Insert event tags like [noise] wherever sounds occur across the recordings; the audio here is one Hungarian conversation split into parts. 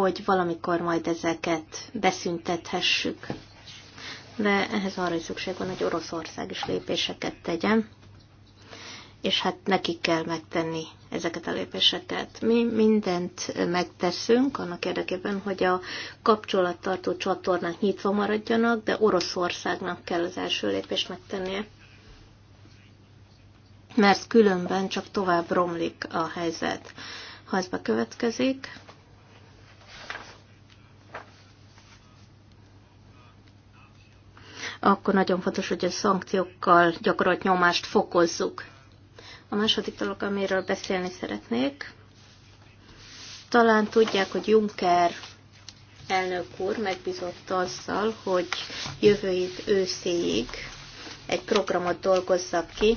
hogy valamikor majd ezeket beszüntethessük. De ehhez arra is szükség van, hogy Oroszország is lépéseket tegyen, és hát nekik kell megtenni ezeket a lépéseket. Mi mindent megteszünk annak érdekében, hogy a kapcsolattartó csatornák nyitva maradjanak, de Oroszországnak kell az első lépést megtennie mert különben csak tovább romlik a helyzet. Ha ez bekövetkezik, akkor nagyon fontos, hogy a szankciókkal gyakorolt nyomást fokozzuk. A második dolog, amiről beszélni szeretnék, talán tudják, hogy Juncker elnök úr megbízott azzal, hogy jövő év őszéig egy programot dolgozzak ki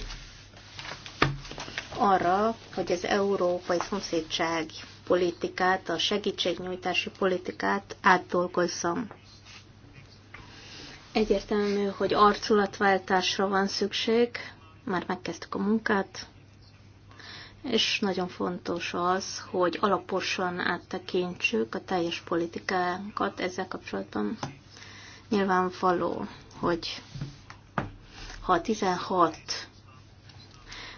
arra, hogy az európai szomszédság politikát, a segítségnyújtási politikát átdolgozzam. Egyértelmű, hogy arculatváltásra van szükség, már megkezdtük a munkát, és nagyon fontos az, hogy alaposan áttekintsük a teljes politikánkat ezzel kapcsolatban. Nyilvánvaló, hogy ha 16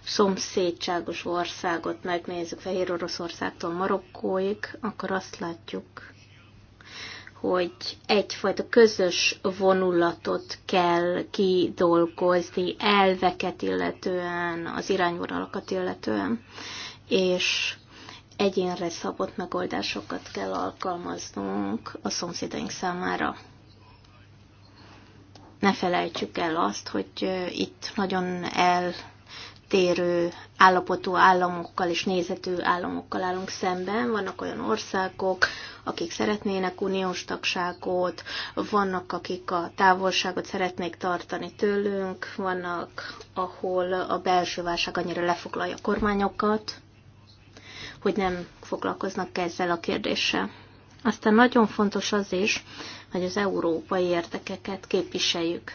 szomszédságos országot megnézzük Fehér Oroszországtól Marokkóig, akkor azt látjuk, hogy egyfajta közös vonulatot kell kidolgozni, elveket illetően, az irányvonalakat illetően, és egyénre szabott megoldásokat kell alkalmaznunk a szomszédaink számára. Ne felejtsük el azt, hogy itt nagyon eltérő állapotú államokkal és nézetű államokkal állunk szemben. Vannak olyan országok, akik szeretnének uniós tagságot, vannak, akik a távolságot szeretnék tartani tőlünk, vannak, ahol a belső válság annyira lefoglalja a kormányokat, hogy nem foglalkoznak ezzel a kérdéssel. Aztán nagyon fontos az is, hogy az európai érdekeket képviseljük.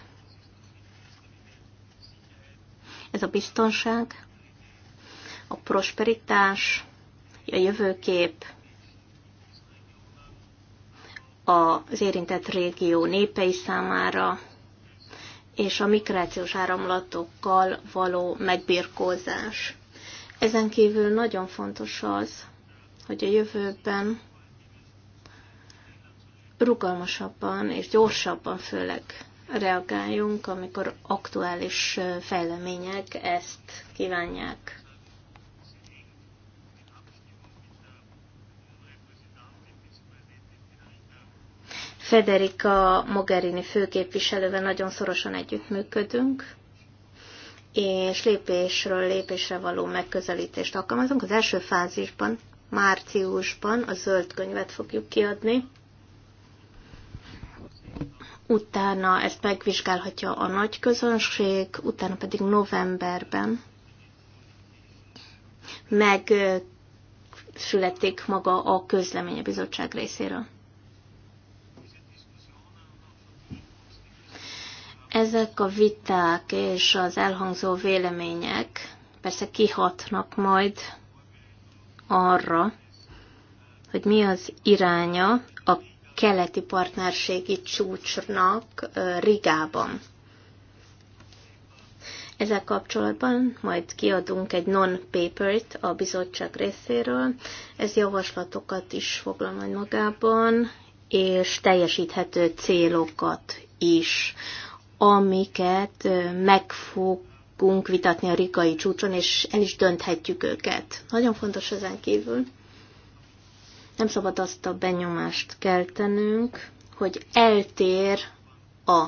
Ez a biztonság, a prosperitás, a jövőkép, az érintett régió népei számára, és a migrációs áramlatokkal való megbirkózás. Ezen kívül nagyon fontos az, hogy a jövőben rugalmasabban és gyorsabban főleg reagáljunk, amikor aktuális fejlemények ezt kívánják. Federica Mogherini főképviselővel nagyon szorosan együttműködünk, és lépésről lépésre való megközelítést alkalmazunk. Az első fázisban, márciusban a zöld könyvet fogjuk kiadni, utána ezt megvizsgálhatja a nagy közönség, utána pedig novemberben megszületik maga a közlemény a bizottság részéről. Ezek a viták és az elhangzó vélemények persze kihatnak majd arra, hogy mi az iránya a keleti partnerségi csúcsnak Rigában. Ezzel kapcsolatban majd kiadunk egy non-papert a bizottság részéről. Ez javaslatokat is foglal majd magában, és teljesíthető célokat is amiket meg fogunk vitatni a rikai csúcson, és el is dönthetjük őket. Nagyon fontos ezen kívül. Nem szabad azt a benyomást keltenünk, hogy eltér a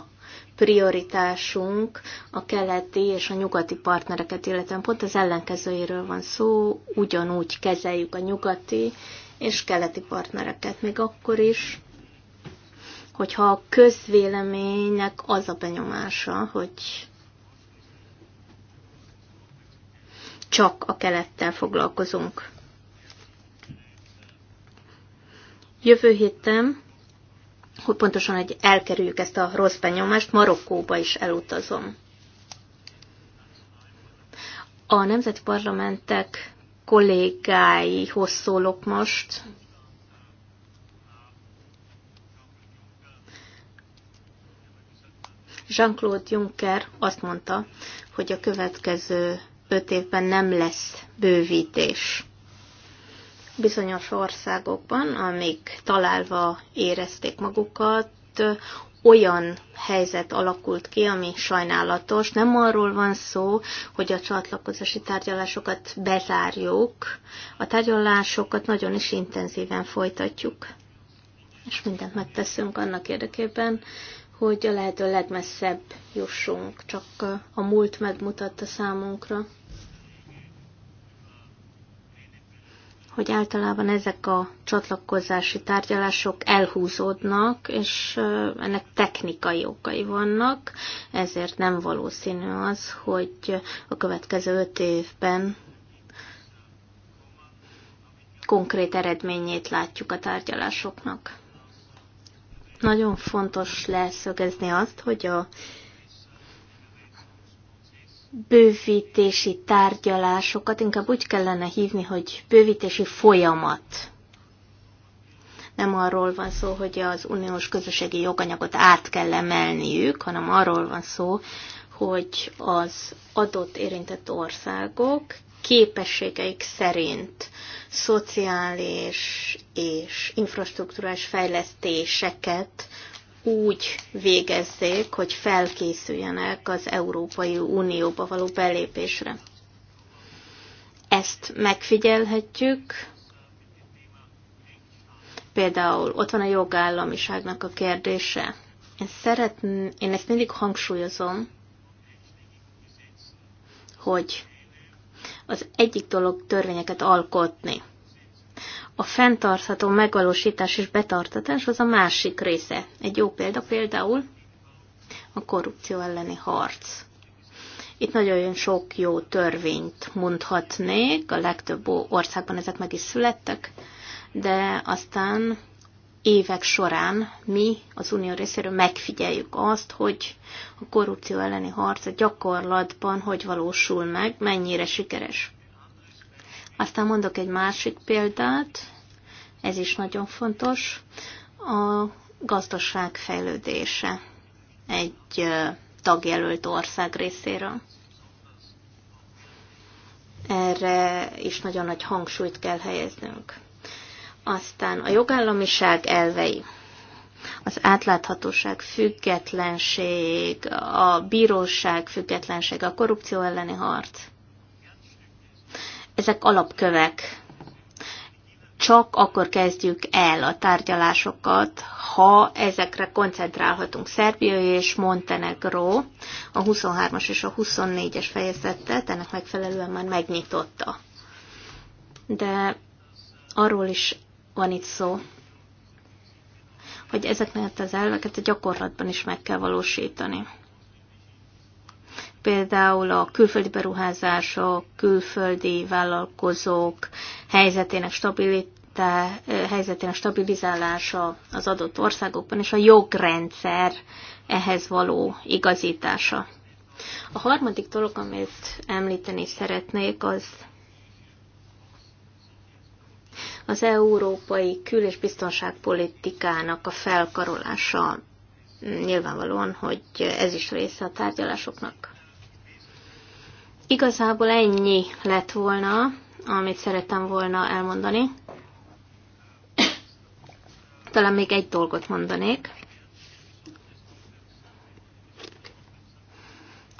prioritásunk a keleti és a nyugati partnereket, illetve pont az ellenkezőjéről van szó, ugyanúgy kezeljük a nyugati és keleti partnereket, még akkor is, hogyha a közvéleménynek az a benyomása, hogy csak a kelettel foglalkozunk. Jövő héten, hogy pontosan, hogy elkerüljük ezt a rossz benyomást, Marokkóba is elutazom. A nemzeti parlamentek kollégáihoz szólok most, Jean-Claude Juncker azt mondta, hogy a következő öt évben nem lesz bővítés. Bizonyos országokban, amik találva érezték magukat, olyan helyzet alakult ki, ami sajnálatos. Nem arról van szó, hogy a csatlakozási tárgyalásokat bezárjuk, a tárgyalásokat nagyon is intenzíven folytatjuk, és mindent megteszünk annak érdekében, hogy a lehető legmesszebb jussunk, csak a múlt megmutatta számunkra, hogy általában ezek a csatlakozási tárgyalások elhúzódnak, és ennek technikai okai vannak, ezért nem valószínű az, hogy a következő öt évben konkrét eredményét látjuk a tárgyalásoknak. Nagyon fontos leszögezni azt, hogy a bővítési tárgyalásokat inkább úgy kellene hívni, hogy bővítési folyamat. Nem arról van szó, hogy az uniós közösségi joganyagot át kell emelniük, hanem arról van szó, hogy az adott érintett országok képességeik szerint szociális és infrastruktúrás fejlesztéseket úgy végezzék, hogy felkészüljenek az Európai Unióba való belépésre. Ezt megfigyelhetjük. Például ott van a jogállamiságnak a kérdése. Én, szeretn, én ezt mindig hangsúlyozom, hogy az egyik dolog törvényeket alkotni. A fenntartható megvalósítás és betartatás az a másik része. Egy jó példa például a korrupció elleni harc. Itt nagyon sok jó törvényt mondhatnék, a legtöbb országban ezek meg is születtek, de aztán évek során mi az unió részéről megfigyeljük azt, hogy a korrupció elleni harc a gyakorlatban hogy valósul meg, mennyire sikeres. Aztán mondok egy másik példát, ez is nagyon fontos, a gazdaság fejlődése egy tagjelölt ország részéről. Erre is nagyon nagy hangsúlyt kell helyeznünk aztán a jogállamiság elvei, az átláthatóság, függetlenség, a bíróság függetlenség, a korrupció elleni harc. Ezek alapkövek. Csak akkor kezdjük el a tárgyalásokat, ha ezekre koncentrálhatunk. Szerbia és Montenegro a 23-as és a 24-es fejezetet ennek megfelelően már megnyitotta. De arról is van itt szó, hogy ezeknek az elveket a gyakorlatban is meg kell valósítani. Például a külföldi beruházások, külföldi vállalkozók helyzetének stabilitása, helyzetének stabilizálása az adott országokban, és a jogrendszer ehhez való igazítása. A harmadik dolog, amit említeni szeretnék, az az európai kül- és biztonságpolitikának a felkarolása nyilvánvalóan, hogy ez is része a tárgyalásoknak. Igazából ennyi lett volna, amit szerettem volna elmondani. Talán még egy dolgot mondanék.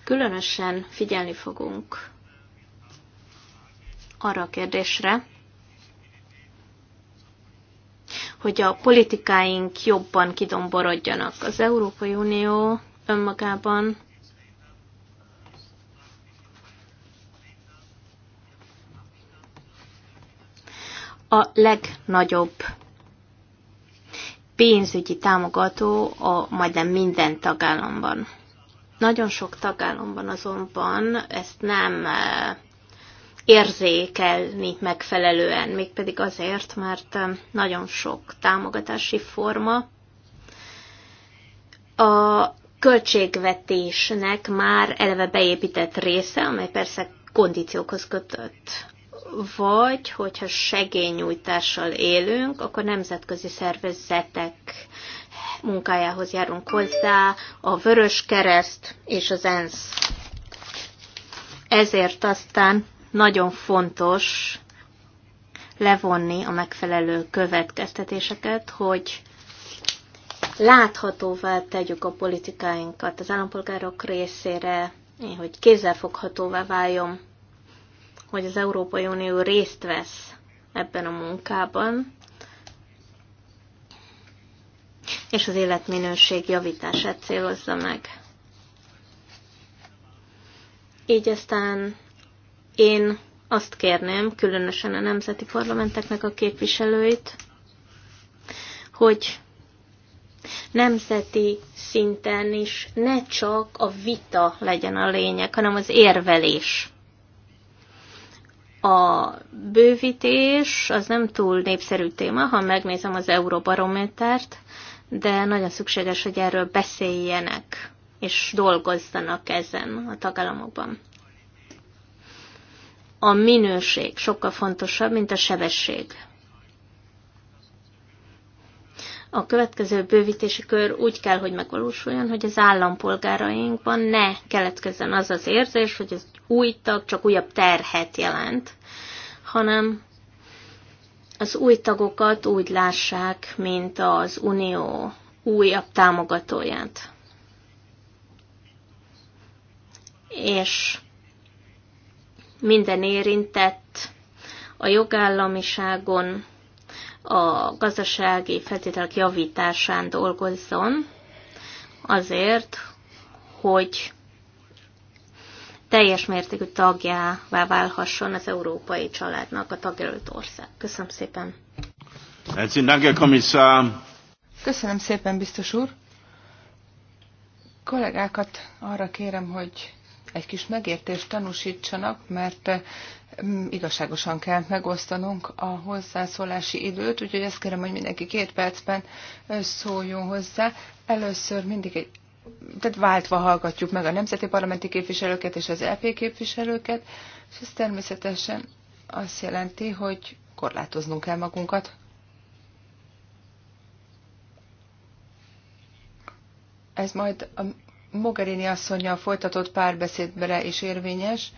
Különösen figyelni fogunk arra a kérdésre, hogy a politikáink jobban kidomborodjanak. Az Európai Unió önmagában a legnagyobb pénzügyi támogató a majdnem minden tagállamban. Nagyon sok tagállamban azonban ezt nem eh, érzékelni megfelelően, mégpedig azért, mert um, nagyon sok támogatási forma a költségvetésnek már eleve beépített része, amely persze kondíciókhoz kötött. Vagy, hogyha segényújtással élünk, akkor nemzetközi szervezetek munkájához járunk hozzá, a Vörös Kereszt és az ENSZ. Ezért aztán nagyon fontos levonni a megfelelő következtetéseket, hogy láthatóvá tegyük a politikáinkat az állampolgárok részére, hogy kézzelfoghatóvá váljon, hogy az Európai Unió részt vesz ebben a munkában, és az életminőség javítását célozza meg. Így aztán én azt kérném, különösen a nemzeti parlamenteknek a képviselőit, hogy nemzeti szinten is ne csak a vita legyen a lényeg, hanem az érvelés. A bővítés az nem túl népszerű téma, ha megnézem az Euróbarométert, de nagyon szükséges, hogy erről beszéljenek és dolgozzanak ezen a tagállamokban a minőség sokkal fontosabb, mint a sebesség. A következő bővítési kör úgy kell, hogy megvalósuljon, hogy az állampolgárainkban ne keletkezzen az az érzés, hogy az új tag csak újabb terhet jelent, hanem az új tagokat úgy lássák, mint az unió újabb támogatóját. És minden érintett a jogállamiságon, a gazdasági feltételek javításán dolgozzon, azért, hogy teljes mértékű tagjává válhasson az európai családnak a tagjelölt ország. Köszönöm szépen. Köszönöm szépen, biztos úr. Kollégákat arra kérem, hogy egy kis megértést tanúsítsanak, mert eh, igazságosan kell megosztanunk a hozzászólási időt, úgyhogy ezt kérem, hogy mindenki két percben eh, szóljon hozzá. Először mindig egy tehát váltva hallgatjuk meg a nemzeti parlamenti képviselőket és az LP e képviselőket, és ez természetesen azt jelenti, hogy korlátoznunk kell magunkat. Ez majd a Mogherini asszonyjal folytatott párbeszédre is érvényes.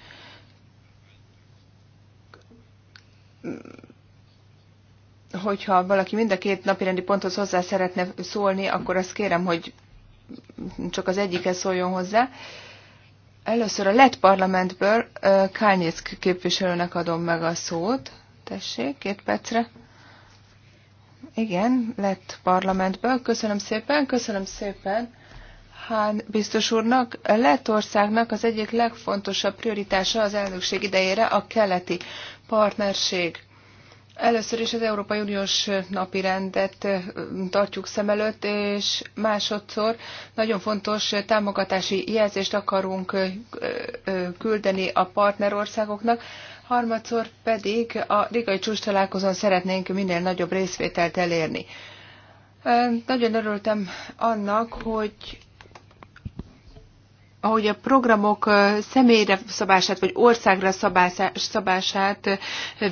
Hogyha valaki mind a két napirendi ponthoz hozzá szeretne szólni, akkor azt kérem, hogy csak az egyikhez szóljon hozzá. Először a lett parlamentből Kányéck képviselőnek adom meg a szót. Tessék, két percre. Igen, lett parlamentből. Köszönöm szépen, köszönöm szépen Hán biztos úrnak, Lettországnak az egyik legfontosabb prioritása az elnökség idejére a keleti partnerség. Először is az Európai Uniós rendet tartjuk szem előtt, és másodszor nagyon fontos támogatási jelzést akarunk küldeni a partnerországoknak, harmadszor pedig a rigai csúcs találkozón szeretnénk minél nagyobb részvételt elérni. Nagyon örültem annak, hogy ahogy a programok személyre szabását, vagy országra szabását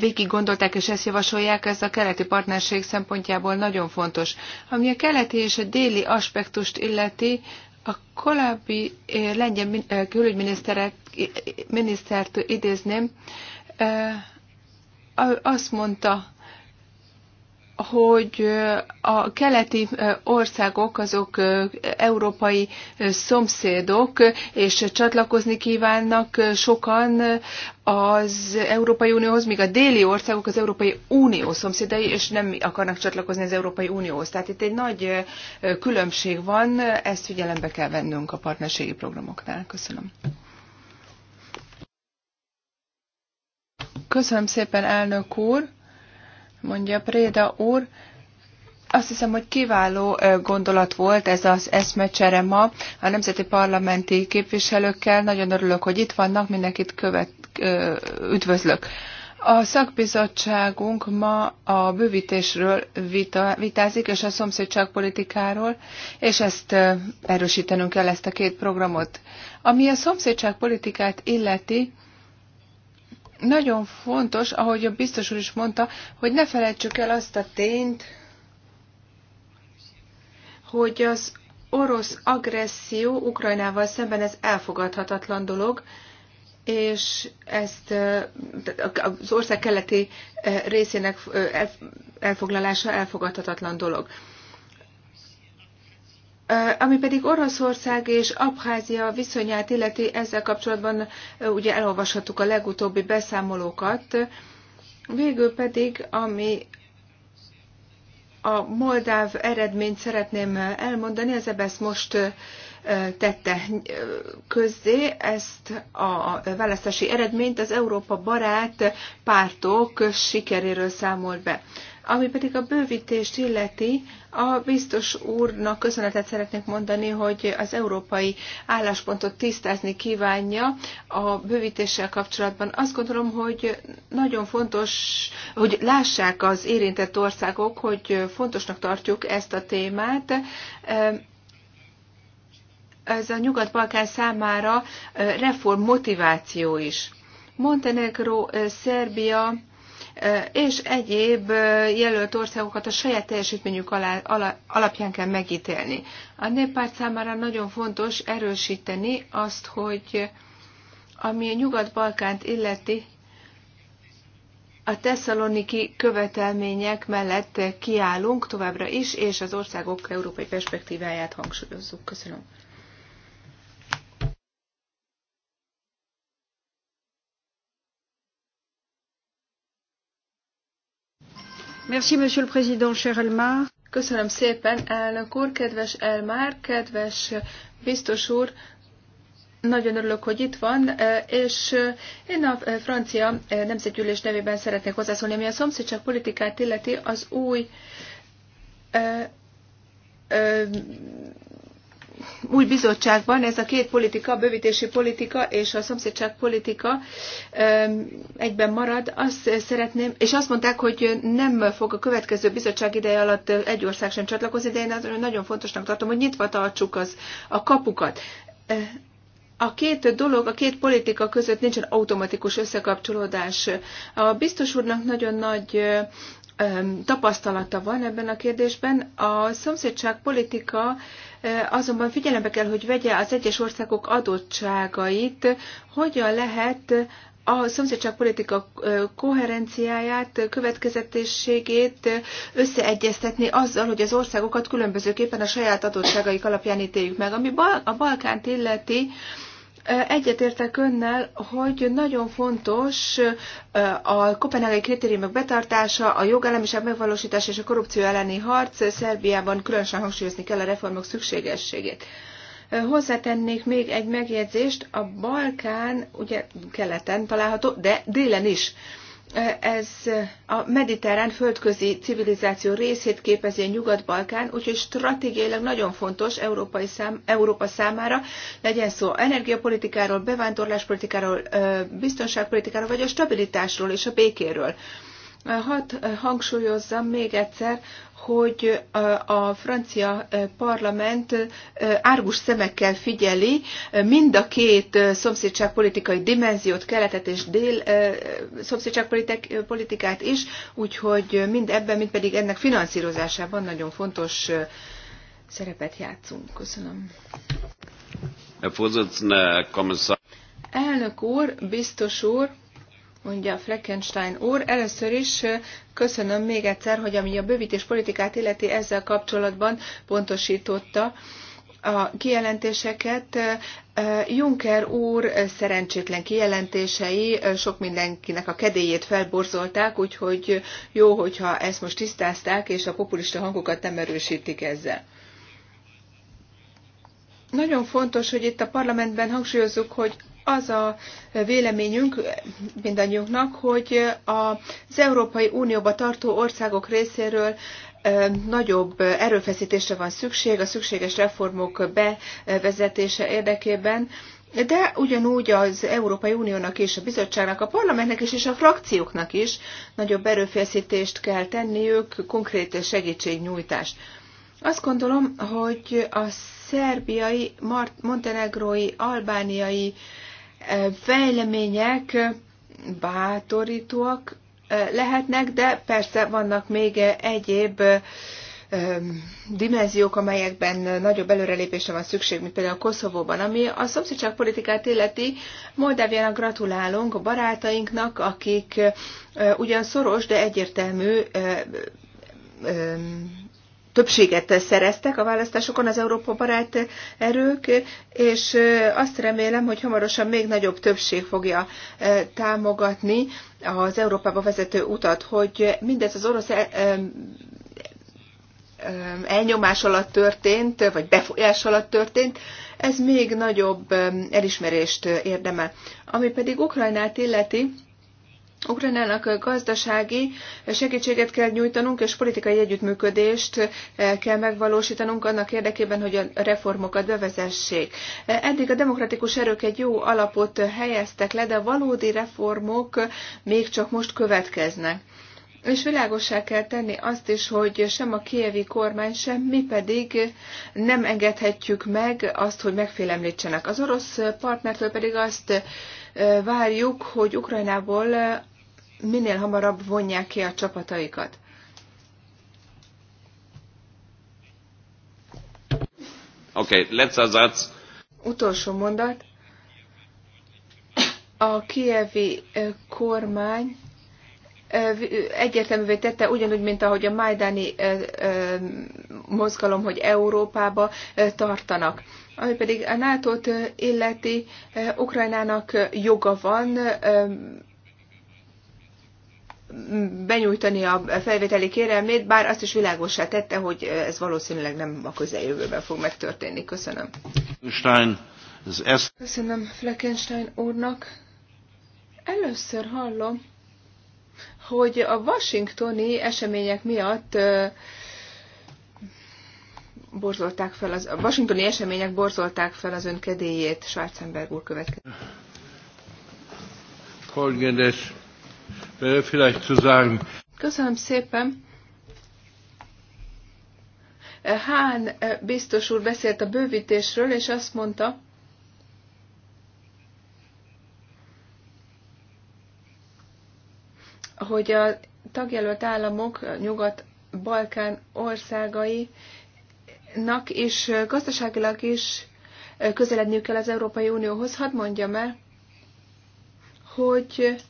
végig gondolták, és ezt javasolják, ez a keleti partnerség szempontjából nagyon fontos. Ami a keleti és a déli aspektust illeti, a korábbi lengyel külügyminisztert minisztert idézném, azt mondta, hogy a keleti országok azok európai szomszédok, és csatlakozni kívánnak sokan az Európai Unióhoz, míg a déli országok az Európai Unió szomszédai, és nem akarnak csatlakozni az Európai Unióhoz. Tehát itt egy nagy különbség van, ezt figyelembe kell vennünk a partnerségi programoknál. Köszönöm. Köszönöm szépen, elnök úr! mondja Préda úr. Azt hiszem, hogy kiváló gondolat volt ez az eszmecsere ma a nemzeti parlamenti képviselőkkel. Nagyon örülök, hogy itt vannak, mindenkit követ, üdvözlök. A szakbizottságunk ma a bővítésről vita, vitázik, és a szomszédságpolitikáról, és ezt erősítenünk kell, ezt a két programot. Ami a szomszédságpolitikát illeti, nagyon fontos, ahogy a biztos úr is mondta, hogy ne felejtsük el azt a tényt, hogy az orosz agresszió Ukrajnával szemben ez elfogadhatatlan dolog, és ezt az ország keleti részének elfoglalása elfogadhatatlan dolog. Ami pedig Oroszország és Abházia viszonyát illeti, ezzel kapcsolatban ugye elolvashattuk a legutóbbi beszámolókat, végül pedig, ami a moldáv eredményt szeretném elmondani, az EBSZ most tette közzé ezt a választási eredményt, az Európa barát pártok sikeréről számolt be. Ami pedig a bővítést illeti, a biztos úrnak köszönetet szeretnék mondani, hogy az európai álláspontot tisztázni kívánja a bővítéssel kapcsolatban. Azt gondolom, hogy nagyon fontos, hogy lássák az érintett országok, hogy fontosnak tartjuk ezt a témát ez a Nyugat-Balkán számára reform motiváció is. Montenegro, Szerbia és egyéb jelölt országokat a saját teljesítményük alapján kell megítélni. A néppárt számára nagyon fontos erősíteni azt, hogy ami a Nyugat-Balkánt illeti, a tesszaloniki követelmények mellett kiállunk továbbra is, és az országok európai perspektíváját hangsúlyozzuk. Köszönöm. Merci, Monsieur le Président, cher Elmar. Köszönöm szépen, elnök úr, kedves Elmar kedves biztos úr, nagyon örülök, hogy itt van, és én a francia nemzetgyűlés nevében szeretnék hozzászólni, ami a szomszédság politikát illeti az új új bizottságban ez a két politika, a bővítési politika és a szomszédság politika egyben marad. Azt szeretném, és azt mondták, hogy nem fog a következő bizottság ideje alatt egy ország sem csatlakozni, de én nagyon fontosnak tartom, hogy nyitva tartsuk az, a kapukat e, a két dolog, a két politika között nincsen automatikus összekapcsolódás. A biztos úrnak nagyon nagy tapasztalata van ebben a kérdésben. A szomszédság politika azonban figyelembe kell, hogy vegye az egyes országok adottságait, hogyan lehet a politika koherenciáját, következetességét összeegyeztetni azzal, hogy az országokat különbözőképpen a saját adottságaik alapján ítéljük meg. Ami a Balkánt illeti, Egyetértek önnel, hogy nagyon fontos a kopenhágai kritériumok betartása, a jogállamiság megvalósítása és a korrupció elleni harc. Szerbiában különösen hangsúlyozni kell a reformok szükségességét. Hozzátennék még egy megjegyzést, a Balkán ugye keleten található, de délen is ez a mediterrán földközi civilizáció részét képezi a Nyugat-Balkán, úgyhogy stratégiailag nagyon fontos Európai szám, Európa számára, legyen szó energiapolitikáról, bevándorláspolitikáról, biztonságpolitikáról, vagy a stabilitásról és a békéről. Hadd eh, hangsúlyozzam még egyszer, hogy eh, a francia eh, parlament árgus szemekkel figyeli mind a két szomszédságpolitikai dimenziót, keletet és dél szomszédságpolitikát is, úgyhogy mind ebben, mind pedig ennek finanszírozásában nagyon fontos szerepet játszunk. Köszönöm. Elnök úr, biztos úr, mondja Fleckenstein úr. Először is köszönöm még egyszer, hogy ami a bővítés politikát illeti ezzel kapcsolatban pontosította a kijelentéseket. Juncker úr szerencsétlen kijelentései sok mindenkinek a kedélyét felborzolták, úgyhogy jó, hogyha ezt most tisztázták, és a populista hangokat nem erősítik ezzel. Nagyon fontos, hogy itt a parlamentben hangsúlyozzuk, hogy az a véleményünk mindannyiunknak, hogy az Európai Unióba tartó országok részéről nagyobb erőfeszítésre van szükség a szükséges reformok bevezetése érdekében, de ugyanúgy az Európai Uniónak és a bizottságnak, a parlamentnek is, és a frakcióknak is nagyobb erőfeszítést kell tenniük, konkrét segítségnyújtást. Azt gondolom, hogy a szerbiai, montenegrói, albániai fejlemények bátorítóak lehetnek, de persze vannak még egyéb dimenziók, amelyekben nagyobb előrelépésre van szükség, mint például Koszovóban, ami a szomszédság politikát illeti. Moldáviának gratulálunk a barátainknak, akik ugyan szoros, de egyértelmű többséget szereztek a választásokon az Európa barát erők, és azt remélem, hogy hamarosan még nagyobb többség fogja támogatni az Európába vezető utat, hogy mindez az orosz elnyomás alatt történt, vagy befolyás alatt történt, ez még nagyobb elismerést érdemel. Ami pedig Ukrajnát illeti, Ukrajnának gazdasági segítséget kell nyújtanunk, és politikai együttműködést eh, kell megvalósítanunk annak érdekében, hogy a reformokat bevezessék. Eh, eddig a demokratikus erők egy jó alapot helyeztek le, de valódi reformok még csak most következnek. És világossá kell tenni azt is, hogy sem a kievi kormány, sem mi pedig nem engedhetjük meg azt, hogy megfélemlítsenek. Az orosz partnertől pedig azt eh, várjuk, hogy Ukrajnából minél hamarabb vonják ki a csapataikat. Oké, okay, let's Satz. Utolsó mondat. A kievi kormány egyértelművé tette, ugyanúgy, mint ahogy a Majdáni mozgalom, hogy Európába tartanak. Ami pedig a NATO-t illeti, Ukrajnának joga van benyújtani a felvételi kérelmét, bár azt is világosá tette, hogy ez valószínűleg nem a közeljövőben fog megtörténni. Köszönöm. Stein, az Köszönöm Fleckenstein úrnak. Először hallom, hogy a washingtoni események miatt borzolták fel az, a washingtoni események borzolták fel az ön kedélyét, Schwarzenberg úr következik vielleicht zu sagen. Köszönöm szépen. Hán biztos úr beszélt a bővítésről, és azt mondta, hogy a tagjelölt államok, Nyugat-Balkán országainak és gazdaságilag is közeledniük kell az Európai Unióhoz. Hadd mondjam el, hogy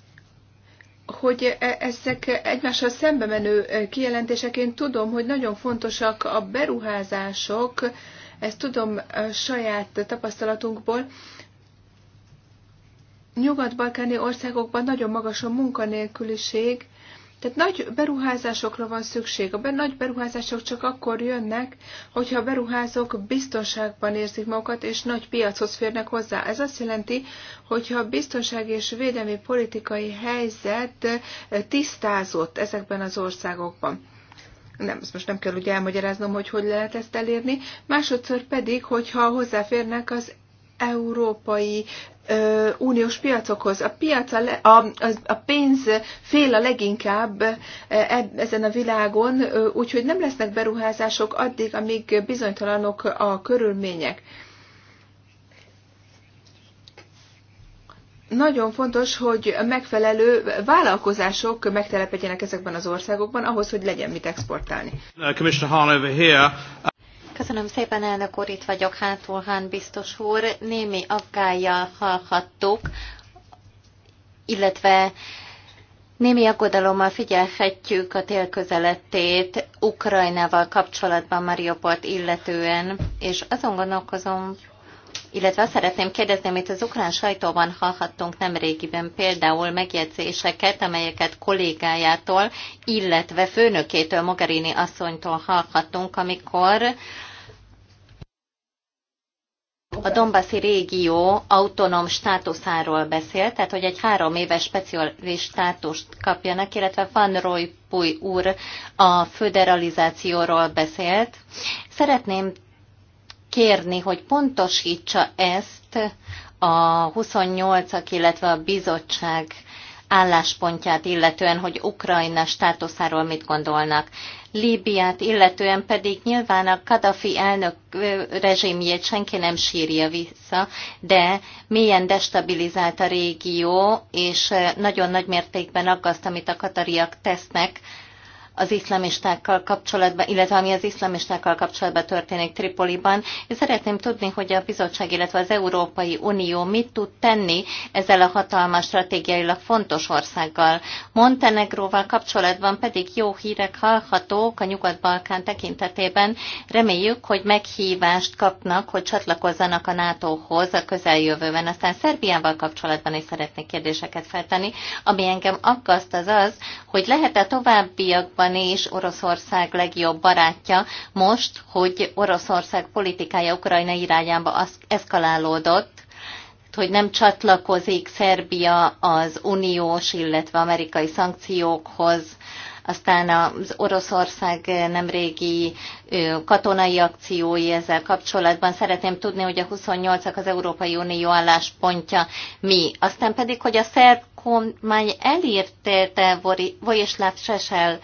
hogy e, ezek egymással szembe menő e, kijelentések. Én tudom, hogy nagyon fontosak a beruházások, ezt tudom e, saját tapasztalatunkból. Nyugat-balkáni országokban nagyon magas a munkanélküliség, tehát nagy beruházásokra van szükség. A nagy beruházások csak akkor jönnek, hogyha a beruházók biztonságban érzik magukat, és nagy piachoz férnek hozzá. Ez azt jelenti, hogyha a biztonság és védelmi politikai helyzet eh, tisztázott ezekben az országokban nem, ezt most nem kell ugye elmagyaráznom, hogy hogy lehet ezt elérni, másodszor pedig, hogyha hozzáférnek az európai ö, uniós piacokhoz. A, piac a, a, a pénz fél a leginkább ezen a világon, úgyhogy nem lesznek beruházások addig, amíg bizonytalanok a körülmények. nagyon fontos, hogy megfelelő vállalkozások megtelepedjenek ezekben az országokban, ahhoz, hogy legyen mit exportálni. Uh, Köszönöm szépen, elnök úr, itt vagyok, hátul Hán biztos úr. Némi aggájjal hallhattuk, illetve Némi aggodalommal figyelhetjük a tél közelettét Ukrajnával kapcsolatban Mariupolt illetően, és azon gondolkozom, illetve azt szeretném kérdezni, amit az ukrán sajtóban hallhattunk nemrégiben, például megjegyzéseket, amelyeket kollégájától, illetve főnökétől, Mogherini asszonytól hallhattunk, amikor a Dombaszi régió autonóm státuszáról beszélt, tehát hogy egy három éves speciális státust kapjanak, illetve Van Roypuy úr a föderalizációról beszélt. Szeretném kérni, hogy pontosítsa ezt a 28-ak, illetve a bizottság álláspontját illetően, hogy Ukrajna státuszáról mit gondolnak. Líbiát illetően pedig nyilván a Kadafi elnök rezsimjét senki nem sírja vissza, de milyen destabilizált a régió, és nagyon nagy mértékben aggaszt, amit a katariak tesznek az iszlamistákkal kapcsolatban, illetve ami az iszlamistákkal kapcsolatban történik Tripoliban. Én szeretném tudni, hogy a bizottság, illetve az Európai Unió mit tud tenni ezzel a hatalmas stratégiailag fontos országgal. Montenegróval kapcsolatban pedig jó hírek hallhatók a Nyugat-Balkán tekintetében. Reméljük, hogy meghívást kapnak, hogy csatlakozzanak a NATO-hoz a közeljövőben. Aztán Szerbiával kapcsolatban is szeretnék kérdéseket feltenni. Ami engem aggaszt az az, hogy lehet-e továbbiakban mondani is Oroszország legjobb barátja most, hogy Oroszország politikája Ukrajna irányába eszkalálódott, hogy nem csatlakozik Szerbia az uniós, illetve amerikai szankciókhoz, aztán az Oroszország nemrégi katonai akciói ezzel kapcsolatban. Szeretném tudni, hogy a 28-ak az Európai Unió álláspontja mi. Aztán pedig, hogy a szerb kormány elírtélte Vojislav Sesel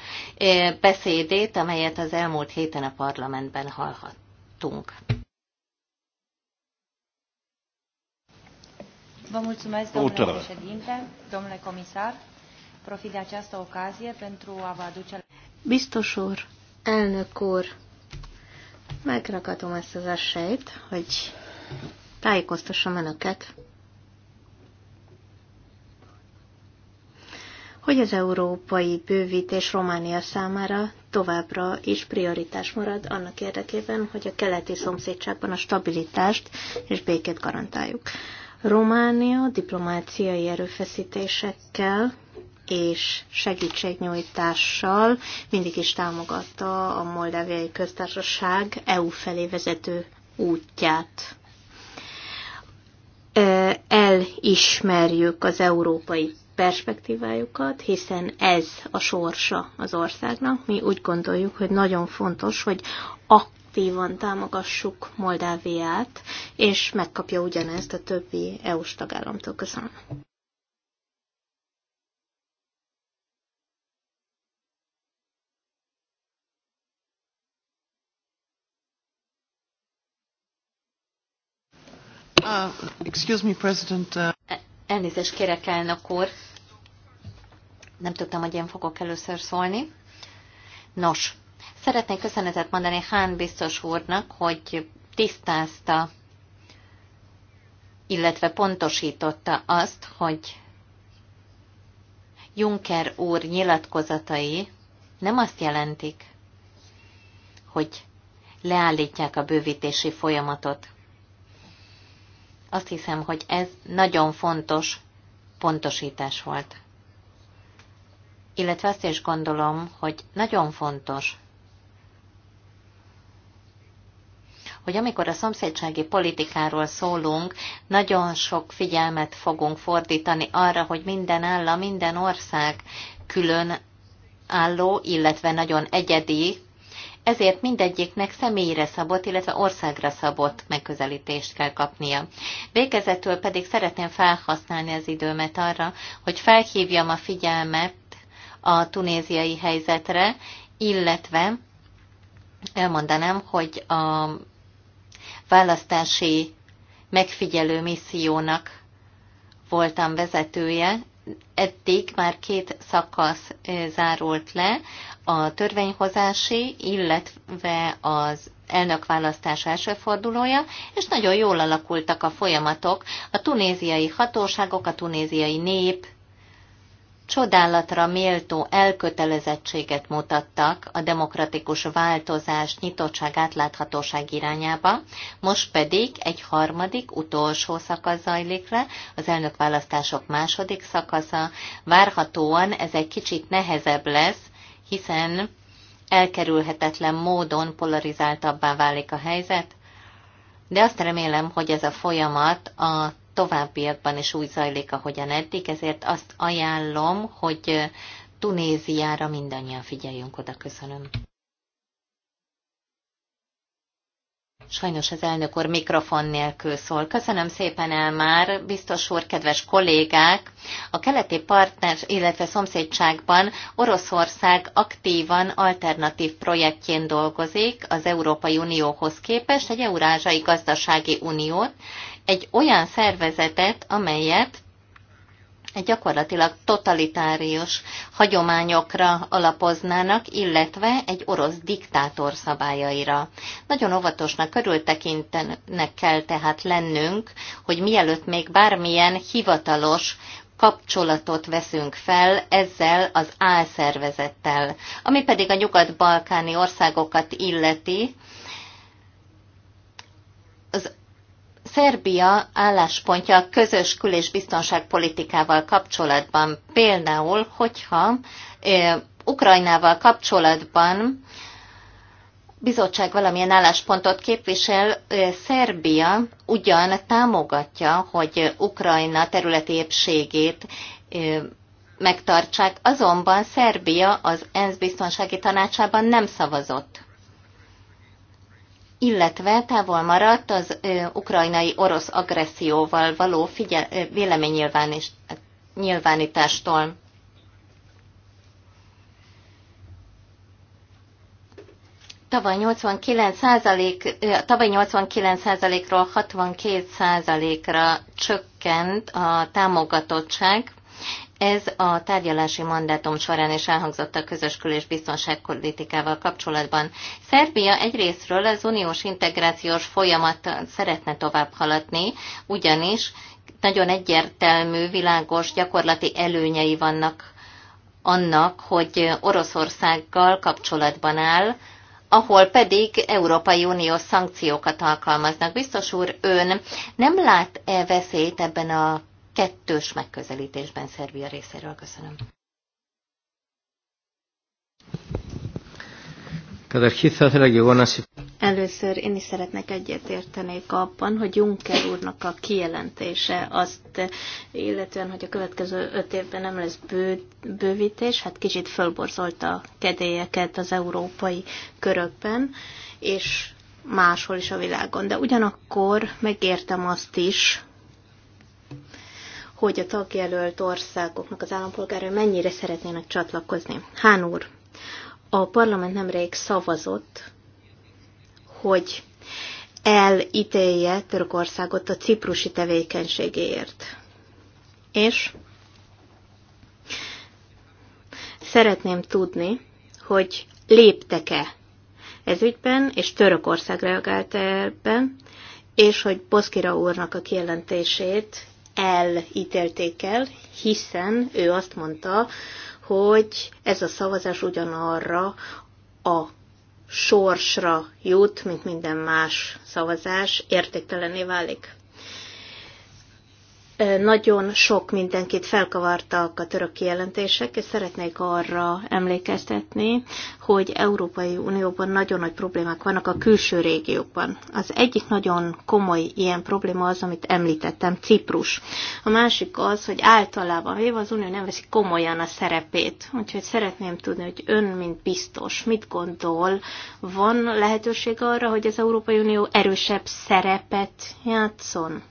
beszédét, amelyet az elmúlt héten a parlamentben hallhattunk. Vă mulțumesc, domnule președinte, domnule comisar profit de această ocazie pentru a vă aduce... Biztos úr, elnök úr, megrakatom ezt az esélyt, hogy tájékoztassam önöket, hogy az európai bővítés Románia számára továbbra is prioritás marad annak érdekében, hogy a keleti szomszédságban a stabilitást és békét garantáljuk. Románia diplomáciai erőfeszítésekkel és segítségnyújtással mindig is támogatta a Moldáviai Köztársaság EU felé vezető útját. Elismerjük az európai perspektívájukat, hiszen ez a sorsa az országnak. Mi úgy gondoljuk, hogy nagyon fontos, hogy aktívan támogassuk Moldáviát, és megkapja ugyanezt a többi EU-s tagállamtól. Köszönöm. Uh, excuse me, President. Uh, Elnézést kérek, elnök úr. Nem tudtam, hogy én fogok először szólni. Nos, szeretnék köszönetet mondani Hán biztos úrnak, hogy tisztázta, illetve pontosította azt, hogy Juncker úr nyilatkozatai nem azt jelentik, hogy leállítják a bővítési folyamatot. Azt hiszem, hogy ez nagyon fontos pontosítás volt. Illetve azt is gondolom, hogy nagyon fontos, hogy amikor a szomszédsági politikáról szólunk, nagyon sok figyelmet fogunk fordítani arra, hogy minden állam, minden ország külön álló, illetve nagyon egyedi ezért mindegyiknek személyre szabott, illetve országra szabott megközelítést kell kapnia. Végezetül pedig szeretném felhasználni az időmet arra, hogy felhívjam a figyelmet a tunéziai helyzetre, illetve elmondanám, hogy a választási megfigyelő missziónak voltam vezetője, eddig már két szakasz zárult le, a törvényhozási, illetve az elnökválasztás első fordulója, és nagyon jól alakultak a folyamatok. A tunéziai hatóságok, a tunéziai nép csodálatra méltó elkötelezettséget mutattak a demokratikus változás nyitottság átláthatóság irányába, most pedig egy harmadik, utolsó szakasz zajlik le, az elnökválasztások második szakasza. Várhatóan ez egy kicsit nehezebb lesz, hiszen elkerülhetetlen módon polarizáltabbá válik a helyzet, de azt remélem, hogy ez a folyamat a továbbiakban is úgy zajlik, ahogyan eddig, ezért azt ajánlom, hogy Tunéziára mindannyian figyeljünk oda. Köszönöm. Sajnos az elnök úr mikrofon nélkül szól. Köszönöm szépen el már, biztos úr, kedves kollégák! A keleti partners, illetve szomszédságban Oroszország aktívan alternatív projektjén dolgozik az Európai Unióhoz képest egy Eurázsai Gazdasági Uniót, egy olyan szervezetet, amelyet egy gyakorlatilag totalitárius hagyományokra alapoznának, illetve egy orosz diktátor szabályaira. Nagyon óvatosnak, körültekintenek kell tehát lennünk, hogy mielőtt még bármilyen hivatalos kapcsolatot veszünk fel ezzel az álszervezettel, ami pedig a nyugat-balkáni országokat illeti, az Szerbia álláspontja a közös kül- és biztonságpolitikával kapcsolatban, például, hogyha Ukrajnával kapcsolatban bizottság valamilyen álláspontot képvisel, Szerbia ugyan támogatja, hogy Ukrajna területi épségét megtartsák, azonban Szerbia az ENSZ biztonsági tanácsában nem szavazott illetve távol maradt az ö, ukrajnai orosz agresszióval való figyel, ö, véleménynyilvánítástól. Hát tavaly 89%, tavaly 89 62%-ra csökkent a támogatottság, ez a tárgyalási mandátum során is elhangzott a közös kül- és biztonságpolitikával kapcsolatban. Szerbia egyrésztről az uniós integrációs folyamat szeretne tovább haladni, ugyanis nagyon egyértelmű, világos gyakorlati előnyei vannak annak, hogy Oroszországgal kapcsolatban áll, ahol pedig Európai Uniós szankciókat alkalmaznak. Biztos úr, ön nem lát-e veszélyt ebben a kettős megközelítésben Szerbia részéről. Köszönöm. Először én is szeretnék egyetértenék abban, hogy Juncker úrnak a kijelentése azt, illetően, hogy a következő öt évben nem lesz bő, bővítés, hát kicsit fölborzolta a kedélyeket az európai körökben, és máshol is a világon. De ugyanakkor megértem azt is, hogy a tagjelölt országoknak az állampolgárai mennyire szeretnének csatlakozni. Hán úr, a parlament nemrég szavazott, hogy elítélje Törökországot a ciprusi tevékenységéért. És szeretném tudni, hogy léptek-e ez ügyben, és Törökország reagált -e ebben, és hogy Boszkira úrnak a kijelentését elítélték el, hiszen ő azt mondta, hogy ez a szavazás ugyanarra a sorsra jut, mint minden más szavazás, értéktelené válik nagyon sok mindenkit felkavartak a török kijelentések, és szeretnék arra emlékeztetni, hogy Európai Unióban nagyon nagy problémák vannak a külső régiókban. Az egyik nagyon komoly ilyen probléma az, amit említettem, Ciprus. A másik az, hogy általában véve az Unió nem veszi komolyan a szerepét. Úgyhogy szeretném tudni, hogy ön, mint biztos, mit gondol, van lehetőség arra, hogy az Európai Unió erősebb szerepet játszon?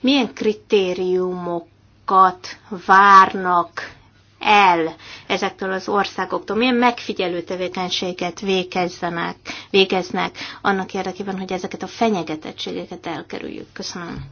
milyen kritériumokat várnak el ezektől az országoktól, milyen megfigyelő tevékenységet végezzenek, végeznek annak érdekében, hogy ezeket a fenyegetettségeket elkerüljük. Köszönöm.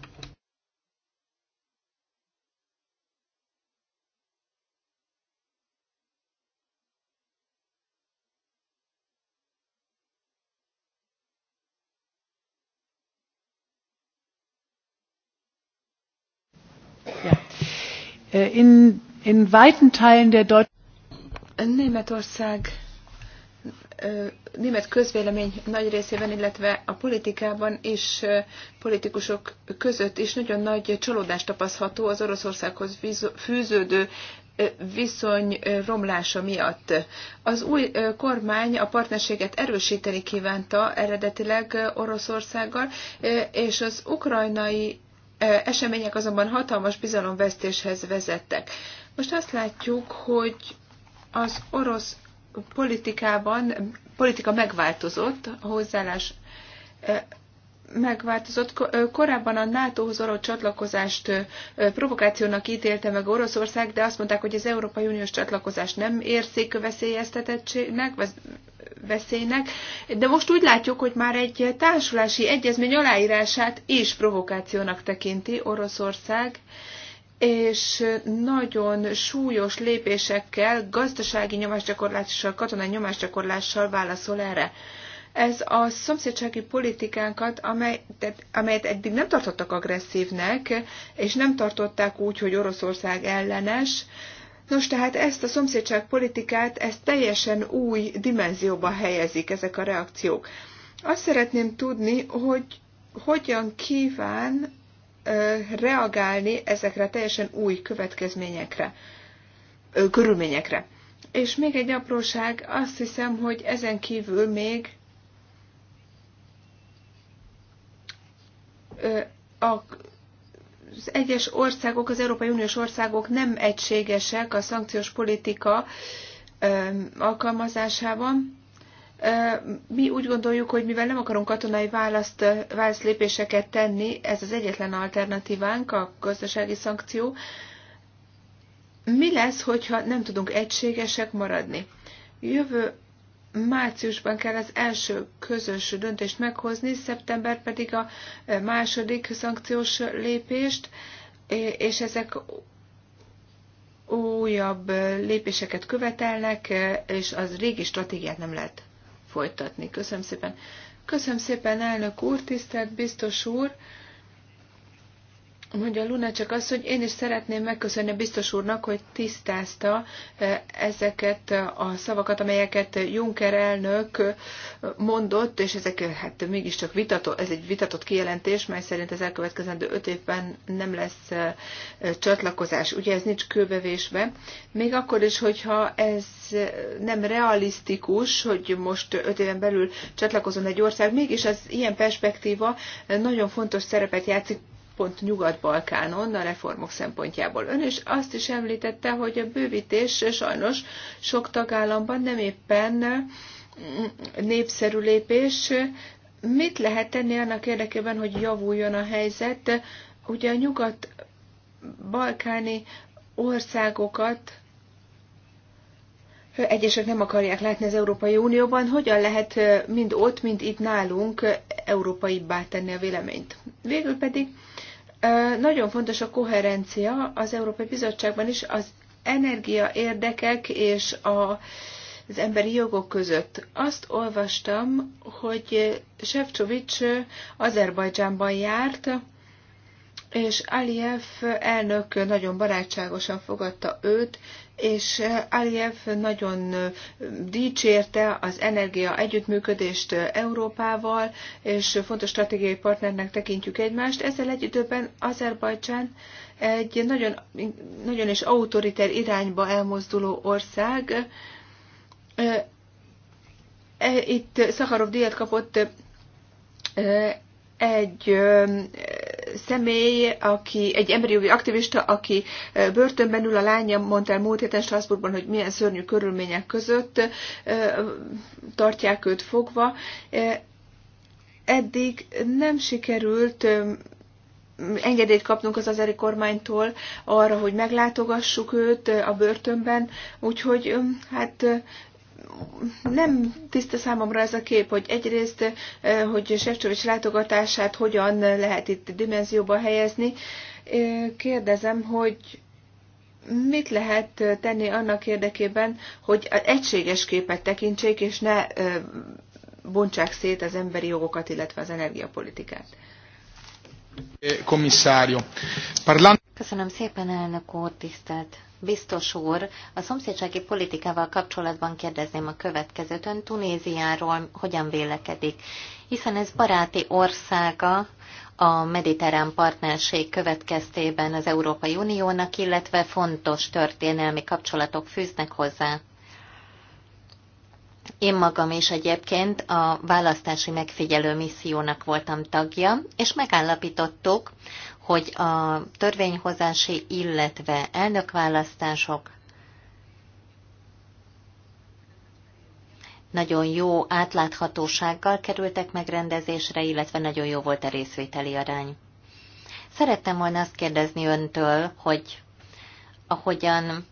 Ja. Äh, in, in weiten Teilen der Deutschen Németország német közvélemény nagy részében, illetve a politikában és politikusok között is nagyon nagy csalódást tapasztható az Oroszországhoz fűződő viszony romlása miatt. Az új kormány a partnerséget erősíteni kívánta eredetileg Oroszországgal, és az ukrajnai események azonban hatalmas bizalomvesztéshez vezettek. Most azt látjuk, hogy az orosz politikában politika megváltozott, a hozzáállás megváltozott. Korábban a NATO-hoz való csatlakozást provokációnak ítélte meg Oroszország, de azt mondták, hogy az Európai Uniós csatlakozás nem érzik veszélyeztetettségnek, veszélynek, de most úgy látjuk, hogy már egy társulási egyezmény aláírását is provokációnak tekinti Oroszország és nagyon súlyos lépésekkel, gazdasági nyomásgyakorlással, katonai nyomásgyakorlással válaszol erre ez a szomszédsági politikánkat, amely, tehát, amelyet eddig nem tartottak agresszívnek, és nem tartották úgy, hogy Oroszország ellenes, Nos, tehát ezt a politikát ezt teljesen új dimenzióba helyezik ezek a reakciók. Azt szeretném tudni, hogy hogyan kíván ö, reagálni ezekre teljesen új következményekre, ö, körülményekre. És még egy apróság, azt hiszem, hogy ezen kívül még az egyes országok, az Európai Uniós országok nem egységesek a szankciós politika alkalmazásában. Mi úgy gondoljuk, hogy mivel nem akarunk katonai választ, válaszlépéseket tenni, ez az egyetlen alternatívánk, a gazdasági szankció. Mi lesz, hogyha nem tudunk egységesek maradni? Jövő márciusban kell az első közös döntést meghozni, szeptember pedig a eh, második szankciós lépést, és ezek újabb eh, lépéseket követelnek, eh, és az régi stratégiát nem lehet folytatni. Köszönöm szépen. Köszönöm szépen, elnök úr, tisztelt biztos úr. Mondja Luna csak azt, hogy én is szeretném megköszönni a biztos úrnak, hogy tisztázta eh, ezeket a szavakat, amelyeket Juncker elnök eh, mondott, és ezek eh, hát mégiscsak vitatott, ez egy vitatott kijelentés, mely szerint az elkövetkezendő öt évben nem lesz csatlakozás. Ugye ez nincs kőbevésbe. Még akkor is, hogyha ez nem realisztikus, hogy most öt éven belül csatlakozom egy ország, mégis az ilyen perspektíva nagyon fontos szerepet játszik pont Nyugat-Balkánon a reformok szempontjából. Ön is azt is említette, hogy a bővítés sajnos sok tagállamban nem éppen mm, népszerű lépés. Mit lehet tenni annak érdekében, hogy javuljon a helyzet? Ugye a nyugat-balkáni országokat egyesek nem akarják látni az Európai Unióban, hogyan lehet mind ott, mind itt nálunk európaibbá tenni a véleményt. Végül pedig nagyon fontos a koherencia az Európai Bizottságban is az energia érdekek és a, az emberi jogok között. Azt olvastam, hogy Sefcovics Azerbajdzsánban járt, és Aliyev elnök nagyon barátságosan fogadta őt, és eh, Aliyev nagyon eh, dicsérte az energia együttműködést eh, Európával, és fontos stratégiai partnernek tekintjük egymást. Ezzel egy időben Azerbajcsán egy nagyon, nagyon is autoriter irányba elmozduló ország. Itt Szaharov díjat kapott egy személy, aki, egy emberi jogi aktivista, aki börtönben ül, a lánya mondta el múlt héten Strasbourgban, hogy milyen szörnyű körülmények között tartják őt fogva. Eddig nem sikerült engedélyt kapnunk az azeri kormánytól arra, hogy meglátogassuk őt a börtönben, úgyhogy hát nem tiszta számomra ez a kép, hogy egyrészt, hogy Sefcsovics látogatását hogyan lehet itt dimenzióba helyezni. Kérdezem, hogy mit lehet tenni annak érdekében, hogy egységes képet tekintsék, és ne bontsák szét az emberi jogokat, illetve az energiapolitikát. Komisszárió. Eh, parlando... Köszönöm szépen, elnök úr, tisztelt biztos úr. A szomszédsági politikával kapcsolatban kérdezném a következőt. Ön Tunéziáról hogyan vélekedik? Hiszen ez baráti országa a mediterrán partnerség következtében az Európai Uniónak, illetve fontos történelmi kapcsolatok fűznek hozzá. Én magam is egyébként a választási megfigyelő missziónak voltam tagja, és megállapítottuk, hogy a törvényhozási, illetve elnökválasztások nagyon jó átláthatósággal kerültek megrendezésre, illetve nagyon jó volt a részvételi arány. Szerettem volna azt kérdezni öntől, hogy ahogyan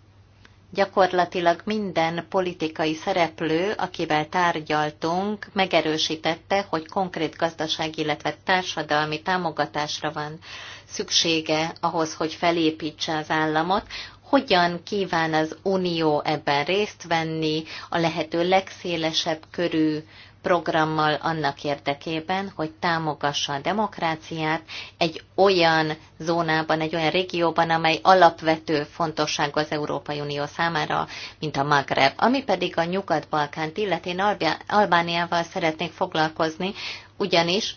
gyakorlatilag minden politikai szereplő, akivel tárgyaltunk, megerősítette, hogy konkrét gazdasági, illetve társadalmi támogatásra van szüksége ahhoz, hogy felépítse az államot, hogyan kíván az Unió ebben részt venni, a lehető legszélesebb körű programmal annak érdekében, hogy támogassa a demokráciát egy olyan zónában, egy olyan régióban, amely alapvető fontosság az Európai Unió számára, mint a Magreb. Ami pedig a Nyugat-Balkánt illeti, én Albániával szeretnék foglalkozni, ugyanis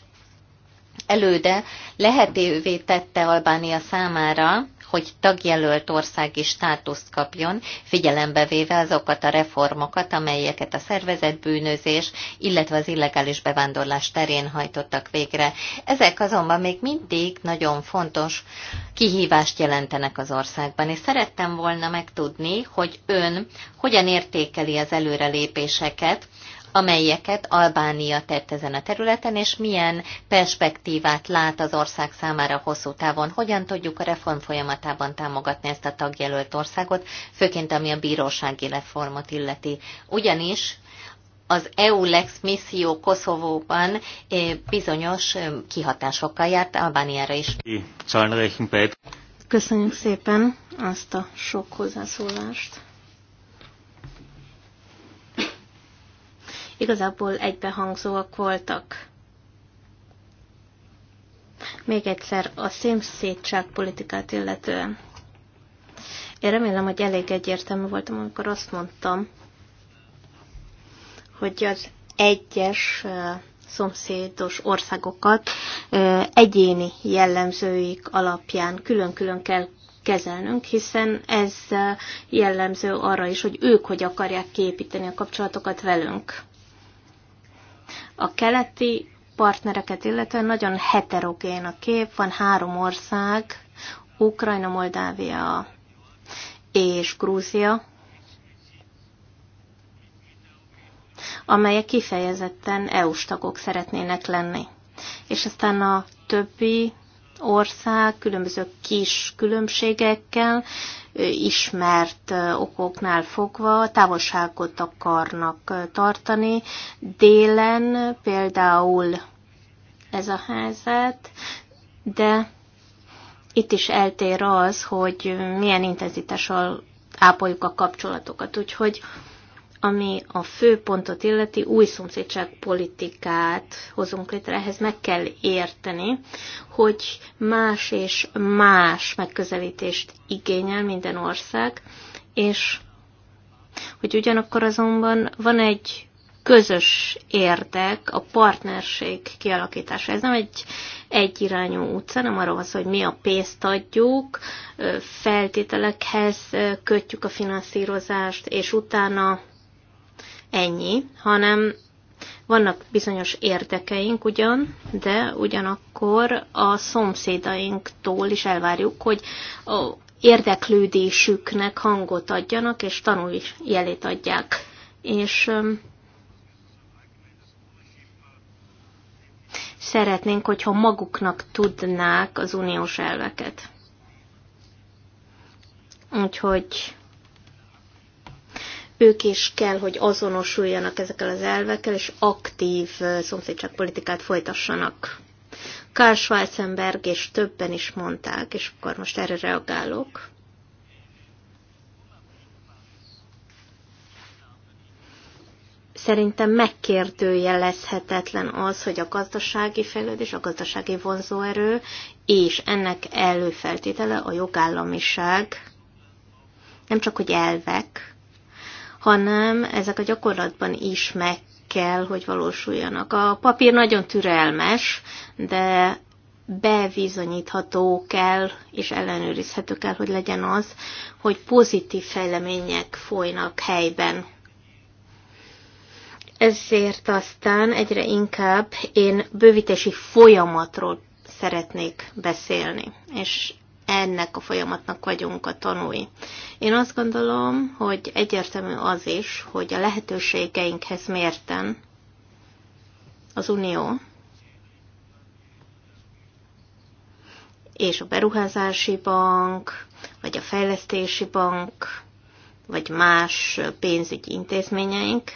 előde lehetővé tette Albánia számára, hogy tagjelölt országi státuszt kapjon, figyelembe véve azokat a reformokat, amelyeket a szervezetbűnözés, illetve az illegális bevándorlás terén hajtottak végre. Ezek azonban még mindig nagyon fontos kihívást jelentenek az országban, és szerettem volna megtudni, hogy ön hogyan értékeli az előrelépéseket, amelyeket Albánia tett ezen a területen, és milyen perspektívát lát az ország számára hosszú távon, hogyan tudjuk a reform folyamatában támogatni ezt a tagjelölt országot, főként ami a bírósági reformot illeti. Ugyanis az EU lex misszió Koszovóban eh, bizonyos eh, kihatásokkal járt Albániára is. Köszönjük szépen azt a sok hozzászólást. igazából egybehangzóak voltak. Még egyszer a szémszétság politikát illetően. Én remélem, hogy elég egyértelmű voltam, amikor azt mondtam, hogy az egyes szomszédos országokat egyéni jellemzőik alapján külön-külön kell kezelnünk, hiszen ez jellemző arra is, hogy ők hogy akarják kiépíteni a kapcsolatokat velünk. A keleti partnereket illetően nagyon heterogén a kép, van három ország, Ukrajna, Moldávia és Grúzia, amelyek kifejezetten EU-s tagok szeretnének lenni. És aztán a többi ország különböző kis különbségekkel ismert okoknál fogva távolságot akarnak tartani. Délen például ez a helyzet, de itt is eltér az, hogy milyen intenzitással ápoljuk a kapcsolatokat. Úgyhogy ami a fő pontot illeti, új politikát hozunk létre, ehhez meg kell érteni, hogy más és más megközelítést igényel minden ország, és hogy ugyanakkor azonban van egy közös érdek, a partnerség kialakítása. Ez nem egy egyirányú utca, nem arról van szó, hogy mi a pénzt adjuk, feltételekhez kötjük a finanszírozást, és utána ennyi, hanem vannak bizonyos érdekeink ugyan, de ugyanakkor a szomszédainktól is elvárjuk, hogy a érdeklődésüknek hangot adjanak, és jelét adják. És szeretnénk, hogyha maguknak tudnák az uniós elveket. Úgyhogy ők is kell, hogy azonosuljanak ezekkel az elvekkel, és aktív szomszédságpolitikát folytassanak. Karl Schwarzenberg és többen is mondták, és akkor most erre reagálok. Szerintem megkérdőjelezhetetlen az, hogy a gazdasági fejlődés, a gazdasági vonzóerő és ennek előfeltétele a jogállamiság nem csak hogy elvek, hanem ezek a gyakorlatban is meg kell, hogy valósuljanak. A papír nagyon türelmes, de bebizonyítható kell, és ellenőrizhető kell, hogy legyen az, hogy pozitív fejlemények folynak helyben. Ezért aztán egyre inkább én bővítési folyamatról szeretnék beszélni. És ennek a folyamatnak vagyunk a tanúi. Én azt gondolom, hogy egyértelmű az is, hogy a lehetőségeinkhez mérten az Unió és a Beruházási Bank, vagy a Fejlesztési Bank, vagy más pénzügyi intézményeink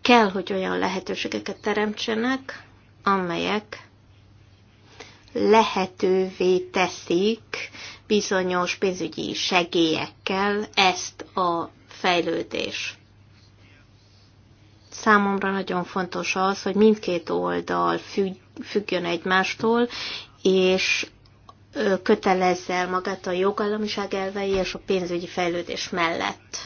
kell, hogy olyan lehetőségeket teremtsenek, amelyek lehetővé teszik bizonyos pénzügyi segélyekkel ezt a fejlődés. Számomra nagyon fontos az, hogy mindkét oldal függ, függjön egymástól, és kötelezze el magát a jogállamiság elvei és a pénzügyi fejlődés mellett.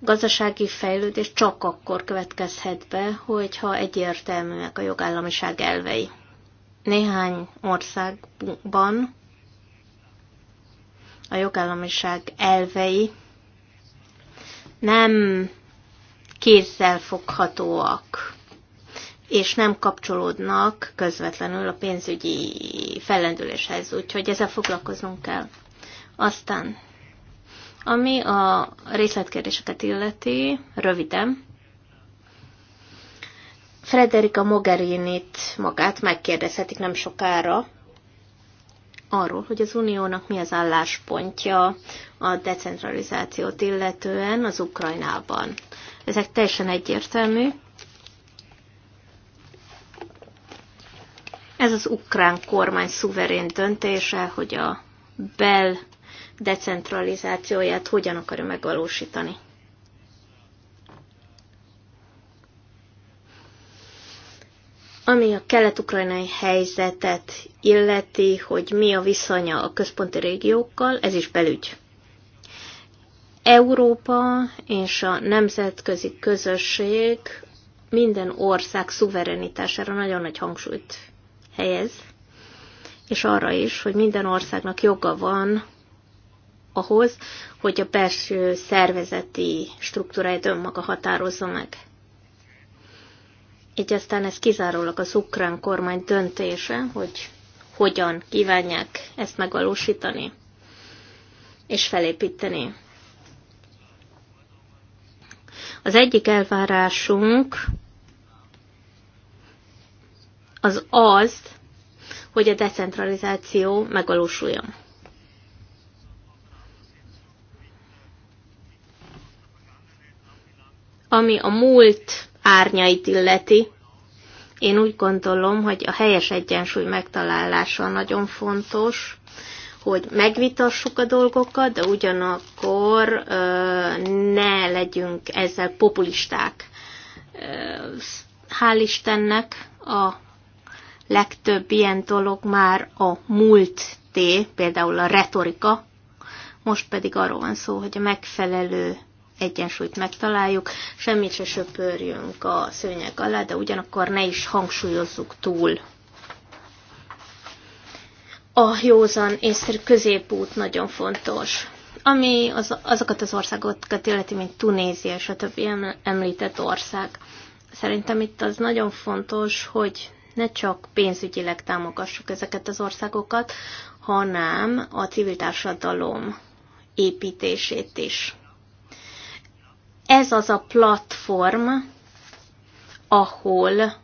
Gazdasági fejlődés csak akkor következhet be, hogyha egyértelműek a jogállamiság elvei. Néhány országban a jogállamiság elvei nem kézzel foghatóak, és nem kapcsolódnak közvetlenül a pénzügyi fellendüléshez, úgyhogy ezzel foglalkoznunk kell. Aztán, ami a részletkérdéseket illeti, röviden, Frederica Mogherinit magát megkérdezhetik nem sokára arról, hogy az uniónak mi az álláspontja a decentralizációt illetően az Ukrajnában. Ezek teljesen egyértelmű. Ez az ukrán kormány szuverén döntése, hogy a bel decentralizációját hogyan akarja megvalósítani. Ami a kelet-ukrajnai helyzetet illeti, hogy mi a viszonya a központi régiókkal, ez is belügy. Európa és a nemzetközi közösség minden ország szuverenitására nagyon nagy hangsúlyt helyez, és arra is, hogy minden országnak joga van ahhoz, hogy a belső szervezeti struktúráját önmaga határozza meg. Így aztán ez kizárólag az ukrán kormány döntése, hogy hogyan kívánják ezt megvalósítani és felépíteni. Az egyik elvárásunk az az, hogy a decentralizáció megvalósuljon. Ami a múlt árnyait illeti, én úgy gondolom, hogy a helyes egyensúly megtalálása nagyon fontos, hogy megvitassuk a dolgokat, de ugyanakkor ö, ne legyünk ezzel populisták. Hál' Istennek a legtöbb ilyen dolog már a múlt té, például a retorika, most pedig arról van szó, hogy a megfelelő egyensúlyt megtaláljuk, semmit se söpörjünk a szőnyeg alá, de ugyanakkor ne is hangsúlyozzuk túl. A józan észre középút nagyon fontos ami az, azokat az országokat illeti, mint Tunézia és a többi említett ország. Szerintem itt az nagyon fontos, hogy ne csak pénzügyileg támogassuk ezeket az országokat, hanem a civil társadalom építését is. Ez az a platform, ahol,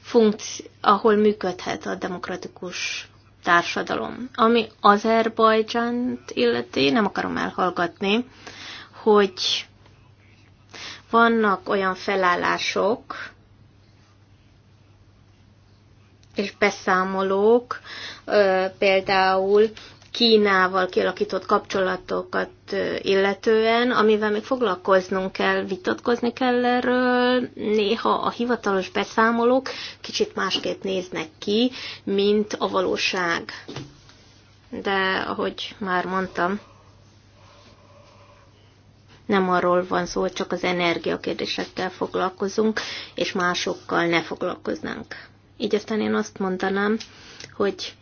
funkci- ahol működhet a demokratikus társadalom. Ami Azerbajdzsánt illeti, nem akarom elhallgatni, hogy vannak olyan felállások és beszámolók, például Kínával kialakított kapcsolatokat illetően, amivel még foglalkoznunk kell, vitatkozni kell erről. Néha a hivatalos beszámolók kicsit másképp néznek ki, mint a valóság. De ahogy már mondtam, nem arról van szó, hogy csak az energiakérdésekkel foglalkozunk, és másokkal ne foglalkoznánk. Így aztán én azt mondanám, hogy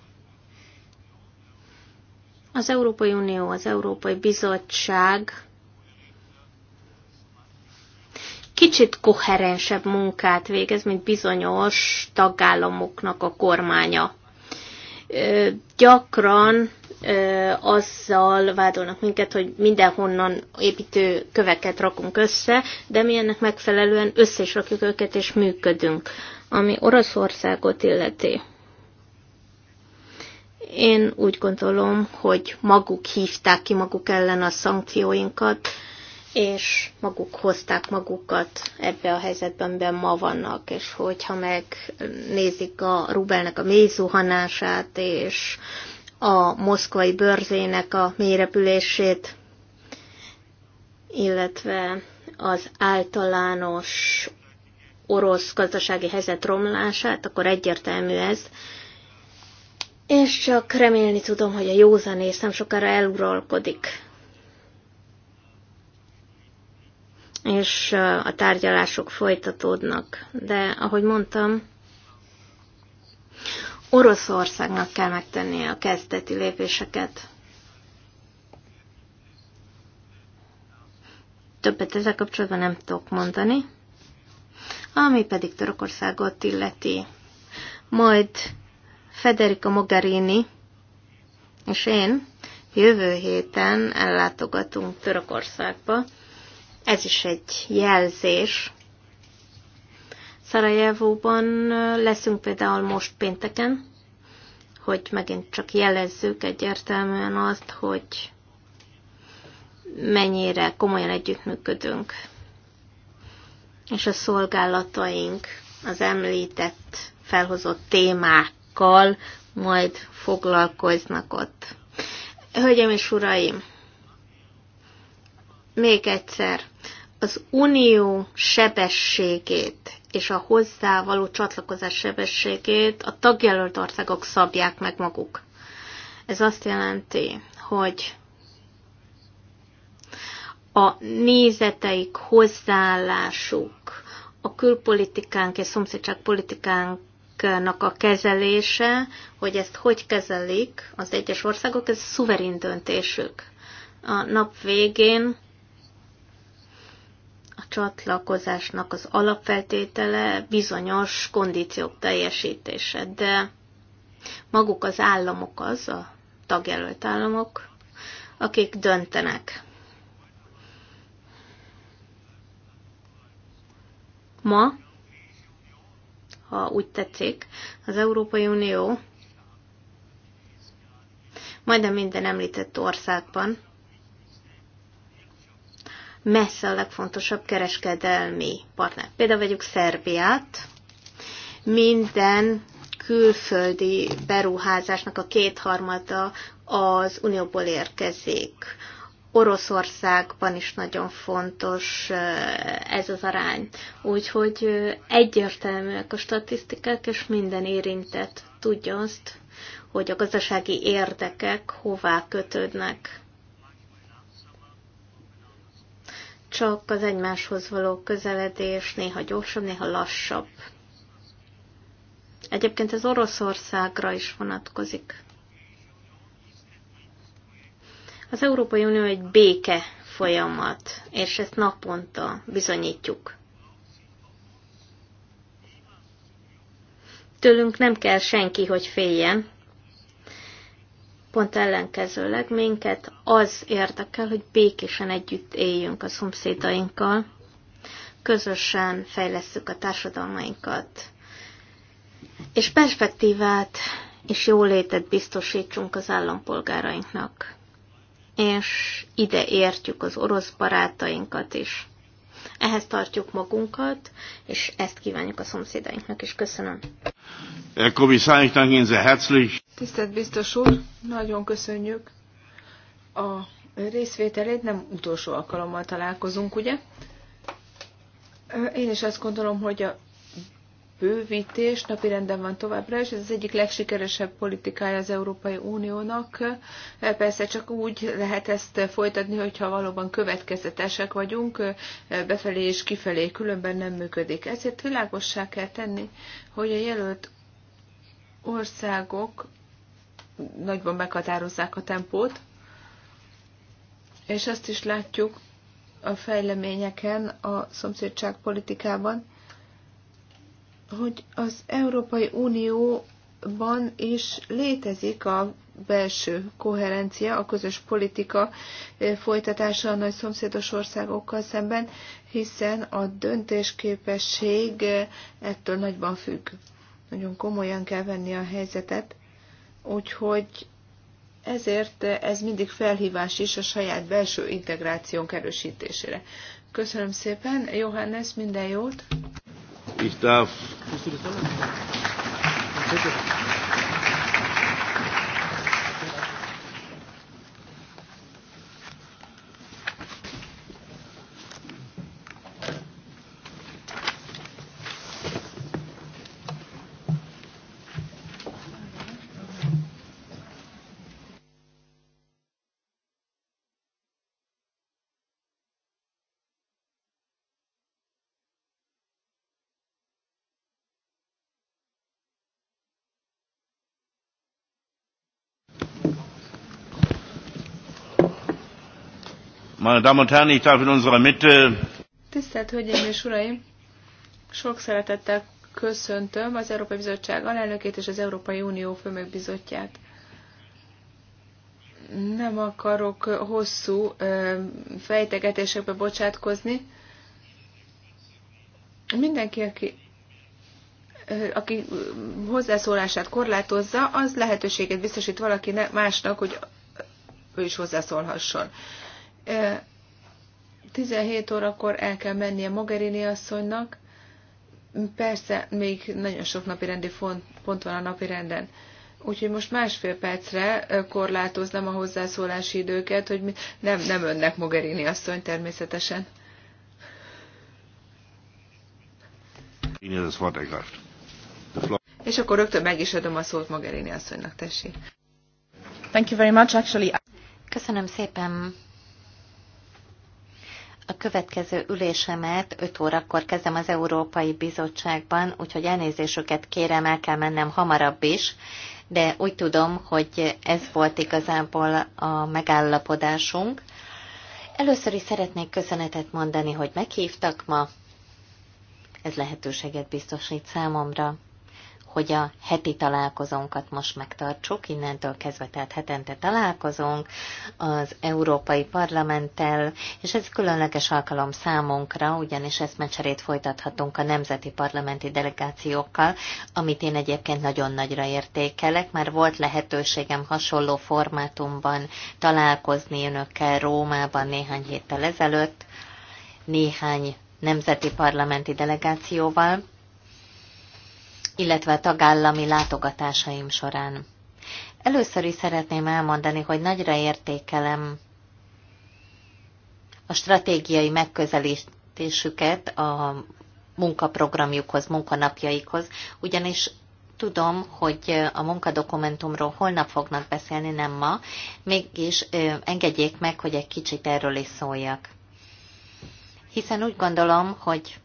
az Európai Unió, az Európai Bizottság kicsit koherensebb munkát végez, mint bizonyos tagállamoknak a kormánya. Gyakran azzal vádolnak minket, hogy mindenhonnan építő köveket rakunk össze, de mi ennek megfelelően össze is rakjuk őket, és működünk, ami Oroszországot illeti. Én úgy gondolom, hogy maguk hívták ki maguk ellen a szankcióinkat, és maguk hozták magukat ebbe a helyzetben, amiben ma vannak, és hogyha megnézik a Rubelnek a mélyzuhanását, és a moszkvai bőrzének a mélyrepülését, illetve az általános orosz gazdasági helyzet romlását, akkor egyértelmű ez, és csak remélni tudom, hogy a józanész nem sokára eluralkodik. És a tárgyalások folytatódnak. De, ahogy mondtam, Oroszországnak kell megtennie a kezdeti lépéseket. Többet ezzel kapcsolatban nem tudok mondani. Ami pedig Törökországot illeti, majd Federica Mogherini és én jövő héten ellátogatunk Törökországba. Ez is egy jelzés. Szarajevóban leszünk például most pénteken, hogy megint csak jelezzük egyértelműen azt, hogy mennyire komolyan együttműködünk. És a szolgálataink az említett felhozott témák témákkal majd foglalkoznak ott. Hölgyeim és uraim, még egyszer, az unió sebességét és a hozzávaló csatlakozás sebességét a tagjelölt országok szabják meg maguk. Ez azt jelenti, hogy a nézeteik, hozzáállásuk, a külpolitikánk és szomszédságpolitikánk válságnak a kezelése, hogy ezt hogy kezelik az egyes országok, ez szuverén döntésük. A nap végén a csatlakozásnak az alapfeltétele bizonyos kondíciók teljesítése, de maguk az államok az, a tagjelölt államok, akik döntenek. Ma ha úgy tetszik, az Európai Unió majdnem minden említett országban messze a legfontosabb kereskedelmi partner. Például vegyük Szerbiát, minden külföldi beruházásnak a kétharmada az Unióból érkezik. Oroszországban is nagyon fontos ez az arány. Úgyhogy egyértelműek a statisztikák, és minden érintett tudja azt, hogy a gazdasági érdekek hová kötődnek. Csak az egymáshoz való közeledés néha gyorsabb, néha lassabb. Egyébként ez Oroszországra is vonatkozik. Az Európai Unió egy béke folyamat, és ezt naponta bizonyítjuk. Tőlünk nem kell senki, hogy féljen. Pont ellenkezőleg minket az érdekel, hogy békésen együtt éljünk a szomszédainkkal, közösen fejlesszük a társadalmainkat, és perspektívát és jólétet biztosítsunk az állampolgárainknak és ide értjük az orosz barátainkat is. Ehhez tartjuk magunkat, és ezt kívánjuk a szomszédainknak is. Köszönöm. Tisztelt biztos úr, nagyon köszönjük a részvételét. Nem utolsó alkalommal találkozunk, ugye? Én is azt gondolom, hogy a bővítés napirenden van továbbra is, ez az egyik legsikeresebb politikája az Európai Uniónak. E, persze csak úgy lehet ezt folytatni, hogyha valóban következetesek vagyunk, e, befelé és kifelé, különben nem működik. Ezért világossá kell tenni, hogy a jelölt országok nagyban meghatározzák a tempót, és azt is látjuk a fejleményeken a szomszédság politikában, hogy az Európai Unióban is létezik a belső koherencia, a közös politika eh, folytatása a nagy szomszédos országokkal szemben, hiszen a döntésképesség eh, ettől nagyban függ. Nagyon komolyan kell venni a helyzetet, úgyhogy ezért eh, ez mindig felhívás is a saját belső integrációnk erősítésére. Köszönöm szépen, Johannes, minden jót! Ich darf. Meine Damen und Herren, ich darf in unserer Mitte... Tisztelt Hölgyeim és Uraim! Sok szeretettel köszöntöm az Európai Bizottság alelnökét és az Európai Unió főmegbizottját. Nem akarok hosszú fejtegetésekbe bocsátkozni. Mindenki, aki aki hozzászólását korlátozza, az lehetőséget biztosít valaki másnak, hogy ő is hozzászólhasson. 17 órakor el kell mennie Mogherini asszonynak. Persze, még nagyon sok napi rendi pont van a napi renden. Úgyhogy most másfél percre korlátoznám a hozzászólási időket, hogy nem, nem önnek Mogherini asszony természetesen. És akkor rögtön meg is adom a szót Mogherini asszonynak, tessék. Thank you very much, actually. Köszönöm szépen. A következő ülésemet 5 órakor kezdem az Európai Bizottságban, úgyhogy elnézésüket kérem, el kell mennem hamarabb is, de úgy tudom, hogy ez volt igazából a megállapodásunk. Először is szeretnék köszönetet mondani, hogy meghívtak ma. Ez lehetőséget biztosít számomra, hogy a heti találkozónkat most megtartsuk, innentől kezdve tehát hetente találkozunk az Európai Parlamenttel, és ez különleges alkalom számunkra, ugyanis eszmecserét folytathatunk a nemzeti parlamenti delegációkkal, amit én egyébként nagyon nagyra értékelek, mert volt lehetőségem hasonló formátumban találkozni önökkel Rómában néhány héttel ezelőtt, néhány nemzeti parlamenti delegációval, illetve a tagállami látogatásaim során. Először is szeretném elmondani, hogy nagyra értékelem a stratégiai megközelítésüket a munkaprogramjukhoz, munkanapjaikhoz, ugyanis tudom, hogy a munkadokumentumról holnap fognak beszélni, nem ma, mégis engedjék meg, hogy egy kicsit erről is szóljak. Hiszen úgy gondolom, hogy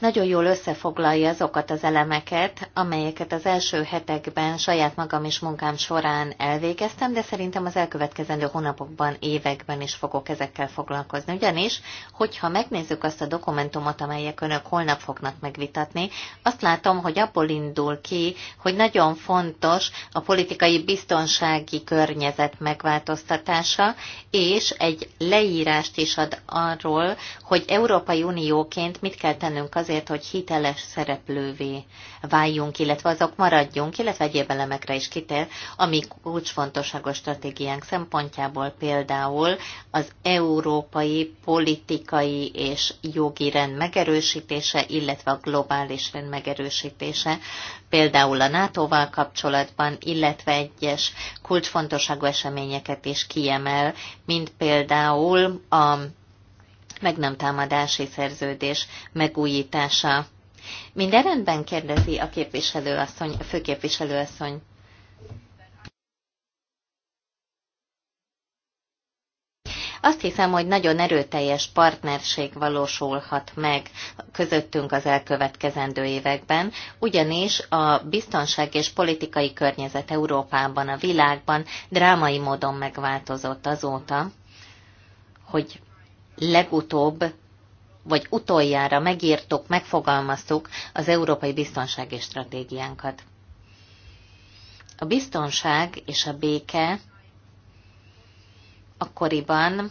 nagyon jól összefoglalja azokat az elemeket, amelyeket az első hetekben saját magam és munkám során elvégeztem, de szerintem az elkövetkezendő hónapokban, években is fogok ezekkel foglalkozni. Ugyanis, hogyha megnézzük azt a dokumentumot, amelyek önök holnap fognak megvitatni, azt látom, hogy abból indul ki, hogy nagyon fontos a politikai biztonsági környezet megváltoztatása, és egy leírást is ad arról, hogy Európai Unióként mit kell tennünk az azért, hogy hiteles szereplővé váljunk, illetve azok maradjunk, illetve egyéb elemekre is kitér, ami kulcsfontosságos stratégiánk szempontjából például az európai politikai és jogi rend megerősítése, illetve a globális rend megerősítése, például a NATO-val kapcsolatban, illetve egyes kulcsfontosságú eseményeket is kiemel, mint például a meg nem támadási szerződés megújítása. Minden rendben kérdezi a képviselőasszony, a főképviselőasszony. Azt hiszem, hogy nagyon erőteljes partnerség valósulhat meg közöttünk az elkövetkezendő években, ugyanis a biztonság és politikai környezet Európában, a világban drámai módon megváltozott azóta, hogy legutóbb vagy utoljára megírtuk, megfogalmaztuk az Európai Biztonsági Stratégiánkat. A biztonság és a béke akkoriban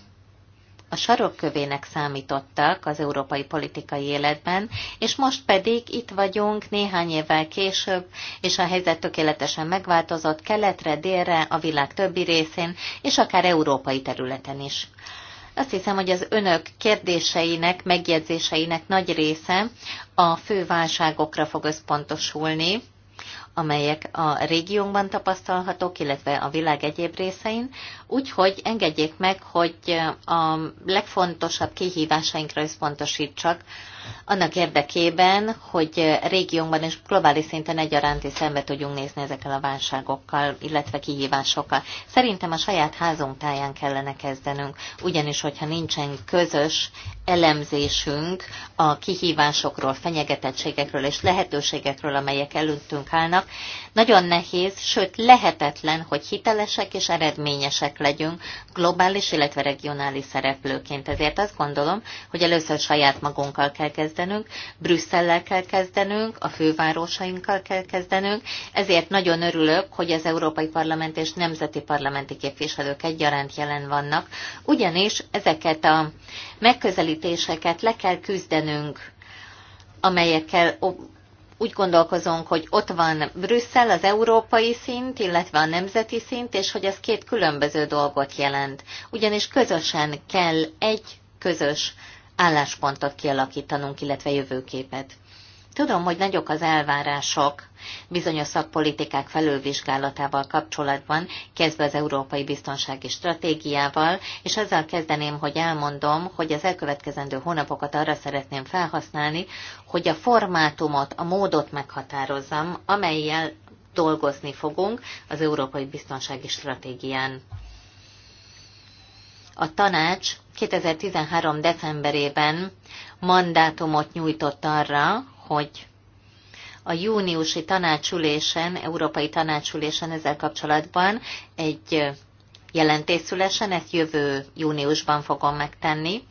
a sarokkövének számítottak az európai politikai életben, és most pedig itt vagyunk néhány évvel később, és a helyzet tökéletesen megváltozott keletre, délre, a világ többi részén, és akár európai területen is. Azt hiszem, hogy az önök kérdéseinek, megjegyzéseinek nagy része a fő válságokra fog összpontosulni, amelyek a régiónkban tapasztalhatók, illetve a világ egyéb részein. Úgyhogy engedjék meg, hogy a legfontosabb kihívásainkra összpontosítsak, annak érdekében, hogy régiónkban és globális szinten egyaránt szembe tudjunk nézni ezekkel a válságokkal, illetve kihívásokkal. Szerintem a saját házunk táján kellene kezdenünk, ugyanis hogyha nincsen közös elemzésünk a kihívásokról, fenyegetettségekről és lehetőségekről, amelyek előttünk állnak, nagyon nehéz, sőt lehetetlen, hogy hitelesek és eredményesek legyünk globális, illetve regionális szereplőként. Ezért azt gondolom, hogy először saját magunkkal kell kezdenünk, Brüsszellel kell kezdenünk, a fővárosainkkal kell kezdenünk, ezért nagyon örülök, hogy az Európai Parlament és Nemzeti Parlamenti képviselők egyaránt jelen vannak, ugyanis ezeket a megközelítéseket le kell küzdenünk, amelyekkel úgy gondolkozunk, hogy ott van Brüsszel, az európai szint, illetve a nemzeti szint, és hogy ez két különböző dolgot jelent. Ugyanis közösen kell egy közös álláspontot kialakítanunk, illetve jövőképet. Tudom, hogy nagyok az elvárások bizonyos szakpolitikák felülvizsgálatával kapcsolatban, kezdve az Európai Biztonsági Stratégiával, és ezzel kezdeném, hogy elmondom, hogy az elkövetkezendő hónapokat arra szeretném felhasználni, hogy a formátumot, a módot meghatározzam, amelyel dolgozni fogunk az Európai Biztonsági Stratégián. A tanács 2013. decemberében mandátumot nyújtott arra, hogy a júniusi tanácsülésen, európai tanácsülésen ezzel kapcsolatban egy jelentés szülesen, ezt jövő júniusban fogom megtenni.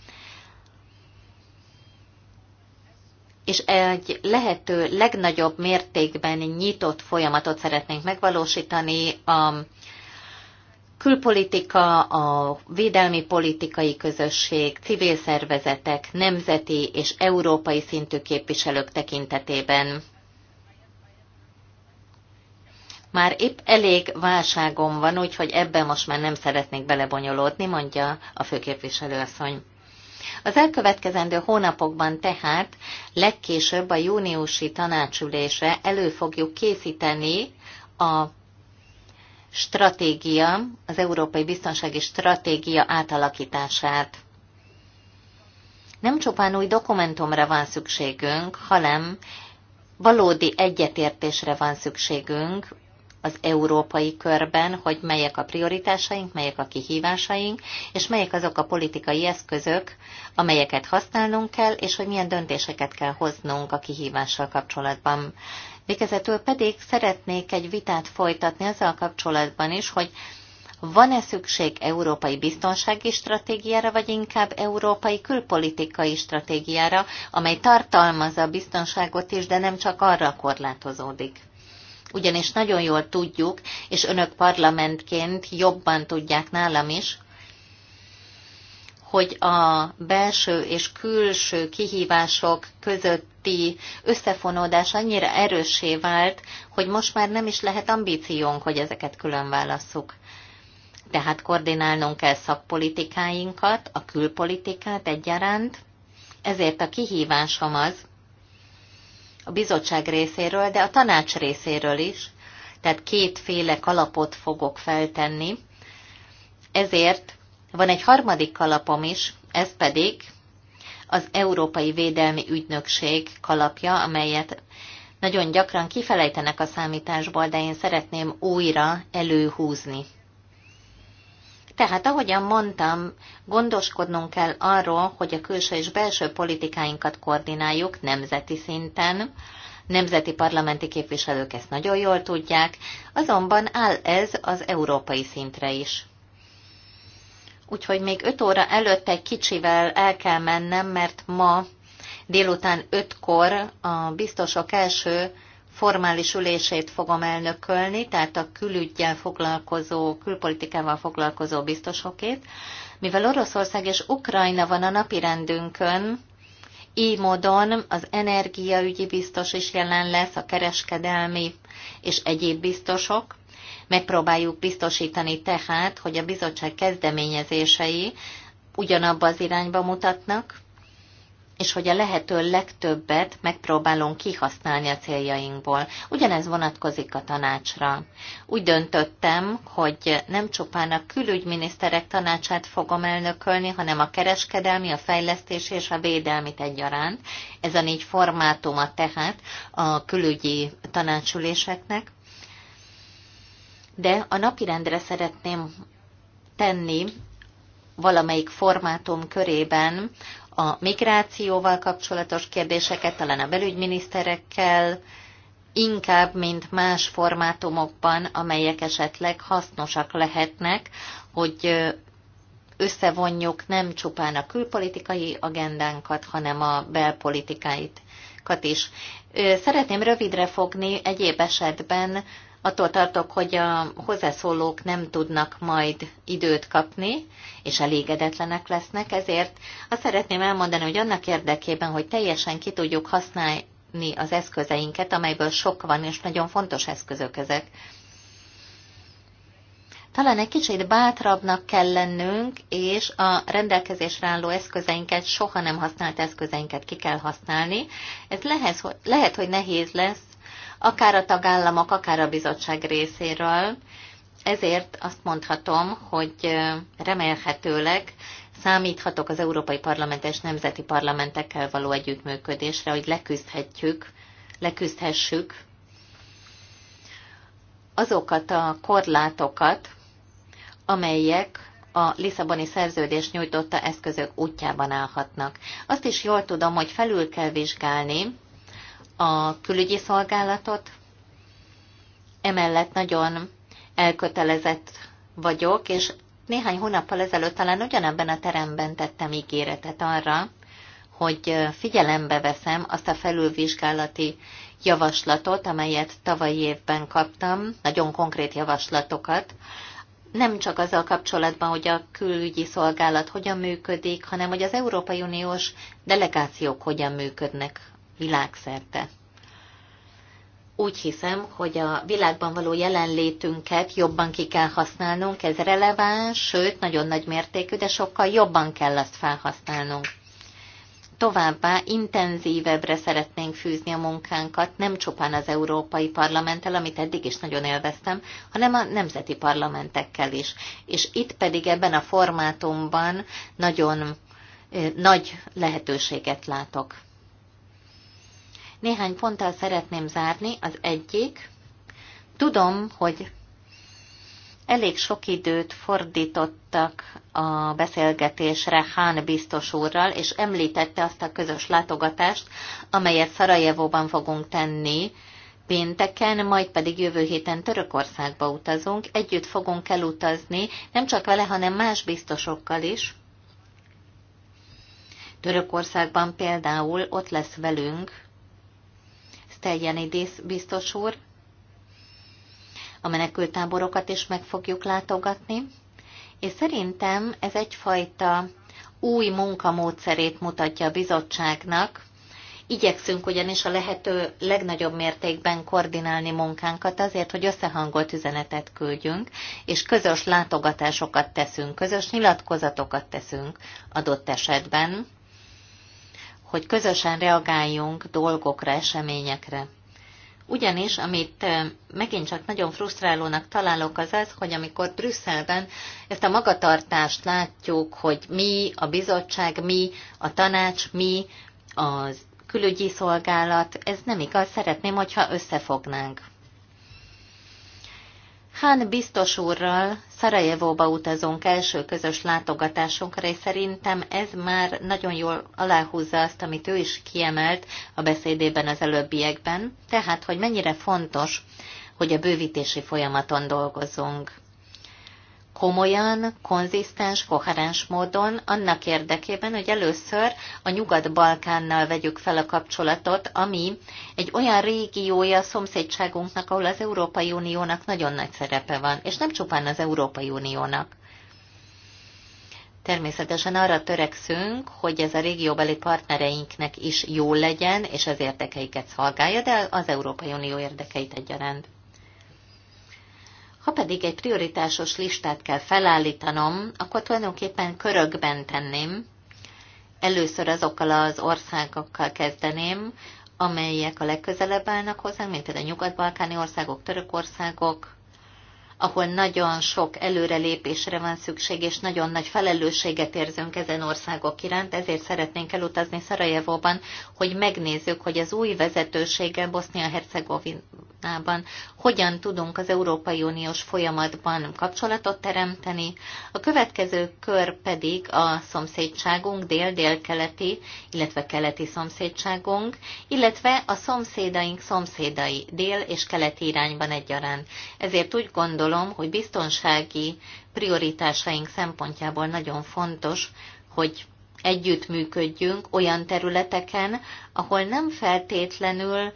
és egy lehető legnagyobb mértékben nyitott folyamatot szeretnénk megvalósítani a külpolitika, a védelmi politikai közösség, civil szervezetek, nemzeti és európai szintű képviselők tekintetében. Már épp elég válságom van, úgyhogy ebben most már nem szeretnék belebonyolódni, mondja a főképviselőasszony. Az elkövetkezendő hónapokban tehát legkésőbb a júniusi tanácsülésre elő fogjuk készíteni a stratégia, az európai biztonsági stratégia átalakítását. Nem csupán új dokumentumra van szükségünk, hanem valódi egyetértésre van szükségünk az európai körben, hogy melyek a prioritásaink, melyek a kihívásaink, és melyek azok a politikai eszközök, amelyeket használnunk kell, és hogy milyen döntéseket kell hoznunk a kihívással kapcsolatban. Végezetül pedig szeretnék egy vitát folytatni azzal kapcsolatban is, hogy van-e szükség európai biztonsági stratégiára, vagy inkább európai külpolitikai stratégiára, amely tartalmazza a biztonságot is, de nem csak arra korlátozódik? Ugyanis nagyon jól tudjuk, és önök parlamentként jobban tudják nálam is, hogy a belső és külső kihívások között közötti összefonódás annyira erősé vált, hogy most már nem is lehet ambíciónk, hogy ezeket külön válasszuk. Tehát koordinálnunk kell szakpolitikáinkat, a külpolitikát egyaránt, ezért a kihívásom az, a bizottság részéről, de a tanács részéről is, tehát kétféle kalapot fogok feltenni. Ezért van egy harmadik kalapom is, ez pedig az Európai Védelmi Ügynökség kalapja, amelyet nagyon gyakran kifelejtenek a számításból, de én szeretném újra előhúzni. Tehát, ahogyan mondtam, gondoskodnunk kell arról, hogy a külső és belső politikáinkat koordináljuk nemzeti szinten. Nemzeti parlamenti képviselők ezt nagyon jól tudják, azonban áll ez az európai szintre is úgyhogy még 5 óra előtt egy kicsivel el kell mennem, mert ma délután 5-kor a biztosok első formális ülését fogom elnökölni, tehát a külügyel foglalkozó, külpolitikával foglalkozó biztosokét. Mivel Oroszország és Ukrajna van a rendünkön, így módon az energiaügyi biztos is jelen lesz, a kereskedelmi és egyéb biztosok, Megpróbáljuk biztosítani tehát, hogy a bizottság kezdeményezései ugyanabba az irányba mutatnak, és hogy a lehető legtöbbet megpróbálunk kihasználni a céljainkból. Ugyanez vonatkozik a tanácsra. Úgy döntöttem, hogy nem csupán a külügyminiszterek tanácsát fogom elnökölni, hanem a kereskedelmi, a fejlesztés és a védelmit egyaránt. Ez a négy formátuma tehát a külügyi tanácsüléseknek de a napirendre szeretném tenni valamelyik formátum körében a migrációval kapcsolatos kérdéseket, talán a belügyminiszterekkel, inkább, mint más formátumokban, amelyek esetleg hasznosak lehetnek, hogy összevonjuk nem csupán a külpolitikai agendánkat, hanem a belpolitikáit is. Szeretném rövidre fogni egyéb esetben attól tartok, hogy a hozzászólók nem tudnak majd időt kapni, és elégedetlenek lesznek, ezért azt szeretném elmondani, hogy annak érdekében, hogy teljesen ki tudjuk használni az eszközeinket, amelyből sok van, és nagyon fontos eszközök ezek, talán egy kicsit bátrabbnak kell lennünk, és a rendelkezésre álló eszközeinket, soha nem használt eszközeinket ki kell használni. Ez lehet, lehet hogy nehéz lesz, akár a tagállamok, akár a bizottság részéről. Ezért azt mondhatom, hogy remélhetőleg számíthatok az Európai Parlament és Nemzeti Parlamentekkel való együttműködésre, hogy leküzdhetjük, leküzdhessük azokat a korlátokat, amelyek a Lisszaboni szerződés nyújtotta eszközök útjában állhatnak. Azt is jól tudom, hogy felül kell vizsgálni a külügyi szolgálatot. Emellett nagyon elkötelezett vagyok, és néhány hónappal ezelőtt talán ugyanebben a teremben tettem ígéretet arra, hogy figyelembe veszem azt a felülvizsgálati javaslatot, amelyet tavalyi évben kaptam, nagyon konkrét javaslatokat, nem csak azzal kapcsolatban, hogy a külügyi szolgálat hogyan működik, hanem hogy az Európai Uniós delegációk hogyan működnek világszerte. Úgy hiszem, hogy a világban való jelenlétünket jobban ki kell használnunk, ez releváns, sőt, nagyon nagy mértékű, de sokkal jobban kell azt felhasználnunk. Továbbá intenzívebbre szeretnénk fűzni a munkánkat, nem csupán az Európai Parlamenttel, amit eddig is nagyon élveztem, hanem a nemzeti parlamentekkel is. És itt pedig ebben a formátumban nagyon eh, nagy lehetőséget látok. Néhány ponttal szeretném zárni. Az egyik, tudom, hogy elég sok időt fordítottak a beszélgetésre Hán biztos úrral, és említette azt a közös látogatást, amelyet Szarajevóban fogunk tenni, Pénteken, majd pedig jövő héten Törökországba utazunk, együtt fogunk elutazni, nem csak vele, hanem más biztosokkal is. Törökországban például ott lesz velünk Teljeni biztos úr. A menekültáborokat is meg fogjuk látogatni, és szerintem ez egyfajta új munkamódszerét mutatja a bizottságnak. Igyekszünk ugyanis a lehető legnagyobb mértékben koordinálni munkánkat azért, hogy összehangolt üzenetet küldjünk, és közös látogatásokat teszünk, közös nyilatkozatokat teszünk adott esetben hogy közösen reagáljunk dolgokra, eseményekre. Ugyanis, amit megint csak nagyon frusztrálónak találok, az az, hogy amikor Brüsszelben ezt a magatartást látjuk, hogy mi, a bizottság, mi, a tanács, mi, az külügyi szolgálat, ez nem igaz, szeretném, hogyha összefognánk. Hán biztos úrral Szarajevóba utazunk első közös látogatásunkra, és szerintem ez már nagyon jól aláhúzza azt, amit ő is kiemelt a beszédében az előbbiekben, tehát hogy mennyire fontos, hogy a bővítési folyamaton dolgozzunk komolyan, konzisztens, koherens módon annak érdekében, hogy először a Nyugat-Balkánnal vegyük fel a kapcsolatot, ami egy olyan régiója a szomszédságunknak, ahol az Európai Uniónak nagyon nagy szerepe van, és nem csupán az Európai Uniónak. Természetesen arra törekszünk, hogy ez a régióbeli partnereinknek is jó legyen, és az érdekeiket szolgálja, de az Európai Unió érdekeit egyaránt. Ha pedig egy prioritásos listát kell felállítanom, akkor tulajdonképpen körökben tenném. Először azokkal az országokkal kezdeném, amelyek a legközelebb állnak hozzánk, mint például a nyugat-balkáni országok, török országok, ahol nagyon sok előrelépésre van szükség, és nagyon nagy felelősséget érzünk ezen országok iránt, ezért szeretnénk elutazni Szarajevóban, hogy megnézzük, hogy az új vezetőséggel Bosznia-Hercegovinában hogyan tudunk az Európai Uniós folyamatban kapcsolatot teremteni. A következő kör pedig a szomszédságunk, dél-dél-keleti, illetve keleti szomszédságunk, illetve a szomszédaink szomszédai, dél és keleti irányban egyaránt. Ezért úgy gondolom, gondolom, hogy biztonsági prioritásaink szempontjából nagyon fontos, hogy együttműködjünk olyan területeken, ahol nem feltétlenül,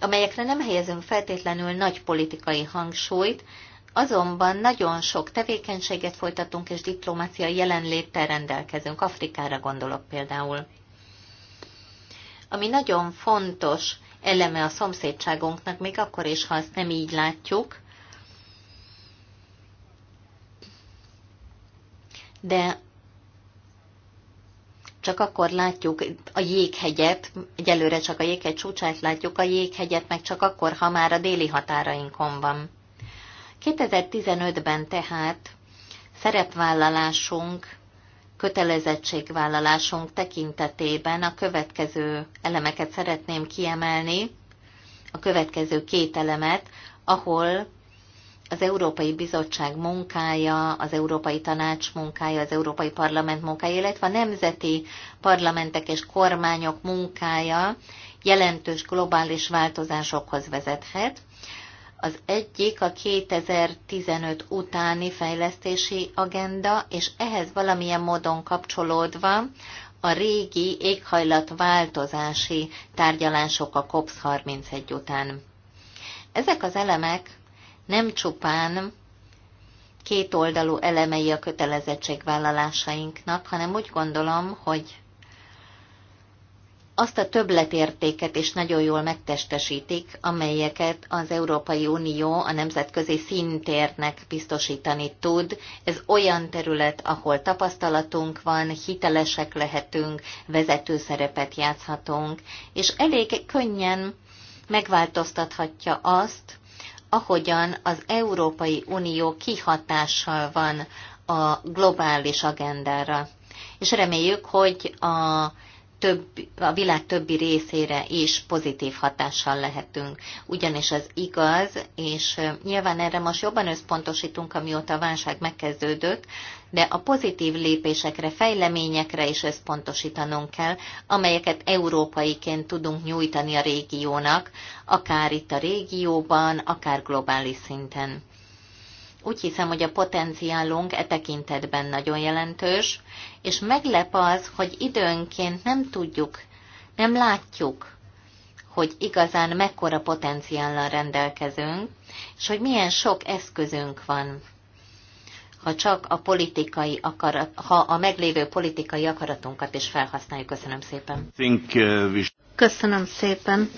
amelyekre nem helyezünk feltétlenül nagy politikai hangsúlyt, azonban nagyon sok tevékenységet folytatunk, és diplomáciai jelenléttel rendelkezünk. Afrikára gondolok például. Ami nagyon fontos eleme a szomszédságunknak, még akkor is, ha azt nem így látjuk, de csak akkor látjuk a jéghegyet, egyelőre csak a jéghegy csúcsát látjuk, a jéghegyet meg csak akkor, ha már a déli határainkon van. 2015-ben tehát szerepvállalásunk, kötelezettségvállalásunk tekintetében a következő elemeket szeretném kiemelni, a következő két elemet, ahol az Európai Bizottság munkája, az Európai Tanács munkája, az Európai Parlament munkája, illetve a nemzeti parlamentek és kormányok munkája jelentős globális változásokhoz vezethet. Az egyik a 2015 utáni fejlesztési agenda, és ehhez valamilyen módon kapcsolódva a régi éghajlatváltozási tárgyalások a COPS 31 után. Ezek az elemek nem csupán kétoldalú elemei a kötelezettségvállalásainknak, hanem úgy gondolom, hogy azt a többletértéket is nagyon jól megtestesítik, amelyeket az Európai Unió a nemzetközi szintérnek biztosítani tud. Ez olyan terület, ahol tapasztalatunk van, hitelesek lehetünk, vezető szerepet játszhatunk, és elég könnyen megváltoztathatja azt, ahogyan az Európai Unió kihatással van a globális agendára. És reméljük, hogy a több, a világ többi részére is pozitív hatással lehetünk. Ugyanis az igaz, és nyilván erre most jobban összpontosítunk, amióta a válság megkezdődött, de a pozitív lépésekre, fejleményekre is összpontosítanunk kell, amelyeket európaiként tudunk nyújtani a régiónak, akár itt a régióban, akár globális szinten. Úgy hiszem, hogy a potenciálunk e tekintetben nagyon jelentős, és meglep az, hogy időnként nem tudjuk, nem látjuk, hogy igazán mekkora potenciállal rendelkezünk, és hogy milyen sok eszközünk van ha csak a politikai akarat, ha a meglévő politikai akaratunkat is felhasználjuk. Köszönöm szépen. Uh, Köszönöm szépen.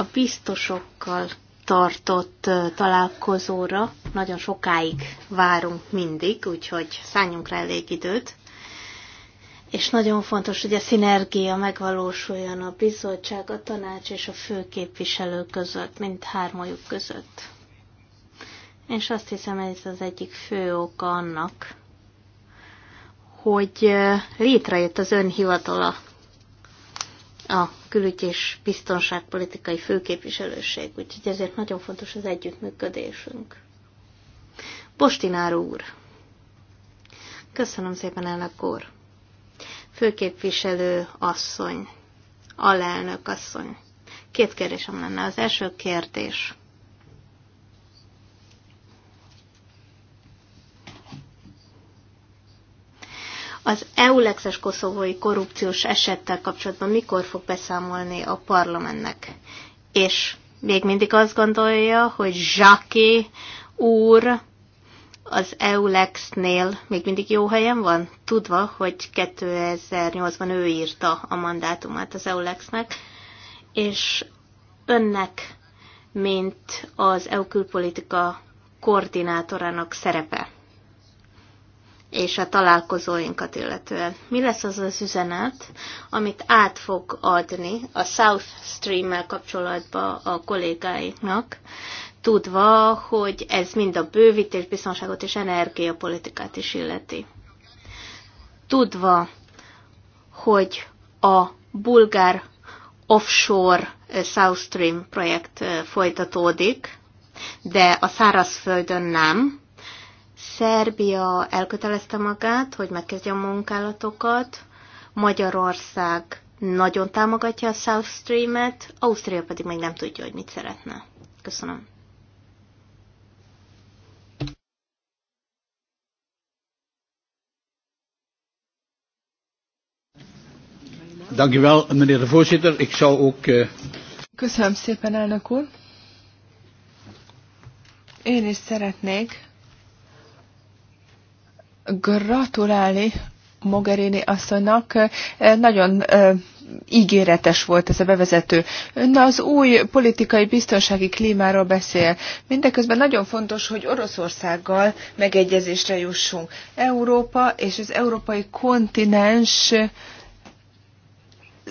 a biztosokkal tartott találkozóra nagyon sokáig várunk mindig, úgyhogy szálljunk rá elég időt. És nagyon fontos, hogy a szinergia megvalósuljon a bizottság, a tanács és a főképviselő között, mind hármajuk között. És azt hiszem, ez az egyik fő oka annak, hogy létrejött az önhivatala a külügy és biztonságpolitikai főképviselőség, úgyhogy ezért nagyon fontos az együttműködésünk. Postinár úr. Köszönöm szépen, elnök úr. Főképviselő asszony, alelnök asszony. Két kérdésem lenne. Az első kérdés. Az EULEX-es koszovói korrupciós esettel kapcsolatban mikor fog beszámolni a parlamentnek? És még mindig azt gondolja, hogy Zsaki úr az EULEX-nél még mindig jó helyen van, tudva, hogy 2008-ban ő írta a mandátumát az EULEX-nek, és önnek, mint az EU külpolitika koordinátorának szerepe és a találkozóinkat illetően. Mi lesz az az üzenet, amit át fog adni a South Stream-mel kapcsolatban a kollégáinknak, tudva, hogy ez mind a bővítés, biztonságot és energiapolitikát is illeti. Tudva, hogy a bulgár offshore eh, South Stream projekt eh, folytatódik, de a szárazföldön nem, Szerbia elkötelezte magát, hogy megkezdje a munkálatokat, Magyarország nagyon támogatja a South Stream-et, Ausztria pedig még nem tudja, hogy mit szeretne. Köszönöm. Dank meneer de voorzitter. Ik zou ook... Uh... Köszönöm szépen, elnök úr. Én is szeretnék gratulálni Mogherini asszonynak. Nagyon ígéretes volt ez a bevezető. Ön az új politikai biztonsági klímáról beszél. Mindeközben nagyon fontos, hogy Oroszországgal megegyezésre jussunk. Európa és az európai kontinens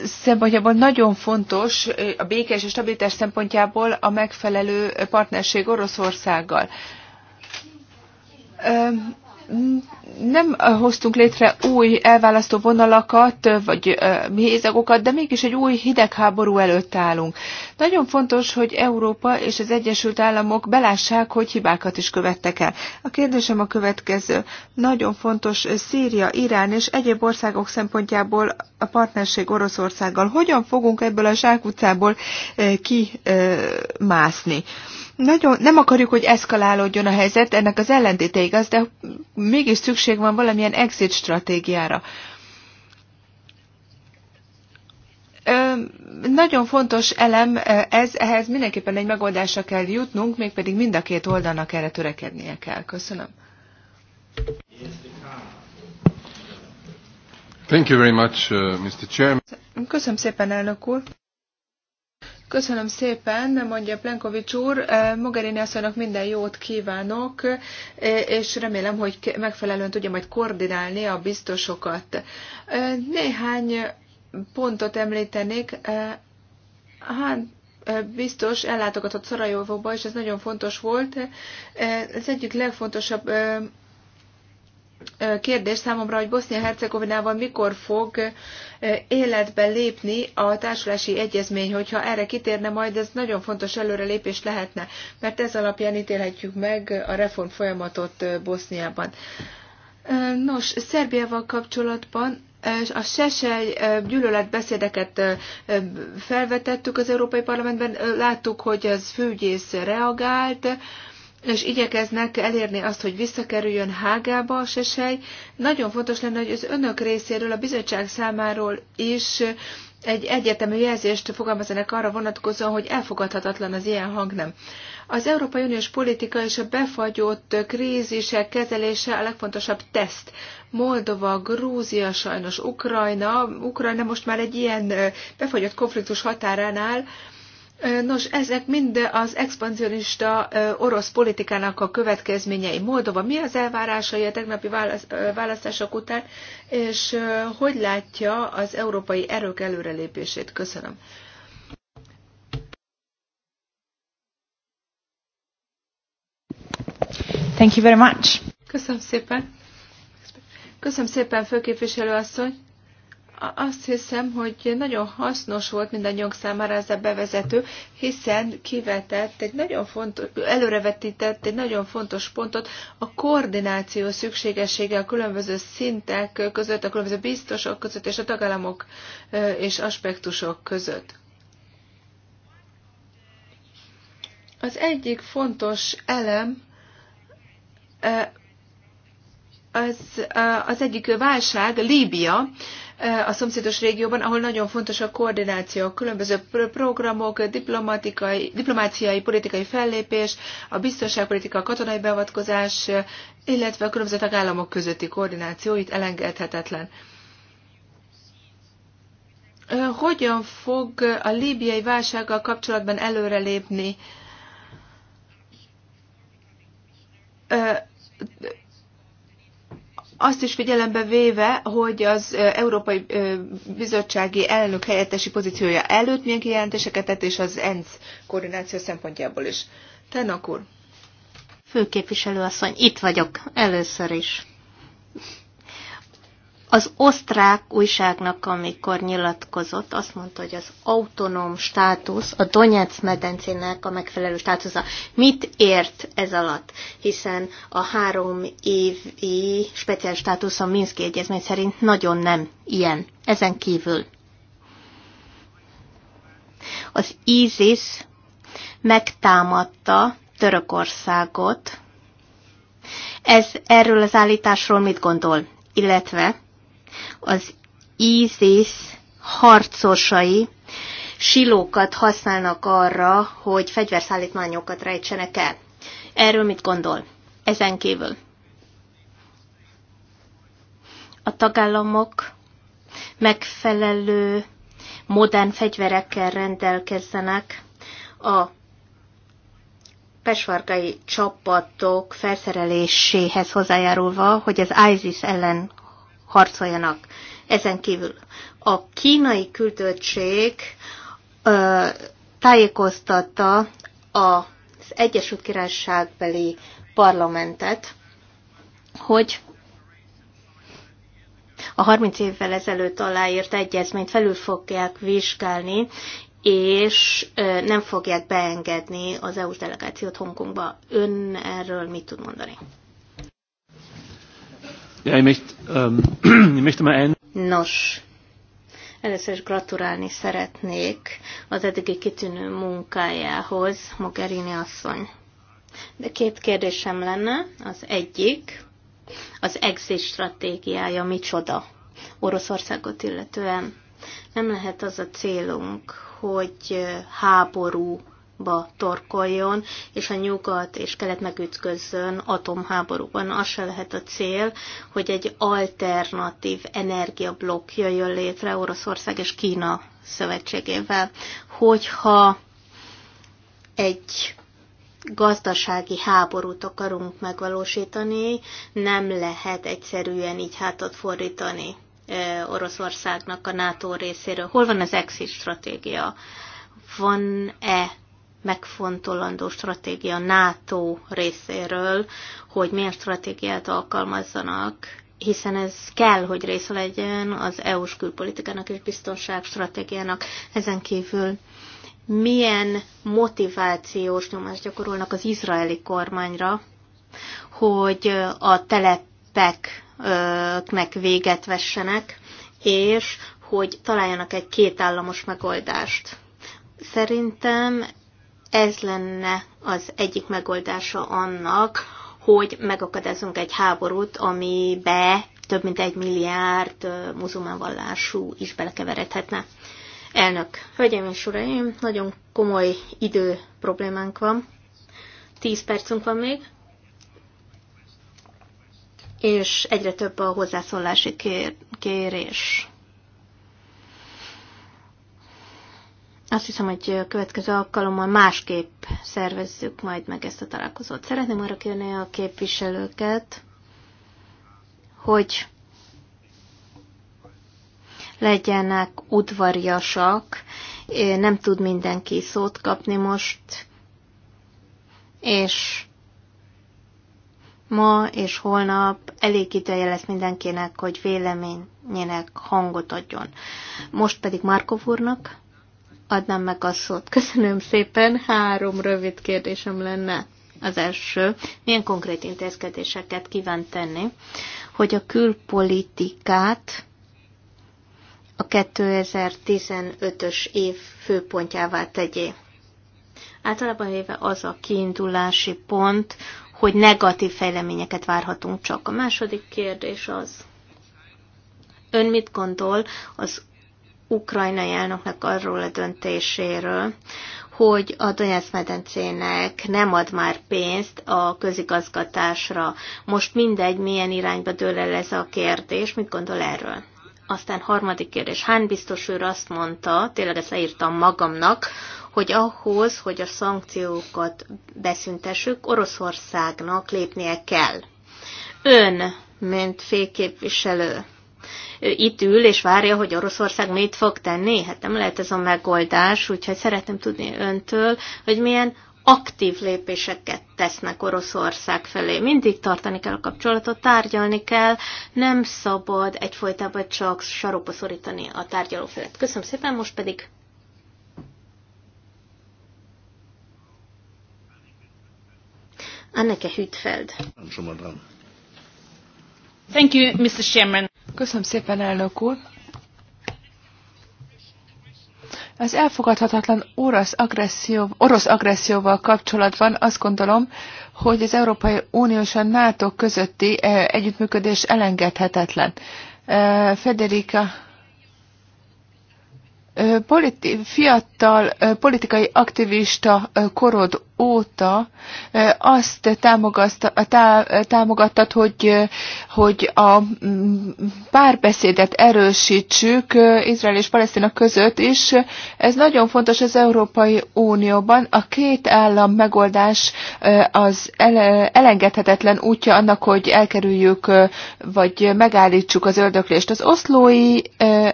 szempontjából nagyon fontos a békés és stabilitás szempontjából a megfelelő partnerség Oroszországgal nem hoztunk létre új elválasztó vonalakat, vagy mézagokat, de mégis egy új hidegháború előtt állunk. Nagyon fontos, hogy Európa és az Egyesült Államok belássák, hogy hibákat is követtek el. A kérdésem a következő. Nagyon fontos Szíria, Irán és egyéb országok szempontjából a partnerség Oroszországgal. Hogyan fogunk ebből a zsákutcából kimászni? nagyon nem akarjuk, hogy eszkalálódjon a helyzet, ennek az ellentéte igaz, de mégis szükség van valamilyen exit stratégiára. Nagyon fontos elem, ez, ehhez mindenképpen egy megoldásra kell jutnunk, mégpedig mind a két oldalnak erre törekednie kell. Köszönöm. Thank you very much, uh, Mr. Chairman. Köszönöm szépen, elnök úr. Köszönöm szépen, mondja Plenkovics úr. Eh, Mogherini asszonynak minden jót kívánok, eh, és remélem, hogy megfelelően tudja majd koordinálni a biztosokat. Eh, néhány pontot említenék. Hát, biztos ellátogatott Szarajóvóba, és ez nagyon fontos volt. Ez egyik legfontosabb kérdés számomra, hogy Bosznia-Hercegovinában mikor fog életbe lépni a társulási egyezmény, hogyha erre kitérne majd, ez nagyon fontos előrelépés lehetne, mert ez alapján ítélhetjük meg a reform folyamatot Boszniában. Nos, Szerbiával kapcsolatban a sesely gyűlöletbeszédeket felvetettük az Európai Parlamentben, láttuk, hogy az főügyész reagált, és igyekeznek elérni azt, hogy visszakerüljön Hágába a sesely. Nagyon fontos lenne, hogy az önök részéről, a bizottság számáról is egy egyetemű jelzést fogalmazanak arra vonatkozóan, hogy elfogadhatatlan az ilyen hangnem. Az Európai Uniós politika és a befagyott krízisek kezelése a legfontosabb teszt. Moldova, Grúzia, sajnos Ukrajna. Ukrajna most már egy ilyen befagyott konfliktus határán áll, Nos, ezek mind az expanzionista orosz politikának a következményei. Moldova mi az elvárásai a tegnapi választások után, és hogy látja az európai erők előrelépését? Köszönöm. Thank you very much. Köszönöm szépen. Köszönöm szépen, főképviselő asszony. Azt hiszem, hogy nagyon hasznos volt mindannyiunk számára ez a bevezető, hiszen kivetett egy nagyon fontos, előrevetített egy nagyon fontos pontot, a koordináció szükségessége a különböző szintek között, a különböző biztosok között és a tagállamok és aspektusok között. Az egyik fontos elem az, az egyik válság Líbia, a szomszédos régióban, ahol nagyon fontos a koordináció, a különböző programok, diplomatikai, diplomáciai, politikai fellépés, a biztonságpolitika, a katonai beavatkozás, illetve a különböző tagállamok közötti koordináció itt elengedhetetlen. Hogyan fog a líbiai válsággal kapcsolatban előrelépni? azt is figyelembe véve, hogy az Európai Bizottsági Elnök helyettesi pozíciója előtt milyen kijelentéseket tett, és az ENSZ koordináció szempontjából is. Tenak úr. Főképviselő asszony, itt vagyok először is. Az osztrák újságnak, amikor nyilatkozott, azt mondta, hogy az autonóm státusz a Donetsz medencének a megfelelő státusza. Mit ért ez alatt? Hiszen a három évi speciális státusz a Minszki Egyezmény szerint nagyon nem ilyen. Ezen kívül az ISIS megtámadta Törökországot. Ez erről az állításról mit gondol? Illetve az ISIS harcosai silókat használnak arra, hogy fegyverszállítmányokat rejtsenek el. Erről mit gondol? Ezen kívül. A tagállamok megfelelő modern fegyverekkel rendelkezzenek, a pesvargai csapatok felszereléséhez hozzájárulva, hogy az ISIS ellen harcoljanak. Ezen kívül a kínai küldöttség ö, tájékoztatta az Egyesült Királyságbeli parlamentet, hogy a 30 évvel ezelőtt aláírt egyezményt felül fogják vizsgálni, és nem fogják beengedni az EU-s delegációt Hongkongba. Ön erről mit tud mondani? [clears throat] Nos, először is gratulálni szeretnék az eddigi kitűnő munkájához, Mogherini asszony. De két kérdésem lenne. Az egyik, az exit stratégiája micsoda Oroszországot illetően. Nem lehet az a célunk, hogy háború ba torkoljon, és a nyugat és kelet megütközön atomháborúban. Az se lehet a cél, hogy egy alternatív energiablokk jöjjön létre Oroszország és Kína szövetségével. Hogyha egy gazdasági háborút akarunk megvalósítani, nem lehet egyszerűen így hátat fordítani Oroszországnak a NATO részéről. Hol van az exit stratégia? Van-e megfontolandó stratégia NATO részéről, hogy milyen stratégiát alkalmazzanak, hiszen ez kell, hogy része legyen az EU-s külpolitikának és biztonságstratégiának. Ezen kívül milyen motivációs nyomást gyakorolnak az izraeli kormányra, hogy a telepeknek véget vessenek, és hogy találjanak egy kétállamos megoldást. Szerintem ez lenne az egyik megoldása annak, hogy megakadázzunk egy háborút, amibe több mint egy milliárd muzulmán vallású is belekeveredhetne. Elnök, hölgyeim és uraim, nagyon komoly idő problémánk van. Tíz percünk van még, és egyre több a hozzászólási kér- kérés. Azt hiszem, hogy a következő alkalommal másképp szervezzük majd meg ezt a találkozót. Szeretném arra kérni a képviselőket, hogy legyenek udvariasak, nem tud mindenki szót kapni most, és ma és holnap elég ideje lesz mindenkinek, hogy véleményének hangot adjon. Most pedig Markov úrnak adnám meg a szót. Köszönöm szépen, három rövid kérdésem lenne. Az első, milyen konkrét intézkedéseket kíván tenni, hogy a külpolitikát a 2015-ös év főpontjává tegyé. Általában éve az a kiindulási pont, hogy negatív fejleményeket várhatunk csak. A második kérdés az, ön mit gondol az ukrajnai elnöknek arról a döntéséről, hogy a Donetsz-medencének nem ad már pénzt a közigazgatásra. Most mindegy, milyen irányba dől el ez a kérdés, mit gondol erről? Aztán harmadik kérdés. Hán biztos őr azt mondta, tényleg ezt leírtam magamnak, hogy ahhoz, hogy a szankciókat beszüntessük, Oroszországnak lépnie kell. Ön, mint félképviselő, itt ül és várja, hogy Oroszország mit fog tenni. Hát nem lehet ez a megoldás, úgyhogy szeretném tudni öntől, hogy milyen aktív lépéseket tesznek Oroszország felé. Mindig tartani kell a kapcsolatot, tárgyalni kell, nem szabad egyfolytában csak sarokba szorítani a tárgyaló Köszönöm szépen, most pedig Anneke Hütfeld. Thank you, Mr. Chairman. Köszönöm szépen, elnök úr. Az elfogadhatatlan orosz, agresszió, orosz agresszióval kapcsolatban azt gondolom, hogy az Európai Unió és a NATO közötti eh, együttműködés elengedhetetlen. Eh, Federica politi- fiatal politikai aktivista korod óta azt támogattad, hogy, hogy a mm, párbeszédet erősítsük Izrael és Palesztina között is. Ez nagyon fontos az Európai Unióban. A két állam megoldás az elengedhetetlen útja annak, hogy elkerüljük vagy megállítsuk az ördöklést. Az oszlói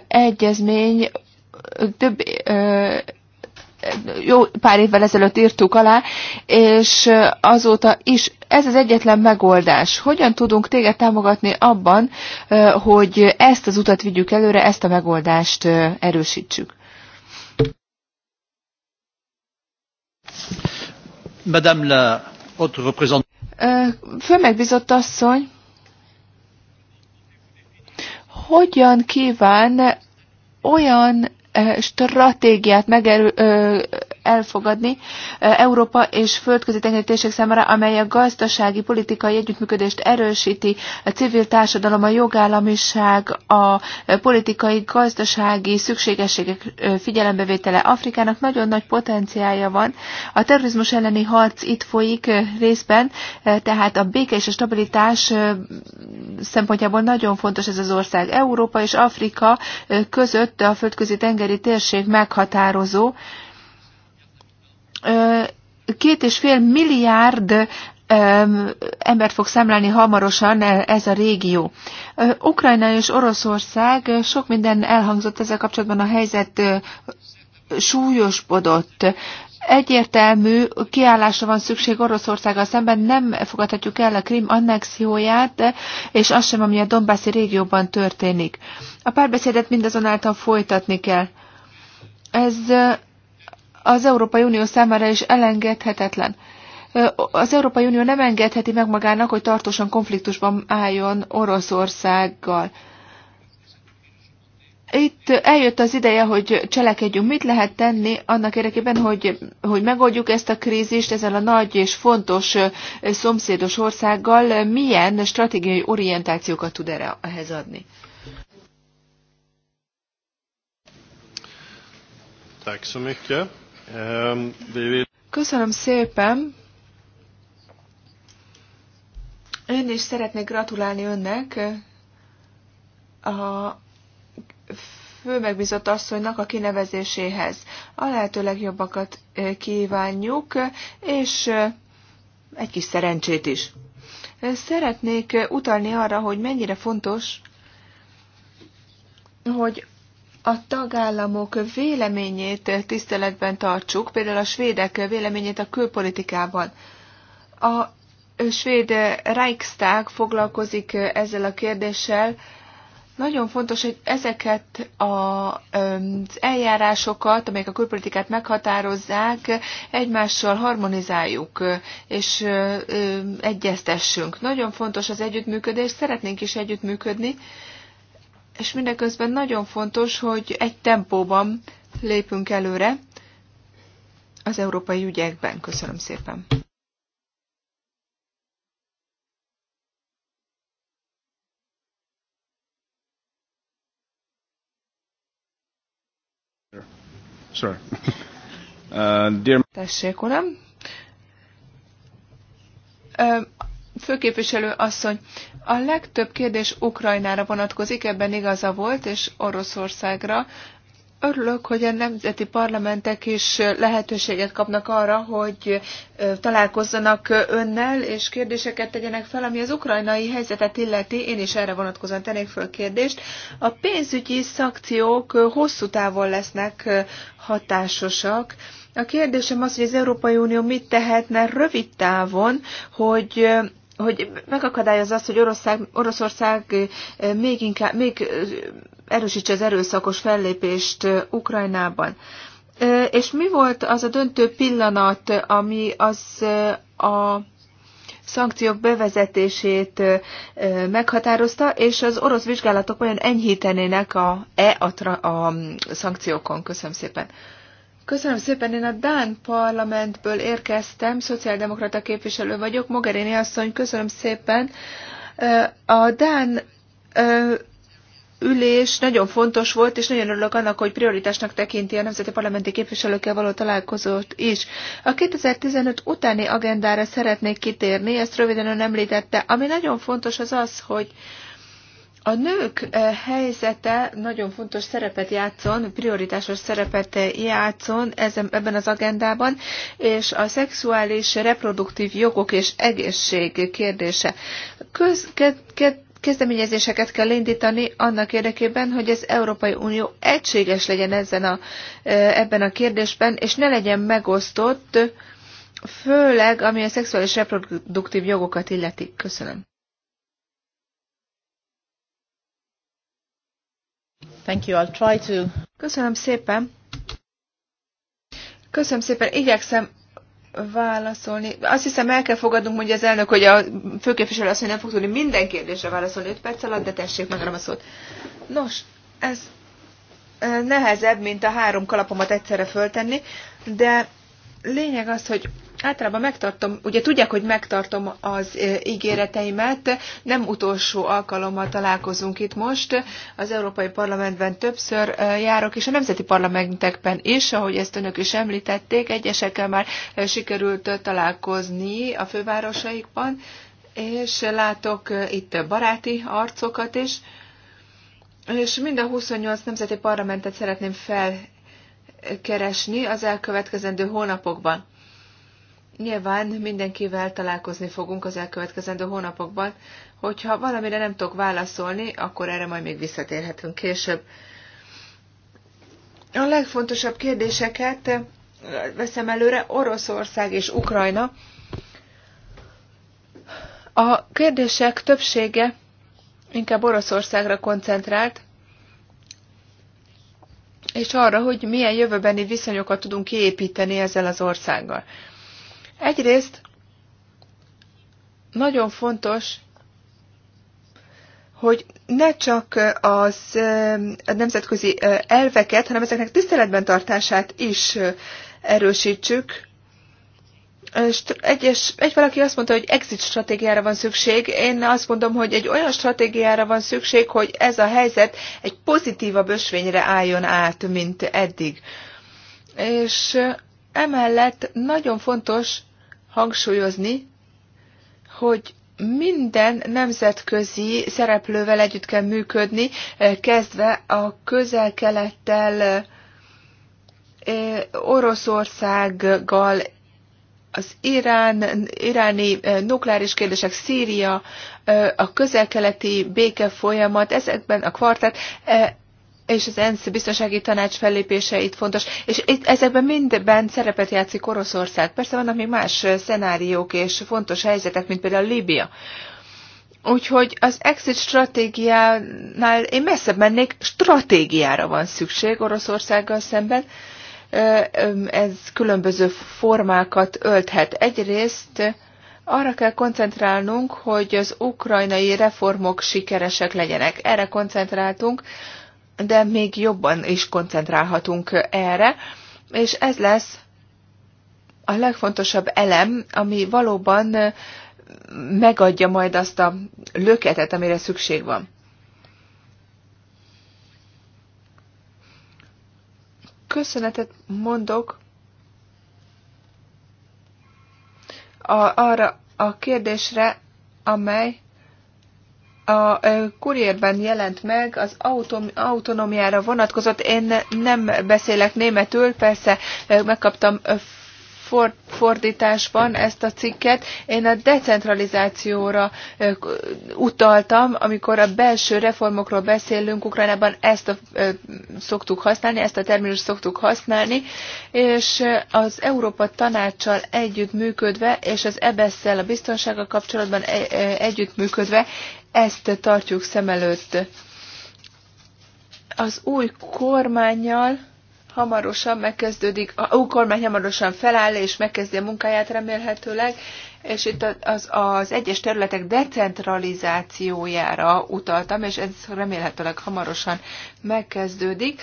egyezmény több jó pár évvel ezelőtt írtuk alá, és azóta is ez az egyetlen megoldás. Hogyan tudunk téged támogatni abban, hogy ezt az utat vigyük előre, ezt a megoldást erősítsük? Madame la haute représentante. Főmegbizott asszony, hogyan kíván olyan stratégiát megerő, ö, elfogadni Európa és földközi tengerítések számára, amely a gazdasági, politikai együttműködést erősíti, a civil társadalom, a jogállamiság, a politikai, gazdasági szükségességek figyelembevétele Afrikának nagyon nagy potenciája van. A terrorizmus elleni harc itt folyik részben, tehát a béke és a stabilitás szempontjából nagyon fontos ez az ország. Európa és Afrika között a földközi tengeri térség meghatározó, két és fél milliárd embert fog számlálni hamarosan e, ez a régió. Ukrajna és Oroszország, sok minden elhangzott ezzel kapcsolatban a helyzet súlyosbodott. Egyértelmű kiállásra van szükség Oroszországgal szemben, nem fogadhatjuk el a Krim annexióját, és azt sem, ami a Dombászi régióban történik. A párbeszédet mindazonáltal folytatni kell. Ez az Európai Unió számára is elengedhetetlen. Az Európai Unió nem engedheti meg magának, hogy tartósan konfliktusban álljon Oroszországgal. Itt eljött az ideje, hogy cselekedjünk. Mit lehet tenni annak érdekében, hogy, hogy megoldjuk ezt a krízist ezzel a nagy és fontos szomszédos országgal? Milyen stratégiai orientációkat tud erre ehhez adni? Tack Um, Köszönöm szépen. Én is szeretnék gratulálni önnek a főmegbízott asszonynak a kinevezéséhez. A lehető legjobbakat kívánjuk, és egy kis szerencsét is. Szeretnék utalni arra, hogy mennyire fontos, hogy a tagállamok véleményét tiszteletben tartsuk, például a svédek véleményét a külpolitikában. A svéd Reichstag foglalkozik ezzel a kérdéssel. Nagyon fontos, hogy ezeket az eljárásokat, amelyek a külpolitikát meghatározzák, egymással harmonizáljuk és egyeztessünk. Nagyon fontos az együttműködés, szeretnénk is együttműködni, és mindeközben nagyon fontos, hogy egy tempóban lépünk előre az európai ügyekben. Köszönöm szépen! Sure. Uh, dear... Tessék, uram! Főképviselő asszony, a legtöbb kérdés Ukrajnára vonatkozik, ebben igaza volt, és Oroszországra. Örülök, hogy a nemzeti parlamentek is lehetőséget kapnak arra, hogy találkozzanak önnel, és kérdéseket tegyenek fel, ami az ukrajnai helyzetet illeti. Én is erre vonatkozóan tennék föl kérdést. A pénzügyi szakciók hosszú távon lesznek hatásosak. A kérdésem az, hogy az Európai Unió mit tehetne rövid távon, hogy hogy megakadályozza azt, hogy Oroszország, Oroszország még, inkább, még erősítse az erőszakos fellépést Ukrajnában. És mi volt az a döntő pillanat, ami az a szankciók bevezetését meghatározta, és az orosz vizsgálatok olyan enyhítenének a, e a, a szankciókon. Köszönöm szépen. Köszönöm szépen, én a Dán parlamentből érkeztem, szociáldemokrata képviselő vagyok. Mogherini asszony, köszönöm szépen. A Dán ülés nagyon fontos volt, és nagyon örülök annak, hogy prioritásnak tekinti a nemzeti parlamenti képviselőkkel való találkozót is. A 2015 utáni agendára szeretnék kitérni, ezt röviden ön említette. Ami nagyon fontos az az, hogy a nők eh, helyzete nagyon fontos szerepet játszon, prioritásos szerepet eh, játszon ezen, ebben az agendában, és a szexuális reproduktív jogok és egészség kérdése. Köz, ke, ke, kezdeményezéseket kell indítani annak érdekében, hogy az Európai Unió egységes legyen ezen a, eh, ebben a kérdésben, és ne legyen megosztott, főleg ami a szexuális reproduktív jogokat illeti. Köszönöm. Thank you. I'll try to... Köszönöm szépen. Köszönöm szépen. Igyekszem válaszolni. Azt hiszem el kell fogadnunk, mondja az elnök, hogy a főképviselő azt, hogy nem fog tudni minden kérdésre válaszolni 5 perc alatt, de tessék meg a szót. Nos, ez nehezebb, mint a három kalapomat egyszerre föltenni, de lényeg az, hogy általában megtartom, ugye tudják, hogy megtartom az ígéreteimet, nem utolsó alkalommal találkozunk itt most, az Európai Parlamentben többször járok, és a nemzeti parlamentekben is, ahogy ezt önök is említették, egyesekkel már sikerült találkozni a fővárosaikban, és látok itt baráti arcokat is, és mind a 28 nemzeti parlamentet szeretném felkeresni az elkövetkezendő hónapokban Nyilván mindenkivel találkozni fogunk az elkövetkezendő hónapokban. Hogyha valamire nem tudok válaszolni, akkor erre majd még visszatérhetünk később. A legfontosabb kérdéseket veszem előre, Oroszország és Ukrajna. A kérdések többsége inkább Oroszországra koncentrált, és arra, hogy milyen jövőbeni viszonyokat tudunk kiépíteni ezzel az országgal. Egyrészt nagyon fontos, hogy ne csak az a nemzetközi elveket, hanem ezeknek tiszteletben tartását is erősítsük, egyes, egy valaki azt mondta, hogy exit stratégiára van szükség. Én azt mondom, hogy egy olyan stratégiára van szükség, hogy ez a helyzet egy pozitívabb ösvényre álljon át, mint eddig. És Emellett nagyon fontos hangsúlyozni, hogy minden nemzetközi szereplővel együtt kell működni, eh, kezdve a közel-kelettel, eh, Oroszországgal, az Irán, iráni eh, nukleáris kérdések, Szíria, a közel-keleti béke folyamat, ezekben a kvartát, és az ENSZ biztonsági tanács fellépése itt fontos, és itt, ezekben mindben szerepet játszik Oroszország. Persze vannak még más szenáriók és fontos helyzetek, mint például Líbia. Úgyhogy az exit stratégiánál én messzebb mennék, stratégiára van szükség Oroszországgal szemben. Ez különböző formákat ölthet. Egyrészt arra kell koncentrálnunk, hogy az ukrajnai reformok sikeresek legyenek. Erre koncentráltunk de még jobban is koncentrálhatunk erre, és ez lesz a legfontosabb elem, ami valóban megadja majd azt a löketet, amire szükség van. Köszönetet mondok a, arra a kérdésre, amely a kurérben jelent meg az autonómiára vonatkozott. Én nem beszélek németül, persze megkaptam fordításban ezt a cikket. Én a decentralizációra utaltam, amikor a belső reformokról beszélünk Ukrajnában, ezt a, szoktuk használni, ezt a terminus szoktuk használni, és az Európa tanácssal együttműködve, és az ebesz a biztonsággal kapcsolatban e, együttműködve, ezt tartjuk szem előtt. Az új kormányjal hamarosan megkezdődik, a új kormány hamarosan feláll és megkezdi a munkáját remélhetőleg, és itt az, az egyes területek decentralizációjára utaltam, és ez remélhetőleg hamarosan megkezdődik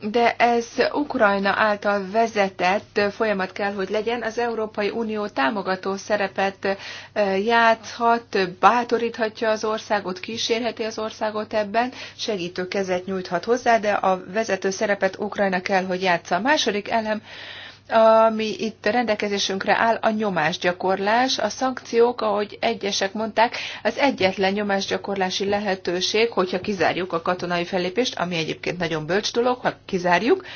de ez Ukrajna által vezetett folyamat kell, hogy legyen. Az Európai Unió támogató szerepet eh, játszhat, bátoríthatja az országot, kísérheti az országot ebben, segítő kezet nyújthat hozzá, de a vezető szerepet Ukrajna kell, hogy játsza. A második elem ami itt rendelkezésünkre áll, a nyomásgyakorlás. A szankciók, ahogy egyesek mondták, az egyetlen nyomásgyakorlási lehetőség, hogyha kizárjuk a katonai fellépést, ami egyébként nagyon bölcs dolog, ha kizárjuk,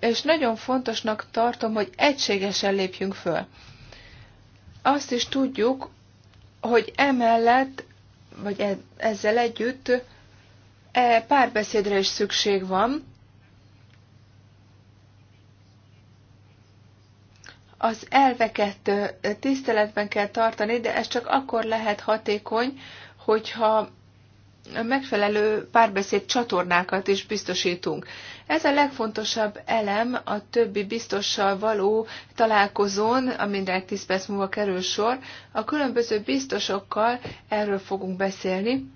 és nagyon fontosnak tartom, hogy egységesen lépjünk föl. Azt is tudjuk, hogy emellett, vagy e- ezzel együtt e- párbeszédre is szükség van, az elveket tiszteletben kell tartani, de ez csak akkor lehet hatékony, hogyha megfelelő párbeszéd csatornákat is biztosítunk. Ez a legfontosabb elem a többi biztossal való találkozón, amire 10 perc múlva kerül sor. A különböző biztosokkal erről fogunk beszélni.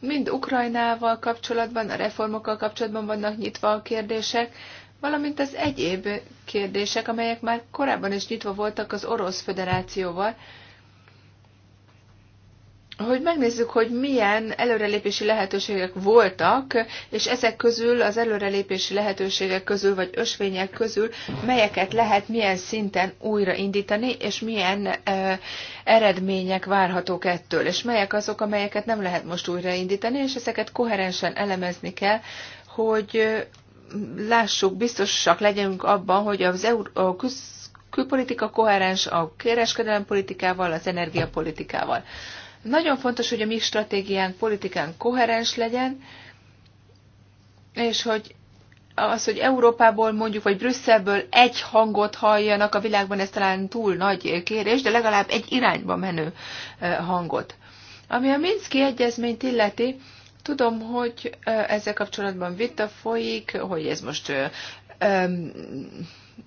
Mind Ukrajnával kapcsolatban, a reformokkal kapcsolatban vannak nyitva a kérdések, valamint az egyéb kérdések, amelyek már korábban is nyitva voltak az Orosz Föderációval, hogy megnézzük, hogy milyen előrelépési lehetőségek voltak, és ezek közül, az előrelépési lehetőségek közül, vagy ösvények közül, melyeket lehet milyen szinten újraindítani, és milyen e, eredmények várhatók ettől, és melyek azok, amelyeket nem lehet most újraindítani, és ezeket koherensen elemezni kell, hogy lássuk, biztosak legyünk abban, hogy az Euró- a küz- külpolitika koherens a kereskedelem politikával, az energiapolitikával. Nagyon fontos, hogy a mi stratégiánk, politikánk koherens legyen, és hogy az, hogy Európából mondjuk, vagy Brüsszelből egy hangot halljanak a világban, ez talán túl nagy kérés, de legalább egy irányba menő eh, hangot. Ami a Minszki egyezményt illeti, Tudom, hogy ezzel kapcsolatban vita folyik, hogy ez most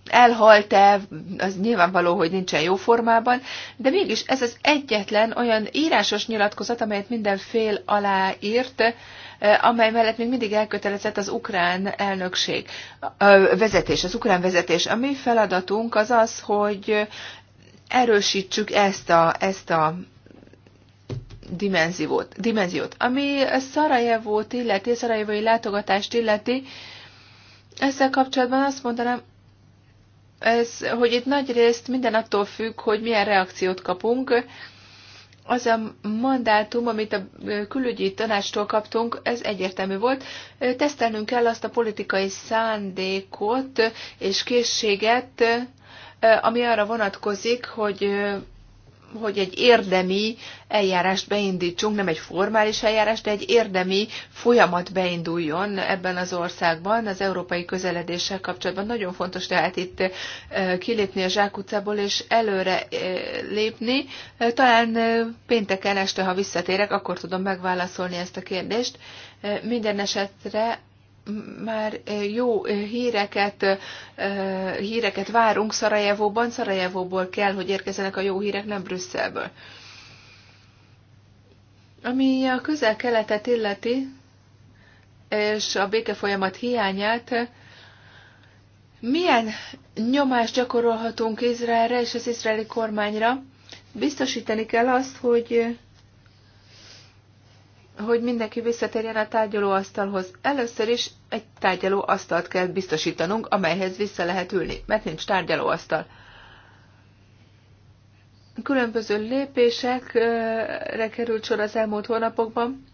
elhalt-e, az nyilvánvaló, hogy nincsen jó formában, de mégis ez az egyetlen olyan írásos nyilatkozat, amelyet minden fél aláírt, amely mellett még mindig elkötelezett az ukrán elnökség, vezetés, az ukrán vezetés. A mi feladatunk az az, hogy erősítsük ezt a, ezt a dimenziót, dimenziót. Ami Szarajevót illeti, Szarajevói látogatást illeti, ezzel kapcsolatban azt mondanám, ez, hogy itt nagy részt minden attól függ, hogy milyen reakciót kapunk. Az a mandátum, amit a külügyi tanástól kaptunk, ez egyértelmű volt. Tesztelnünk kell azt a politikai szándékot és készséget, ami arra vonatkozik, hogy hogy egy érdemi eljárást beindítsunk, nem egy formális eljárást, de egy érdemi folyamat beinduljon ebben az országban az európai közeledéssel kapcsolatban. Nagyon fontos tehát itt kilépni a zsákutcából és előre lépni. Talán pénteken este, ha visszatérek, akkor tudom megválaszolni ezt a kérdést. Minden esetre már jó híreket, híreket várunk Szarajevóban. Szarajevóból kell, hogy érkezzenek a jó hírek, nem Brüsszelből. Ami a közel-keletet illeti, és a békefolyamat hiányát, milyen nyomást gyakorolhatunk Izraelre és az izraeli kormányra? Biztosítani kell azt, hogy hogy mindenki visszatérjen a tárgyalóasztalhoz. Először is egy tárgyalóasztalt kell biztosítanunk, amelyhez vissza lehet ülni, mert nincs tárgyalóasztal. Különböző lépésekre került sor az elmúlt hónapokban.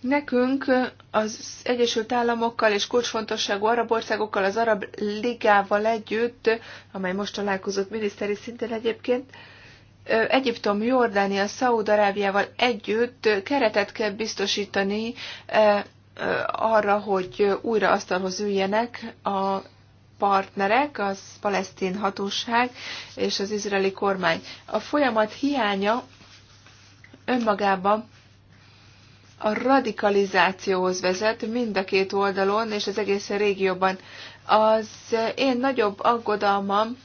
Nekünk az Egyesült Államokkal és kulcsfontosságú arab országokkal, az Arab Ligával együtt, amely most találkozott miniszteri szinten egyébként, Egyiptom, Jordánia, Szaúd-Arábiával együtt keretet kell biztosítani arra, hogy újra asztalhoz üljenek a partnerek, az palesztin hatóság és az izraeli kormány. A folyamat hiánya önmagában a radikalizációhoz vezet mind a két oldalon és az egész régióban. Az én nagyobb aggodalmam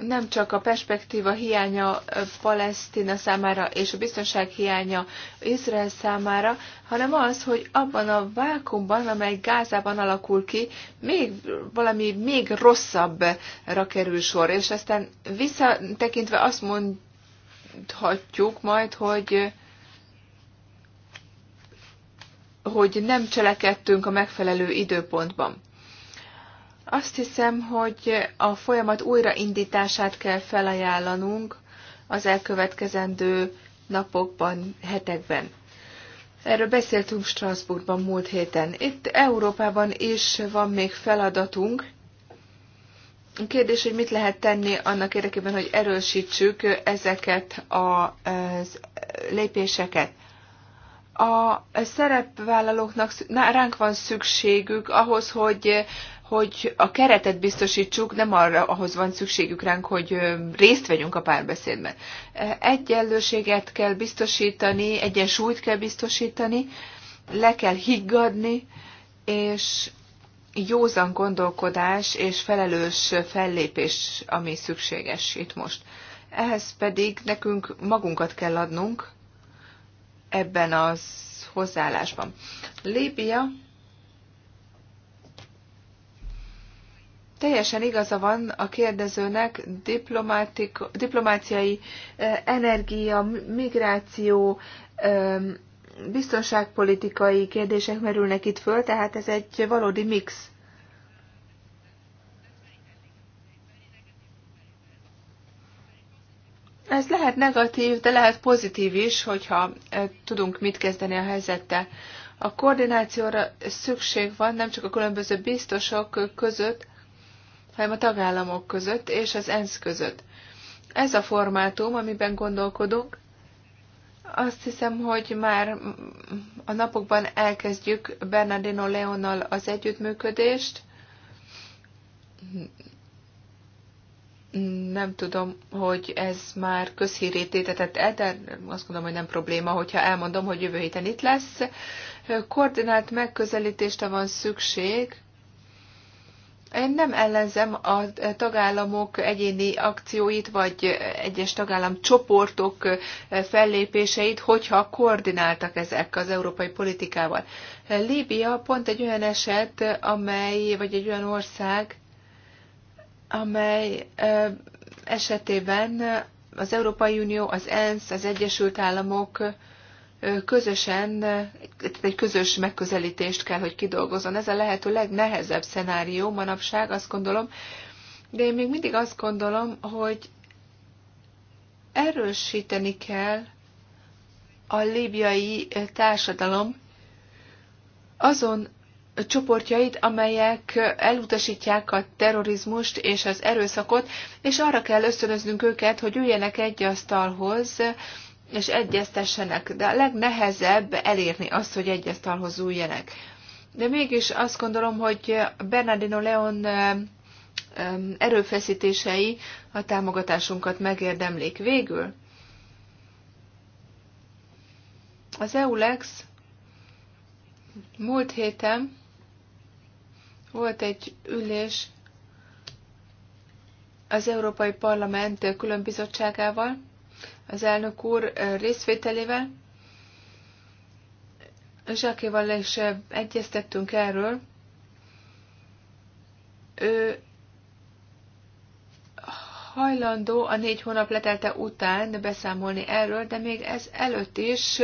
nem csak a perspektíva hiánya Palesztina számára és a biztonság hiánya Izrael számára, hanem az, hogy abban a vákumban, amely Gázában alakul ki, még valami még rosszabbra kerül sor. És aztán visszatekintve azt mondhatjuk majd, hogy hogy nem cselekedtünk a megfelelő időpontban. Azt hiszem, hogy a folyamat újraindítását kell felajánlanunk az elkövetkezendő napokban, hetekben. Erről beszéltünk Strasbourgban múlt héten. Itt Európában is van még feladatunk. A kérdés, hogy mit lehet tenni annak érdekében, hogy erősítsük ezeket a lépéseket. A szerepvállalóknak ránk van szükségük ahhoz, hogy hogy a keretet biztosítsuk, nem arra, ahhoz van szükségük ránk, hogy részt vegyünk a párbeszédben. Egyenlőséget kell biztosítani, egyensúlyt kell biztosítani, le kell higgadni, és józan gondolkodás és felelős fellépés, ami szükséges itt most. Ehhez pedig nekünk magunkat kell adnunk ebben az hozzáállásban. Lépia Teljesen igaza van a kérdezőnek diplomáciai energia, migráció, biztonságpolitikai kérdések merülnek itt föl, tehát ez egy valódi mix. Ez lehet negatív, de lehet pozitív is, hogyha tudunk mit kezdeni a helyzettel. A koordinációra szükség van nem csak a különböző biztosok között, hanem a tagállamok között és az ENSZ között. Ez a formátum, amiben gondolkodunk, azt hiszem, hogy már a napokban elkezdjük Bernardino Leonnal az együttműködést. Nem tudom, hogy ez már közhírététetett el, de azt gondolom, hogy nem probléma, hogyha elmondom, hogy jövő héten itt lesz. Koordinált megközelítésre van szükség én nem ellenzem a tagállamok egyéni akcióit, vagy egyes tagállam csoportok fellépéseit, hogyha koordináltak ezek az európai politikával. Líbia pont egy olyan eset, amely, vagy egy olyan ország, amely esetében az Európai Unió, az ENSZ, az Egyesült Államok közösen, egy közös megközelítést kell, hogy kidolgozzon. Ez a lehető legnehezebb szenárió manapság, azt gondolom. De én még mindig azt gondolom, hogy erősíteni kell a libiai társadalom azon csoportjait, amelyek elutasítják a terrorizmust és az erőszakot, és arra kell ösztönöznünk őket, hogy üljenek egy asztalhoz, és egyeztessenek, de a legnehezebb elérni azt, hogy egy asztalhoz üljenek. De mégis azt gondolom, hogy Bernardino Leon erőfeszítései a támogatásunkat megérdemlik. Végül az EULEX múlt héten volt egy ülés az Európai Parlament különbizottságával, az elnök úr részvételével, Zsákéval is egyeztettünk erről. Ő hajlandó a négy hónap letelte után beszámolni erről, de még ez előtt is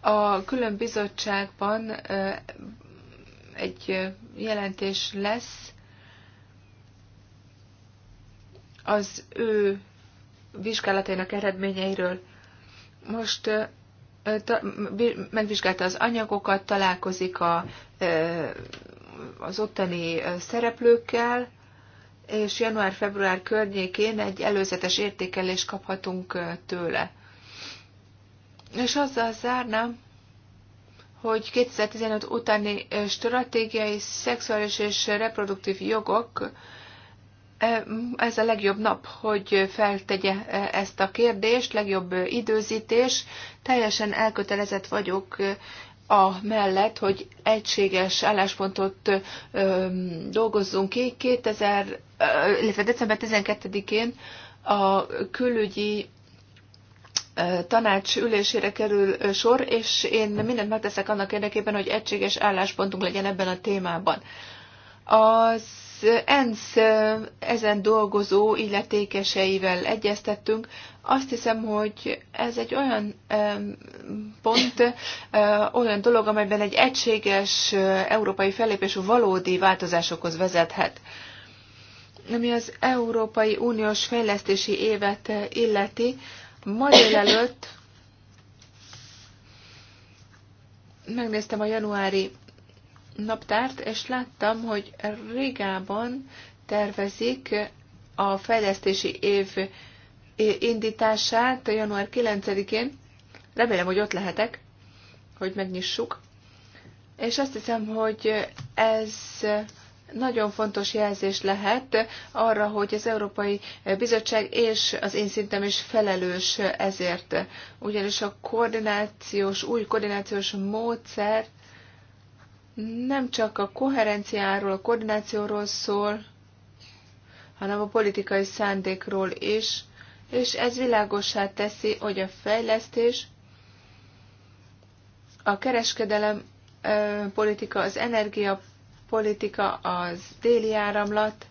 a külön bizottságban egy jelentés lesz az ő vizsgálatainak eredményeiről. Most megvizsgálta az anyagokat, találkozik a, az ottani szereplőkkel, és január-február környékén egy előzetes értékelést kaphatunk tőle. És azzal zárnám, hogy 2015 utáni stratégiai szexuális és reproduktív jogok ez a legjobb nap, hogy feltegye ezt a kérdést, legjobb időzítés. Teljesen elkötelezett vagyok a mellett, hogy egységes álláspontot dolgozzunk ki. 2000, illetve december 12-én a külügyi tanács ülésére kerül sor, és én mindent megteszek annak érdekében, hogy egységes álláspontunk legyen ebben a témában. Az ENSZ ezen dolgozó illetékeseivel egyeztettünk. Azt hiszem, hogy ez egy olyan pont, olyan dolog, amelyben egy egységes európai fellépés valódi változásokhoz vezethet. Ami az Európai Uniós Fejlesztési Évet illeti, ma előtt megnéztem a januári naptárt, és láttam, hogy régában tervezik a fejlesztési év indítását január 9-én. Remélem, hogy ott lehetek, hogy megnyissuk. És azt hiszem, hogy ez nagyon fontos jelzés lehet arra, hogy az Európai Bizottság és az én szintem is felelős ezért. Ugyanis a koordinációs, új koordinációs módszert nem csak a koherenciáról, a koordinációról szól, hanem a politikai szándékról is, és ez világossá teszi, hogy a fejlesztés, a kereskedelem politika, az energiapolitika, az déli áramlat,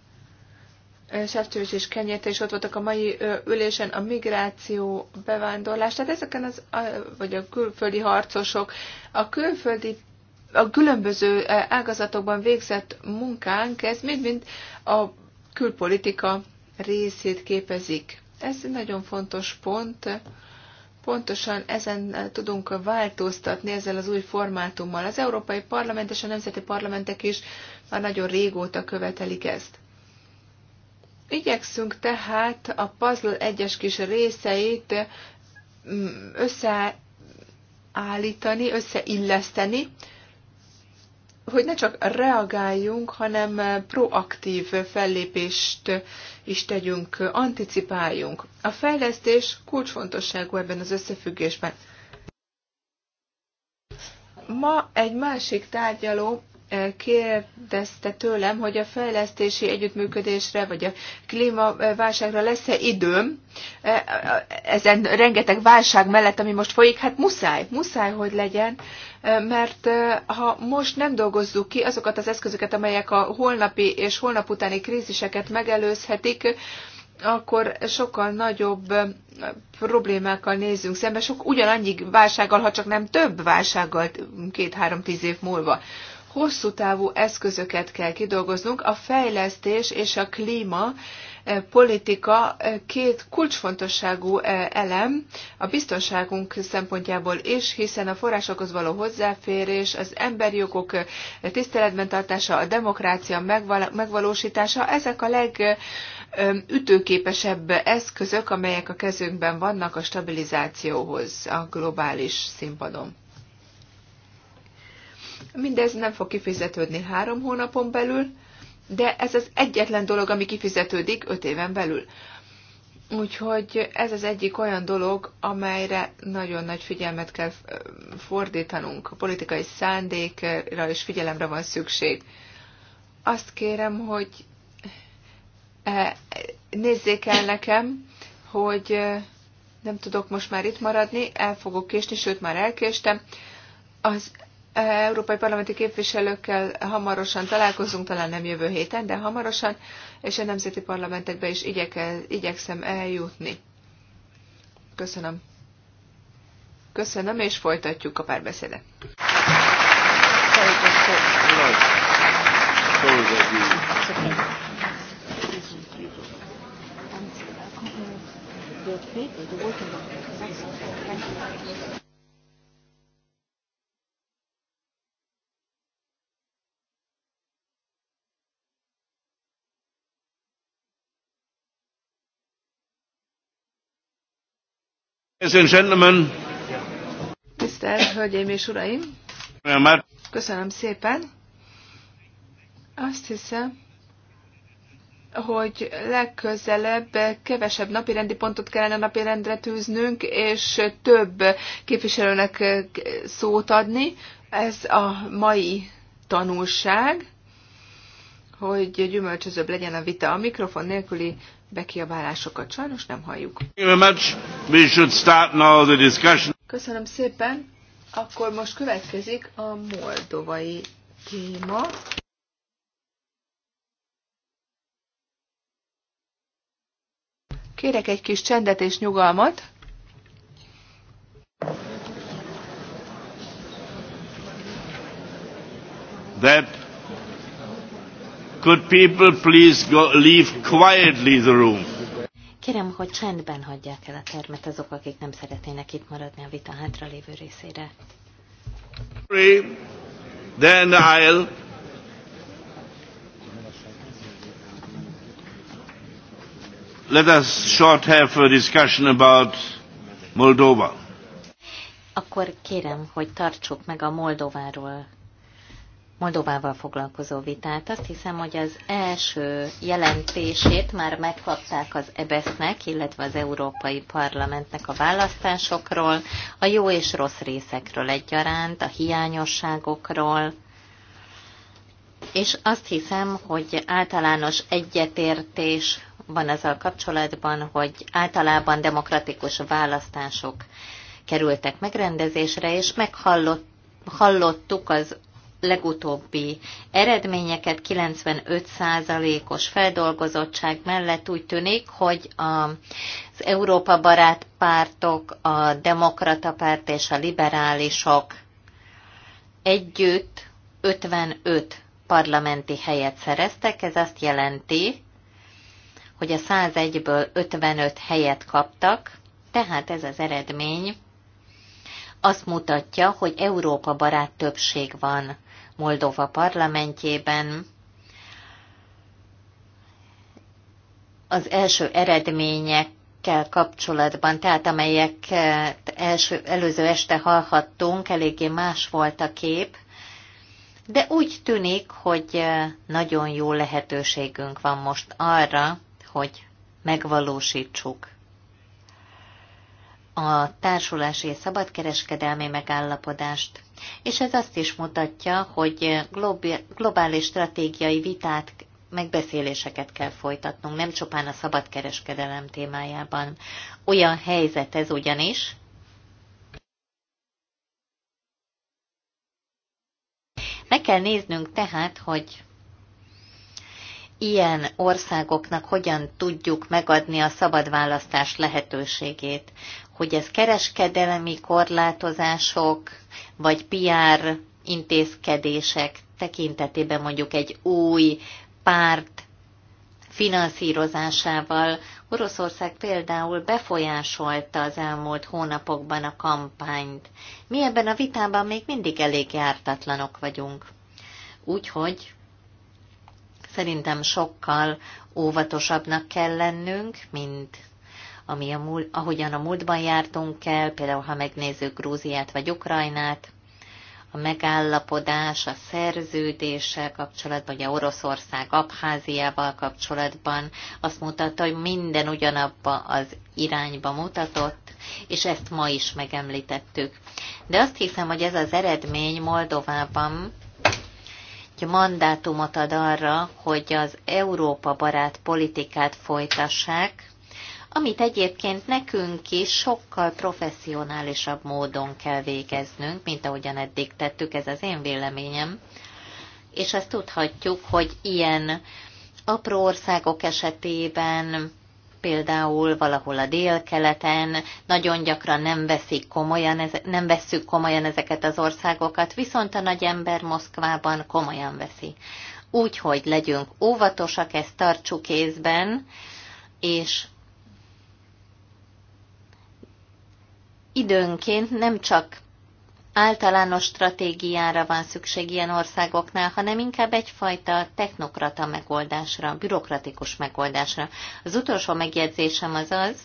Sefcsős és Kenyete is ott voltak a mai ülésen, a migráció, bevándorlás, tehát ezeken az, vagy a külföldi harcosok, a külföldi a különböző eh, ágazatokban végzett munkánk, ez mind-mind a külpolitika részét képezik. Ez egy nagyon fontos pont, pontosan ezen eh, tudunk változtatni ezzel az új formátummal. Az Európai Parlament és a Nemzeti Parlamentek is már nagyon régóta követelik ezt. Igyekszünk tehát a puzzle egyes kis részeit mm, összeállítani, összeilleszteni, hogy ne csak reagáljunk, hanem proaktív fellépést is tegyünk, anticipáljunk. A fejlesztés kulcsfontosságú ebben az összefüggésben. Ma egy másik tárgyaló eh, kérdezte tőlem, hogy a fejlesztési együttműködésre, vagy a klímaválságra lesz-e időm. Eh, ezen rengeteg válság mellett, ami most folyik, hát muszáj, muszáj, hogy legyen mert ha most nem dolgozzuk ki azokat az eszközöket, amelyek a holnapi és holnap utáni kríziseket megelőzhetik, akkor sokkal nagyobb problémákkal nézünk szembe, sok ugyanannyi válsággal, ha csak nem több válsággal két-három-tíz év múlva. Hosszú távú eszközöket kell kidolgoznunk, a fejlesztés és a klíma E, politika e, két kulcsfontosságú e, elem a biztonságunk szempontjából is, hiszen a forrásokhoz való hozzáférés, az emberjogok tiszteletben tartása, a demokrácia megvalósítása, ezek a legütőképesebb eszközök, amelyek a kezünkben vannak a stabilizációhoz a globális színpadon. Mindez nem fog kifizetődni három hónapon belül, de ez az egyetlen dolog, ami kifizetődik öt éven belül. Úgyhogy ez az egyik olyan dolog, amelyre nagyon nagy figyelmet kell fordítanunk. A politikai szándékra és figyelemre van szükség. Azt kérem, hogy nézzék el nekem, hogy nem tudok most már itt maradni, el fogok késni, sőt már elkéstem. Az európai parlamenti képviselőkkel hamarosan találkozunk, talán nem jövő héten, de hamarosan, és a nemzeti parlamentekbe is igyeke, igyekszem eljutni. Köszönöm. Köszönöm, és folytatjuk a párbeszédet. Thank you. Tisztelt Hölgyeim és Uraim! Köszönöm szépen! Azt hiszem, hogy legközelebb kevesebb napirendi pontot kellene napirendre tűznünk, és több képviselőnek szót adni. Ez a mai tanulság, hogy gyümölcsözőbb legyen a vita. A mikrofon nélküli bekiabálásokat sajnos nem halljuk. Köszönöm szépen. Akkor most következik a moldovai téma. Kérek egy kis csendet és nyugalmat. That Could people please go, leave quietly the room? Kérem, hogy csendben hagyják el a termet azok, akik nem szeretnének itt maradni a vita lévő részére. Then I'll let us short have a discussion about Moldova. Akkor kérem, hogy tartsuk meg a Moldováról Moldovával foglalkozó vitát. Azt hiszem, hogy az első jelentését már megkapták az EBESZ-nek, illetve az Európai Parlamentnek a választásokról, a jó és rossz részekről egyaránt, a hiányosságokról, és azt hiszem, hogy általános egyetértés van azzal kapcsolatban, hogy általában demokratikus választások kerültek megrendezésre, és meghallott hallottuk az legutóbbi eredményeket, 95%-os feldolgozottság mellett úgy tűnik, hogy az Európa barát pártok, a demokrata párt és a liberálisok együtt 55 parlamenti helyet szereztek, ez azt jelenti, hogy a 101-ből 55 helyet kaptak, tehát ez az eredmény azt mutatja, hogy Európa barát többség van Moldova parlamentjében. Az első eredmények kell kapcsolatban, tehát amelyek eh, első, előző este hallhattunk, eléggé más volt a kép, de úgy tűnik, hogy eh, nagyon jó lehetőségünk van most arra, hogy megvalósítsuk a társulási és szabadkereskedelmi megállapodást, és ez azt is mutatja, hogy globális stratégiai vitát, megbeszéléseket kell folytatnunk, nem csupán a szabadkereskedelem témájában. Olyan helyzet ez ugyanis, Meg kell néznünk tehát, hogy ilyen országoknak hogyan tudjuk megadni a szabad választás lehetőségét hogy ez kereskedelemi korlátozások, vagy PR intézkedések tekintetében mondjuk egy új párt finanszírozásával. Oroszország például befolyásolta az elmúlt hónapokban a kampányt. Mi ebben a vitában még mindig elég jártatlanok vagyunk. Úgyhogy szerintem sokkal óvatosabbnak kell lennünk, mint ami a múl, ahogyan a múltban jártunk el, például ha megnézzük Grúziát vagy Ukrajnát, a megállapodás, a szerződése kapcsolatban, a Oroszország Abháziával kapcsolatban azt mutatta, hogy minden ugyanabba az irányba mutatott, és ezt ma is megemlítettük. De azt hiszem, hogy ez az eredmény Moldovában egy mandátumot ad arra, hogy az Európa barát politikát folytassák, amit egyébként nekünk is sokkal professzionálisabb módon kell végeznünk, mint ahogyan eddig tettük, ez az én véleményem. És ezt tudhatjuk, hogy ilyen apró országok esetében például valahol a délkeleten, nagyon gyakran nem, veszik komolyan, nem vesszük komolyan ezeket az országokat, viszont a nagy ember Moszkvában komolyan veszi. Úgyhogy legyünk óvatosak, ezt tartsuk észben, és időnként nem csak általános stratégiára van szükség ilyen országoknál, hanem inkább egyfajta technokrata megoldásra, bürokratikus megoldásra. Az utolsó megjegyzésem az az,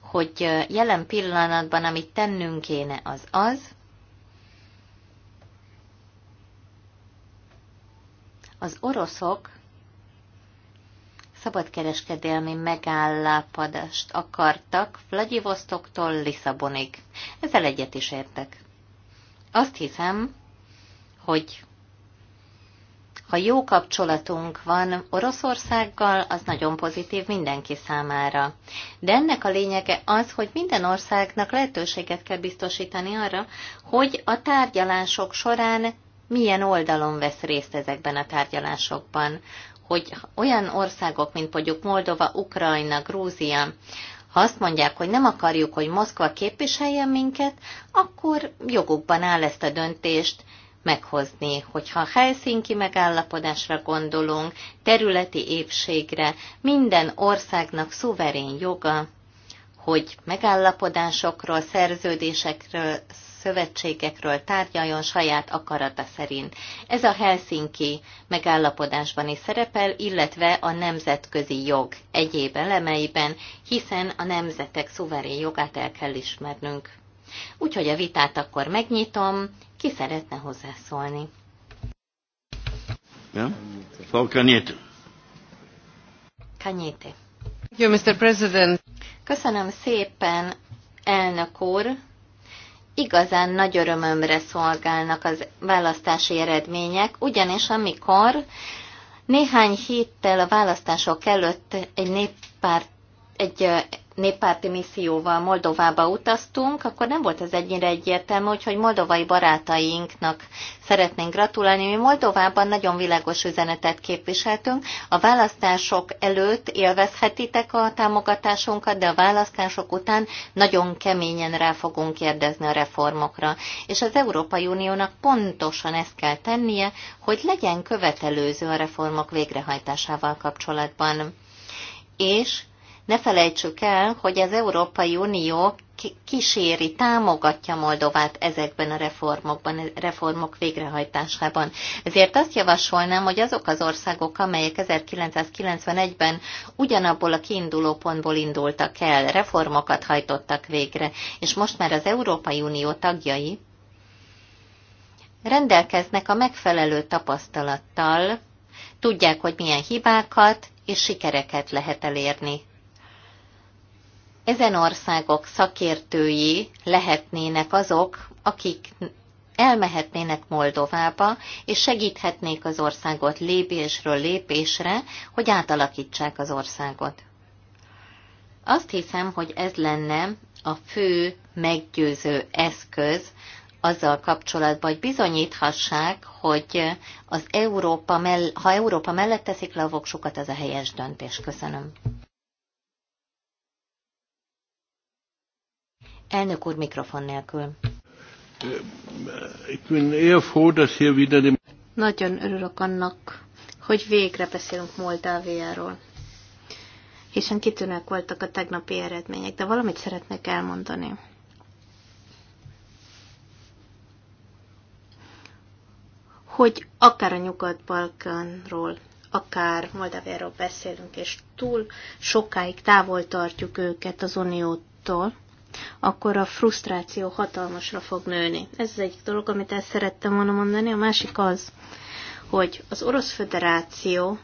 hogy jelen pillanatban, amit tennünk kéne, az az, az oroszok szabadkereskedelmi megállapodást akartak Vladivostoktól Lisszabonig. Ezzel egyet is értek. Azt hiszem, hogy ha jó kapcsolatunk van Oroszországgal, az nagyon pozitív mindenki számára. De ennek a lényege az, hogy minden országnak lehetőséget kell biztosítani arra, hogy a tárgyalások során milyen oldalon vesz részt ezekben a tárgyalásokban hogy olyan országok, mint mondjuk Moldova, Ukrajna, Grúzia, ha azt mondják, hogy nem akarjuk, hogy Moszkva képviseljen minket, akkor jogukban áll ezt a döntést meghozni, hogyha helyszínki megállapodásra gondolunk, területi épségre, minden országnak szuverén joga, hogy megállapodásokról, szerződésekről szövetségekről tárgyaljon saját akarata szerint. Ez a Helsinki megállapodásban is szerepel, illetve a nemzetközi jog egyéb elemeiben, hiszen a nemzetek szuverén jogát el kell ismernünk. Úgyhogy a vitát akkor megnyitom, ki szeretne hozzászólni. Ja? Kanyete. Jó, Mr. President. Köszönöm szépen, elnök úr igazán nagy örömömre szolgálnak az választási eredmények, ugyanis amikor néhány héttel a választások előtt egy néppárt, egy néppárti misszióval Moldovába utaztunk, akkor nem volt ez ennyire egyértelmű, hogy moldovai barátainknak szeretnénk gratulálni. Mi Moldovában nagyon világos üzenetet képviseltünk. A választások előtt élvezhetitek a támogatásunkat, de a választások után nagyon keményen rá fogunk kérdezni a reformokra. És az Európai Uniónak pontosan ezt kell tennie, hogy legyen követelőző a reformok végrehajtásával kapcsolatban. És ne felejtsük el, hogy az Európai Unió kíséri, támogatja Moldovát ezekben a reformokban, reformok végrehajtásában. Ezért azt javasolnám, hogy azok az országok, amelyek 1991-ben ugyanabból a kiinduló pontból indultak el, reformokat hajtottak végre, és most már az Európai Unió tagjai rendelkeznek a megfelelő tapasztalattal, tudják, hogy milyen hibákat és sikereket lehet elérni ezen országok szakértői lehetnének azok, akik elmehetnének Moldovába, és segíthetnék az országot lépésről lépésre, hogy átalakítsák az országot. Azt hiszem, hogy ez lenne a fő meggyőző eszköz azzal kapcsolatban, hogy bizonyíthassák, hogy az Európa mell- ha Európa mellett teszik le a voksukat, az a helyes döntés. Köszönöm. Elnök úr mikrofon nélkül. Nagyon örülök annak, hogy végre beszélünk Moldáviáról. Hiszen kitűnek voltak a tegnapi eredmények, de valamit szeretnék elmondani. Hogy akár a Nyugat-Balkánról, akár Moldáviáról beszélünk, és túl sokáig távol tartjuk őket az Uniótól, akkor a frusztráció hatalmasra fog nőni. Ez az egyik dolog, amit el szerettem volna mondani. A másik az, hogy az Orosz Föderáció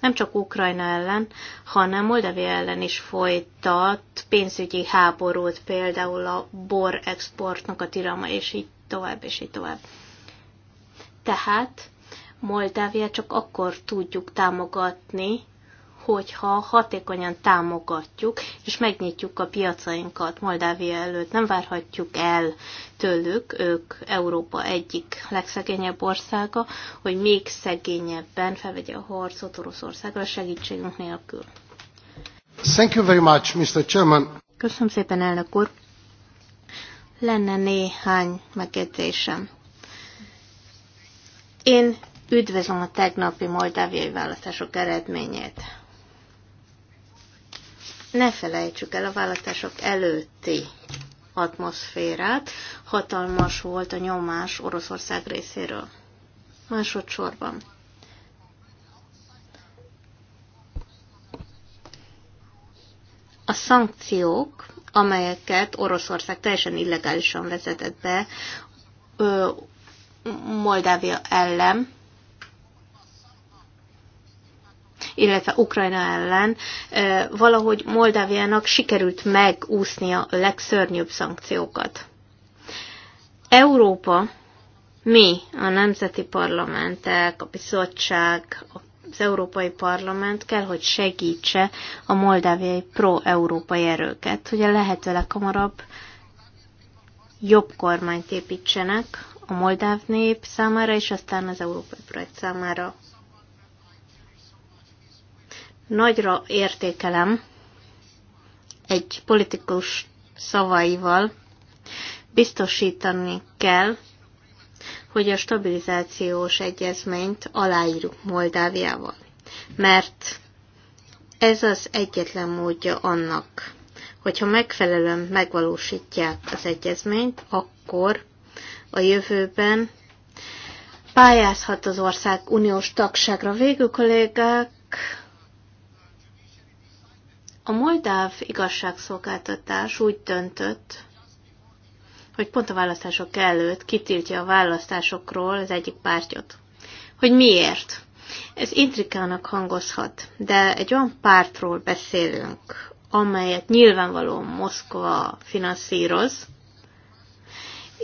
nem csak Ukrajna ellen, hanem Moldavia ellen is folytat pénzügyi háborút, például a bor exportnak a tirama, és így tovább, és így tovább. Tehát Moldávia csak akkor tudjuk támogatni, hogyha hatékonyan támogatjuk és megnyitjuk a piacainkat Moldávia előtt. Nem várhatjuk el tőlük, ők Európa egyik legszegényebb országa, hogy még szegényebben felvegye a harcot Oroszországra segítségünk nélkül. Thank you very much, Mr. Chairman. Köszönöm szépen, elnök úr. Lenne néhány megjegyzésem. Én üdvözlöm a tegnapi moldáviai választások eredményét ne felejtsük el a választások előtti atmoszférát, hatalmas volt a nyomás Oroszország részéről. Másodszorban. A szankciók, amelyeket Oroszország teljesen illegálisan vezetett be Moldávia ellen, illetve Ukrajna ellen valahogy Moldáviának sikerült megúsznia a legszörnyűbb szankciókat. Európa, mi, a nemzeti parlamentek, a bizottság, az Európai Parlament kell, hogy segítse a moldáviai pro-európai erőket, hogy a lehető leghamarabb jobb kormányt építsenek a moldáv nép számára, és aztán az európai projekt számára Nagyra értékelem egy politikus szavaival, biztosítani kell, hogy a stabilizációs egyezményt aláírjuk Moldáviával. Mert ez az egyetlen módja annak, hogyha megfelelően megvalósítják az egyezményt, akkor a jövőben pályázhat az ország uniós tagságra. Végül kollégák, a moldáv igazságszolgáltatás úgy döntött, hogy pont a választások előtt kitiltja a választásokról az egyik pártot. Hogy miért? Ez intrikának hangozhat, de egy olyan pártról beszélünk, amelyet nyilvánvalóan Moszkva finanszíroz,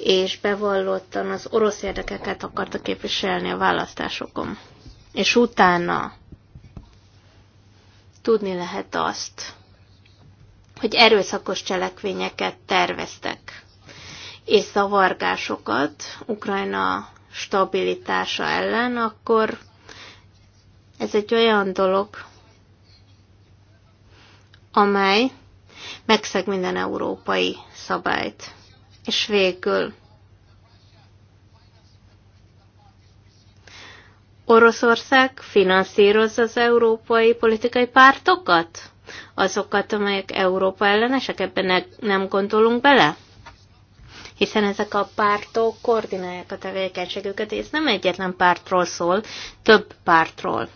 és bevallottan az orosz érdekeket akarta képviselni a választásokon. És utána tudni lehet azt, hogy erőszakos cselekvényeket terveztek, és zavargásokat Ukrajna stabilitása ellen, akkor ez egy olyan dolog, amely megszeg minden európai szabályt. És végül Oroszország finanszírozza az európai politikai pártokat? Azokat, amelyek Európa ellenesek, ebben ne, nem gondolunk bele? Hiszen ezek a pártok koordinálják a tevékenységüket, és nem egyetlen pártról szól, több pártról.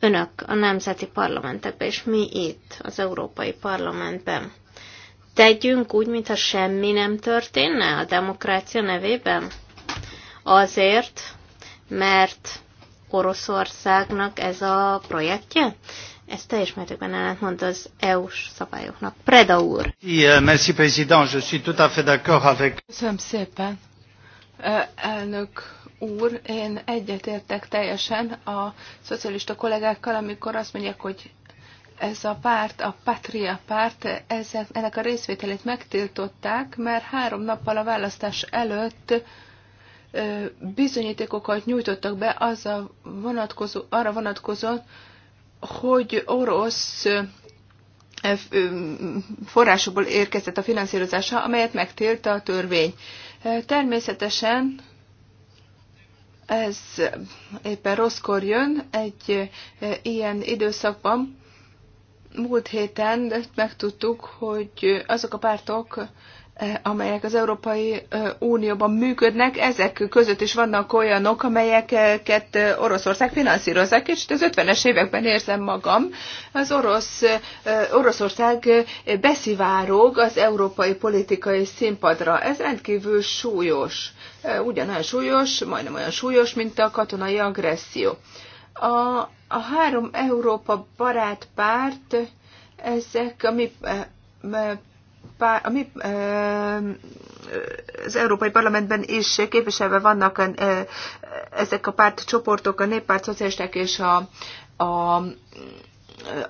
Önök a nemzeti parlamentekben, és mi itt, az Európai Parlamentben. Tegyünk úgy, mintha semmi nem történne a demokrácia nevében? Azért, mert Oroszországnak ez a projektje? Ez teljes mértékben ellentmond az EU-s szabályoknak. Preda úr! Euh, merci, président. Je suis tout à fait d'accord avec... Köszönöm szépen, elnök úr. Én egyetértek teljesen a szocialista kollégákkal, amikor azt mondják, hogy ez a párt, a Patria párt, ezek, ennek a részvételét megtiltották, mert három nappal a választás előtt bizonyítékokat nyújtottak be azzal vonatkozó, arra vonatkozóan, hogy orosz forrásokból érkezett a finanszírozása, amelyet megtilt a törvény. Természetesen ez éppen rosszkor jön egy ilyen időszakban. Múlt héten megtudtuk, hogy azok a pártok, amelyek az Európai Unióban működnek, ezek között is vannak olyanok, amelyeket Oroszország finanszírozzák, és az 50-es években érzem magam, az orosz, Oroszország beszivárog az európai politikai színpadra. Ez rendkívül súlyos, ugyanolyan súlyos, majdnem olyan súlyos, mint a katonai agresszió. A, a három Európa barát párt, ezek a mi a mi, az Európai Parlamentben is képviselve vannak ezek a pártcsoportok, a néppárt, szocialisták és a, a,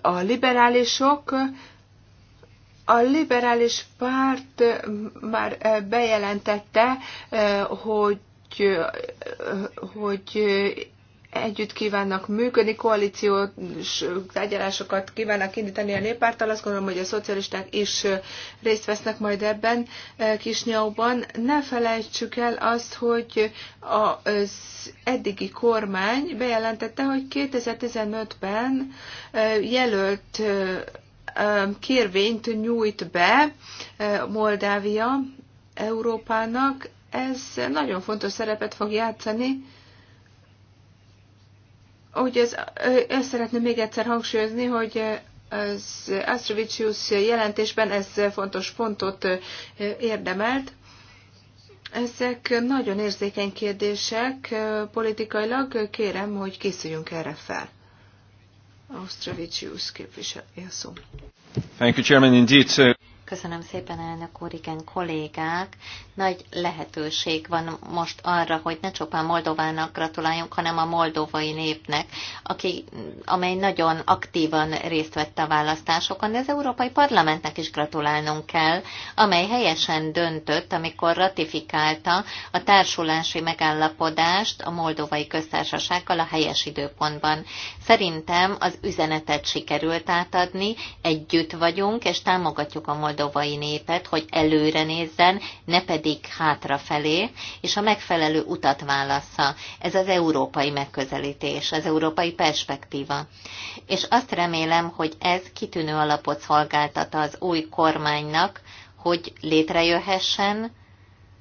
a liberálisok, a liberális párt már bejelentette, hogy hogy együtt kívánnak működni, koalíciós tárgyalásokat kívánnak indítani a néppárttal. Azt gondolom, hogy a szocialisták is részt vesznek majd ebben e, Kisnyauban. Ne felejtsük el azt, hogy az eddigi kormány bejelentette, hogy 2015-ben e, jelölt e, kérvényt nyújt be Moldávia Európának. Ez nagyon fontos szerepet fog játszani úgy ez, ezt szeretném még egyszer hangsúlyozni, hogy az Astrovicius jelentésben ez fontos pontot érdemelt. Ezek nagyon érzékeny kérdések politikailag. Kérem, hogy készüljünk erre fel. Astrovicius képviselő Thank you, Chairman. Indeed, sir. Köszönöm szépen, elnök úr, igen, kollégák. Nagy lehetőség van most arra, hogy ne csupán Moldovának gratuláljunk, hanem a moldovai népnek, aki, amely nagyon aktívan részt vett a választásokon, de az Európai Parlamentnek is gratulálnunk kell, amely helyesen döntött, amikor ratifikálta a társulási megállapodást a moldovai köztársasággal a helyes időpontban. Szerintem az üzenetet sikerült átadni, együtt vagyunk, és támogatjuk a moldovai moldovai népet, hogy előre nézzen, ne pedig hátrafelé, és a megfelelő utat válassza. Ez az európai megközelítés, az európai perspektíva. És azt remélem, hogy ez kitűnő alapot szolgáltat az új kormánynak, hogy létrejöhessen,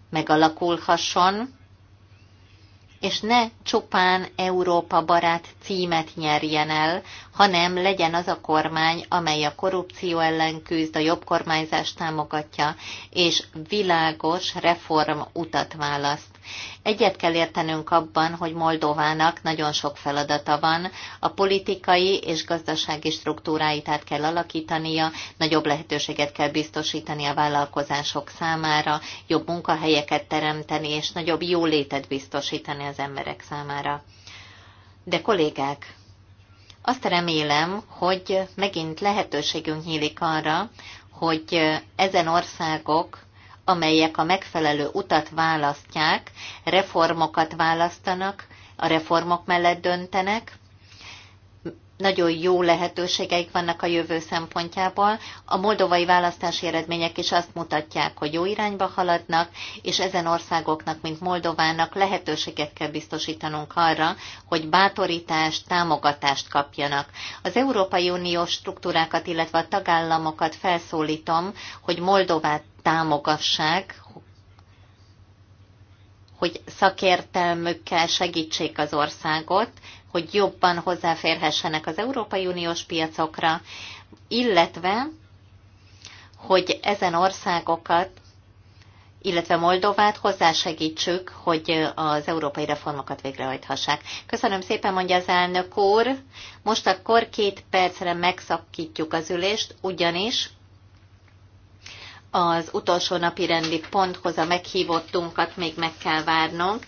megalakulhasson, és ne csupán Európa barát címet nyerjen el, hanem legyen az a kormány, amely a korrupció ellen küzd, a jobb kormányzást támogatja, és világos reform utat választ. Egyet kell értenünk abban, hogy Moldovának nagyon sok feladata van, a politikai és gazdasági struktúráit át kell alakítania, nagyobb lehetőséget kell biztosítani a vállalkozások számára, jobb munkahelyeket teremteni és nagyobb jólétet biztosítani az emberek számára. De kollégák, azt remélem, hogy megint lehetőségünk nyílik arra, hogy ezen országok amelyek a megfelelő utat választják, reformokat választanak, a reformok mellett döntenek, nagyon jó lehetőségeik vannak a jövő szempontjából. A moldovai választási eredmények is azt mutatják, hogy jó irányba haladnak, és ezen országoknak, mint Moldovának lehetőséget kell biztosítanunk arra, hogy bátorítást, támogatást kapjanak. Az Európai Uniós struktúrákat, illetve a tagállamokat felszólítom, hogy Moldovát támogassák, hogy szakértelmükkel segítsék az országot, hogy jobban hozzáférhessenek az Európai Uniós piacokra, illetve hogy ezen országokat, illetve Moldovát hozzásegítsük, hogy az európai reformokat végrehajthassák. Köszönöm szépen, mondja az elnök úr. Most akkor két percre megszakítjuk az ülést, ugyanis az utolsó napi rendi ponthoz a meghívottunkat még meg kell várnunk.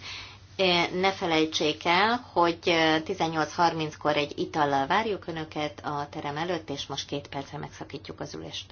E, ne felejtsék el, hogy 18.30-kor e, egy itallal várjuk Önöket a terem előtt, és most két percre megszakítjuk az ülést.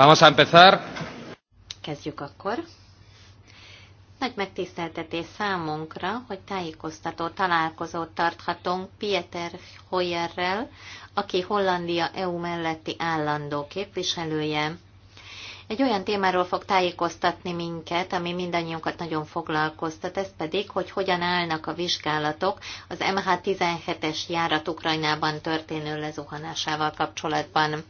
Vamos a empezar. Kezdjük akkor. Nagy megtiszteltetés számunkra, hogy tájékoztató találkozót tarthatunk Pieter Hoyerrel, aki Hollandia EU melletti állandó képviselője. Egy olyan témáról fog tájékoztatni minket, ami mindannyiunkat nagyon foglalkoztat, ez pedig, hogy hogyan állnak a vizsgálatok az MH17-es járat Ukrajnában történő lezuhanásával kapcsolatban.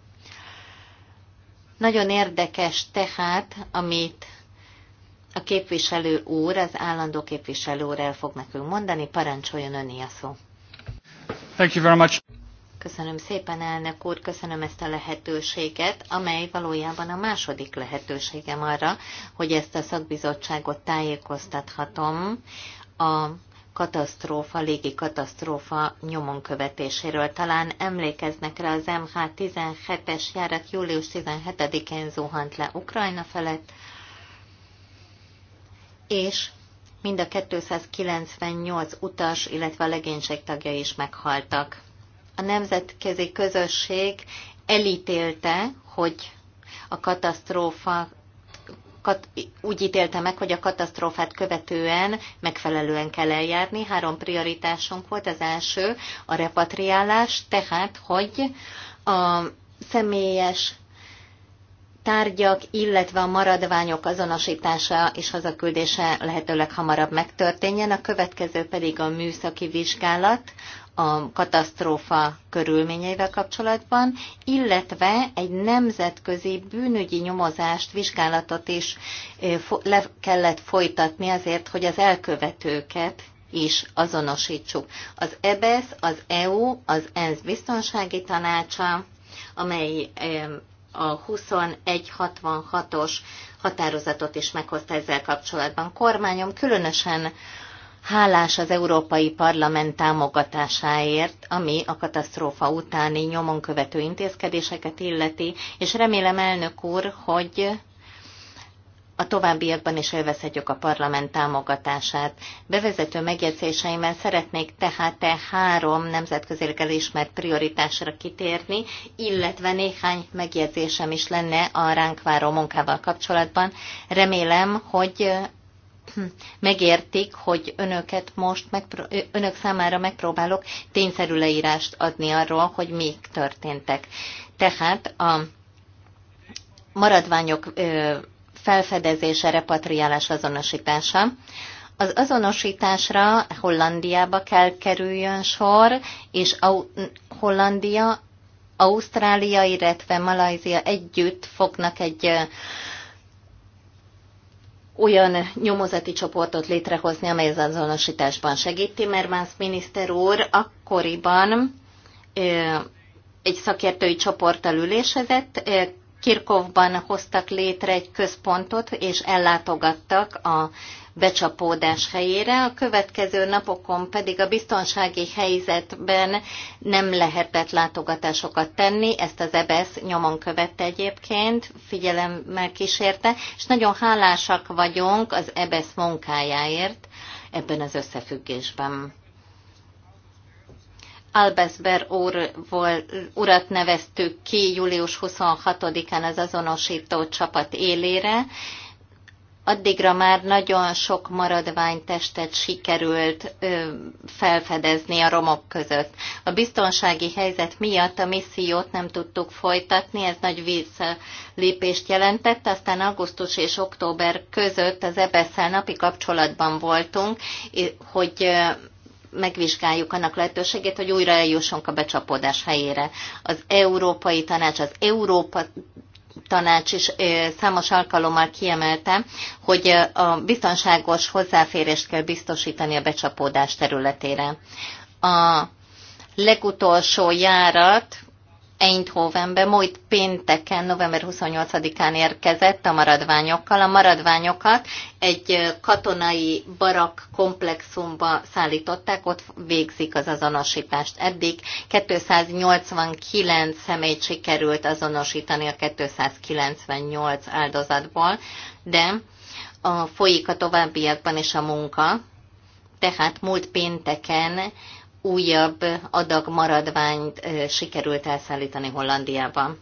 Nagyon érdekes tehát, amit a képviselő úr, az állandó képviselő úr el fog nekünk mondani, parancsoljon öné a szó. Thank you very much. Köszönöm szépen, elnök úr, köszönöm ezt a lehetőséget, amely valójában a második lehetőségem arra, hogy ezt a szakbizottságot tájékoztathatom a katasztrófa, légi katasztrófa nyomon követéséről. Talán emlékeznek rá az MH17-es járat július 17-én zuhant le Ukrajna felett, és mind a 298 utas, illetve a legénység tagja is meghaltak. A nemzetközi közösség elítélte, hogy a katasztrófa kat- úgy ítélte meg, hogy a katasztrófát követően megfelelően kell eljárni. Három prioritásunk volt. Az első a repatriálás, tehát hogy a személyes tárgyak, illetve a maradványok azonosítása és hazaküldése lehetőleg hamarabb megtörténjen, a következő pedig a műszaki vizsgálat, a katasztrófa körülményeivel kapcsolatban, illetve egy nemzetközi bűnügyi nyomozást, vizsgálatot is le kellett folytatni azért, hogy az elkövetőket is azonosítsuk. Az EBS, az EU, az ENSZ biztonsági tanácsa, amely a 2166-os határozatot is meghozta ezzel kapcsolatban. Kormányom különösen hálás az Európai Parlament támogatásáért, ami a katasztrófa utáni nyomon követő intézkedéseket illeti, és remélem, elnök úr, hogy a továbbiakban is élvezhetjük a parlament támogatását. Bevezető megjegyzéseimben szeretnék tehát te három nemzetközi elismert prioritásra kitérni, illetve néhány megjegyzésem is lenne a ránk váró munkával kapcsolatban. Remélem, hogy megértik, hogy önöket most megpró- önök számára megpróbálok tényszerű leírást adni arról, hogy mi történtek. Tehát a maradványok felfedezése, repatriálás, azonosítása. Az azonosításra Hollandiába kell kerüljön sor, és Hollandia, Ausztrália, illetve Malajzia együtt fognak egy olyan nyomozati csoportot létrehozni, amely az azonosításban segíti, mert Mász miniszter úr akkoriban egy szakértői csoporttal ülésezett, Kirkovban hoztak létre egy központot, és ellátogattak a becsapódás helyére, a következő napokon pedig a biztonsági helyzetben nem lehetett látogatásokat tenni, ezt az EBSZ e nyomon követte egyébként, figyelemmel kísérte, és nagyon hálásak vagyunk az EBSZ e munkájáért ebben az összefüggésben. Albesber úr, urat neveztük ki július 26-án az azonosító csapat élére, addigra már nagyon sok maradványtestet sikerült ö, felfedezni a romok között. A biztonsági helyzet miatt a missziót nem tudtuk folytatni, ez nagy visszalépést jelentett, aztán augusztus és október között az ebeszel napi kapcsolatban voltunk, hogy megvizsgáljuk annak lehetőségét, hogy újra eljussunk a becsapódás helyére. Az Európai Tanács, az Európa tanács is számos alkalommal kiemelte, hogy a biztonságos hozzáférést kell biztosítani a becsapódás területére. A legutolsó járat Eindhovenbe múlt pénteken, november 28-án érkezett a maradványokkal. A maradványokat egy katonai barak komplexumba szállították, ott végzik az azonosítást. Eddig 289 személyt sikerült azonosítani a 298 áldozatból, de a folyik a továbbiakban is a munka, tehát múlt pénteken újabb adag maradványt sikerült elszállítani Hollandiában.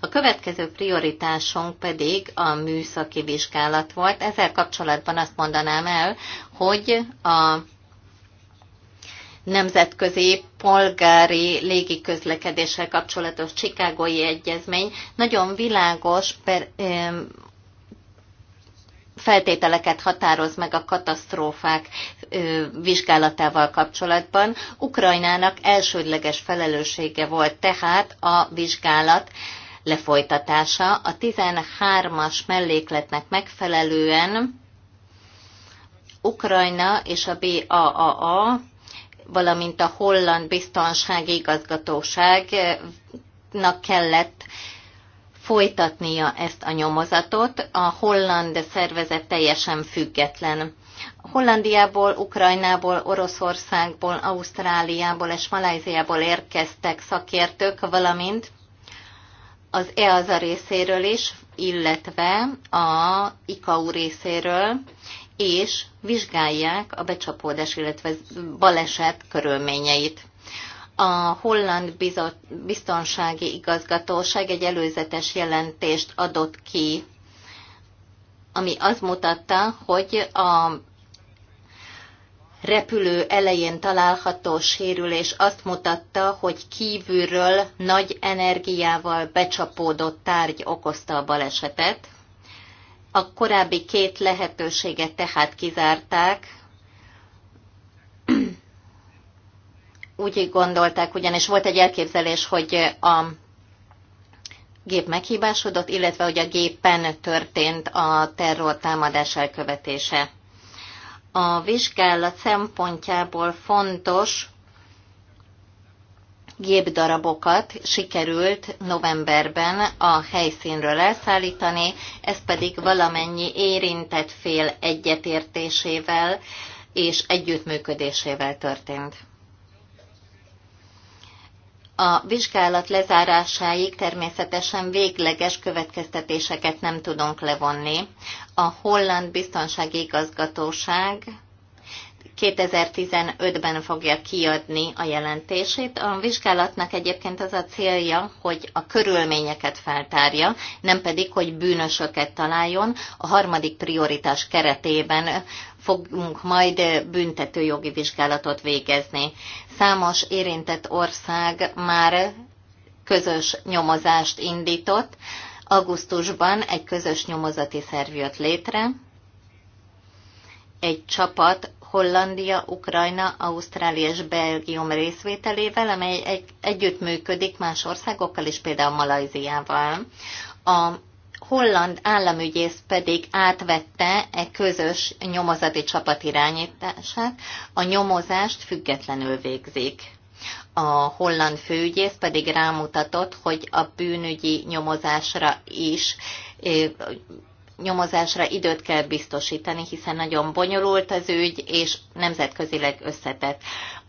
A következő prioritásunk pedig a műszaki vizsgálat volt. Ezzel kapcsolatban azt mondanám el, hogy a nemzetközi polgári légiközlekedéssel kapcsolatos Csikágoi Egyezmény nagyon világos per, feltételeket határoz meg a katasztrófák vizsgálatával kapcsolatban. Ukrajnának elsődleges felelőssége volt tehát a vizsgálat lefolytatása. A 13-as mellékletnek megfelelően Ukrajna és a BAAA, valamint a Holland Biztonsági Igazgatóságnak kellett folytatnia ezt a nyomozatot. A holland szervezet teljesen független. Hollandiából, Ukrajnából, Oroszországból, Ausztráliából és Malajziából érkeztek szakértők, valamint az EASA részéről is, illetve a ICAU részéről, és vizsgálják a becsapódás, illetve baleset körülményeit a holland biztonsági igazgatóság egy előzetes jelentést adott ki, ami azt mutatta, hogy a repülő elején található sérülés azt mutatta, hogy kívülről nagy energiával becsapódott tárgy okozta a balesetet. A korábbi két lehetőséget tehát kizárták, úgy gondolták, ugyanis volt egy elképzelés, hogy a gép meghibásodott, illetve hogy a gépen történt a terror támadás elkövetése. A vizsgálat szempontjából fontos gépdarabokat sikerült novemberben a helyszínről elszállítani, ez pedig valamennyi érintett fél egyetértésével és együttműködésével történt a vizsgálat lezárásáig természetesen végleges következtetéseket nem tudunk levonni. A holland biztonsági igazgatóság 2015-ben fogja kiadni a jelentését. A vizsgálatnak egyébként az a célja, hogy a körülményeket feltárja, nem pedig, hogy bűnösöket találjon. A harmadik prioritás keretében fogunk majd büntetőjogi vizsgálatot végezni. Számos érintett ország már közös nyomozást indított. Augusztusban egy közös nyomozati szerv jött létre, egy csapat Hollandia, Ukrajna, Ausztrália és Belgium részvételével, amely egy, együttműködik más országokkal is, például Malajziával. A holland államügyész pedig átvette egy közös nyomozati csapat irányítását, a nyomozást függetlenül végzik. A holland főügyész pedig rámutatott, hogy a bűnügyi nyomozásra is nyomozásra időt kell biztosítani, hiszen nagyon bonyolult az ügy, és nemzetközileg összetett.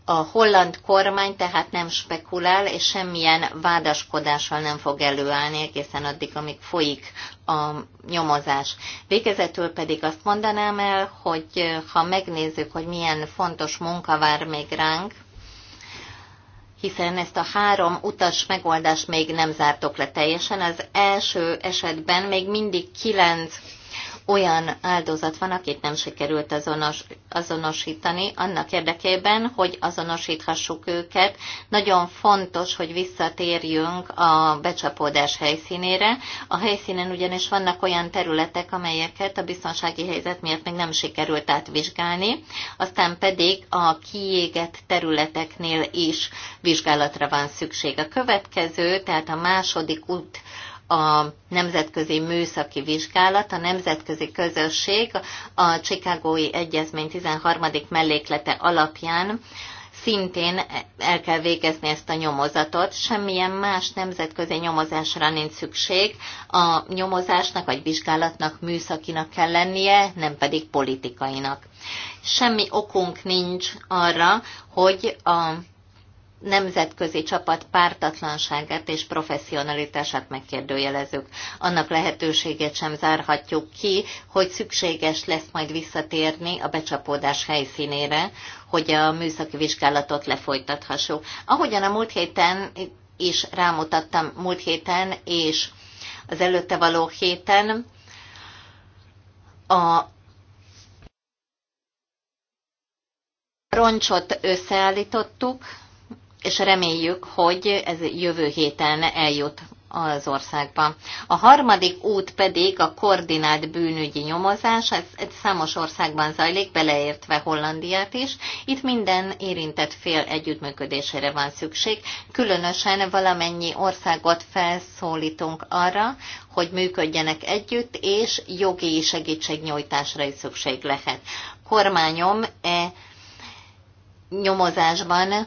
A holland kormány tehát nem spekulál, és semmilyen vádaskodással nem fog előállni egészen addig, amíg folyik a nyomozás. Végezetül pedig azt mondanám el, hogy ha megnézzük, hogy milyen fontos munka vár még ránk, hiszen ezt a három utas megoldást még nem zártok le teljesen. Az első esetben még mindig kilenc olyan áldozat van, akit nem sikerült azonos, azonosítani, annak érdekében, hogy azonosíthassuk őket. Nagyon fontos, hogy visszatérjünk a becsapódás helyszínére. A helyszínen ugyanis vannak olyan területek, amelyeket a biztonsági helyzet miatt még nem sikerült átvizsgálni, aztán pedig a kiégett területeknél is vizsgálatra van szükség. A következő, tehát a második út, a nemzetközi műszaki vizsgálat, a nemzetközi közösség a Csikágói Egyezmény 13. melléklete alapján szintén el kell végezni ezt a nyomozatot. Semmilyen más nemzetközi nyomozásra nincs szükség. A nyomozásnak vagy vizsgálatnak műszakinak kell lennie, nem pedig politikainak. Semmi okunk nincs arra, hogy a nemzetközi csapat pártatlanságát és professzionalitását megkérdőjelezzük. Annak lehetőséget sem zárhatjuk ki, hogy szükséges lesz majd visszatérni a becsapódás helyszínére, hogy a műszaki vizsgálatot lefolytathassuk. Ahogyan a múlt héten is rámutattam múlt héten, és az előtte való héten a roncsot összeállítottuk, és reméljük, hogy ez jövő héten eljut az országban. A harmadik út pedig a koordinált bűnügyi nyomozás, ez, ez számos országban zajlik, beleértve Hollandiát is. Itt minden érintett fél együttműködésére van szükség. Különösen valamennyi országot felszólítunk arra, hogy működjenek együtt, és jogi segítségnyújtásra is szükség lehet. Kormányom e nyomozásban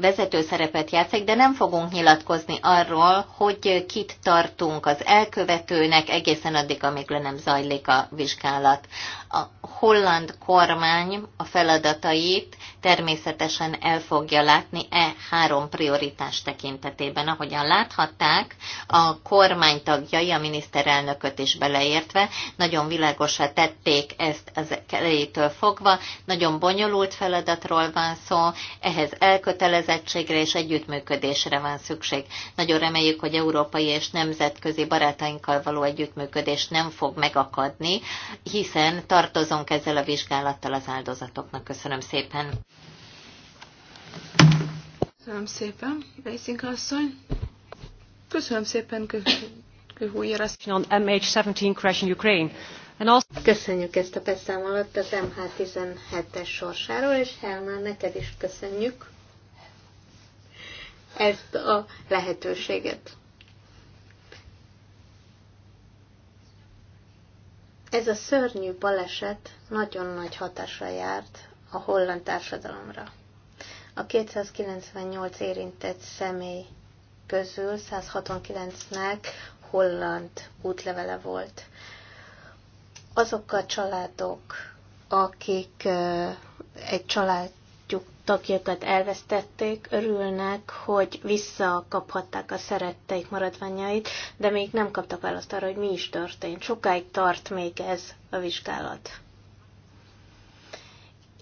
vezető szerepet játszik, de nem fogunk nyilatkozni arról, hogy kit tartunk az elkövetőnek egészen addig, amíg le nem zajlik a vizsgálat. A holland kormány a feladatait természetesen el fogja látni e három prioritás tekintetében. Ahogyan láthatták, a kormány tagjai, a miniszterelnököt is beleértve, nagyon világosra tették ezt az elejétől fogva. Nagyon bonyolult feladatról van szó, ehhez elkötelezettségre és együttműködésre van szükség. Nagyon reméljük, hogy európai és nemzetközi barátainkkal való együttműködés nem fog megakadni, hiszen tartozunk ezzel a vizsgálattal az áldozatoknak. Köszönöm szépen. Köszönöm szépen, Racing asszony. Köszönöm szépen, MH17 crash in Ukraine. Köszönjük ezt a beszámolót az MH17-es sorsáról, és Helmán, neked is köszönjük ezt a lehetőséget. Ez a szörnyű baleset nagyon nagy hatásra járt a holland társadalomra. A 298 érintett személy közül 169-nek holland útlevele volt. Azok a családok, akik egy család tagjukat elvesztették, örülnek, hogy visszakaphatták a szeretteik maradványait, de még nem kaptak választ arra, hogy mi is történt. Sokáig tart még ez a vizsgálat.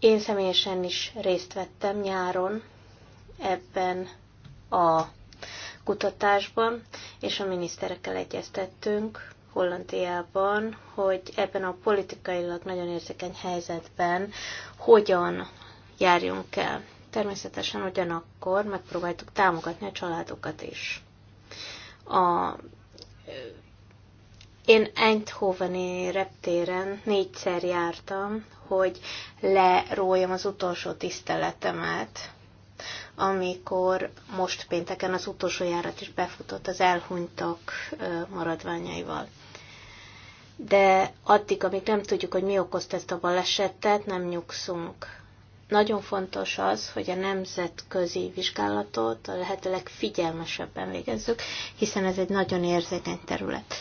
Én személyesen is részt vettem nyáron ebben a kutatásban, és a miniszterekkel egyeztettünk Hollandiában, hogy ebben a politikailag nagyon érzékeny helyzetben hogyan járjunk el. Természetesen ugyanakkor megpróbáltuk támogatni a családokat is. A, én Eindhoveni reptéren négyszer jártam, hogy leróljam az utolsó tiszteletemet, amikor most pénteken az utolsó járat is befutott az elhunytak maradványaival. De addig, amíg nem tudjuk, hogy mi okozta ezt a balesetet, nem nyugszunk nagyon fontos az, hogy a nemzetközi vizsgálatot a lehető legfigyelmesebben végezzük, hiszen ez egy nagyon érzékeny terület.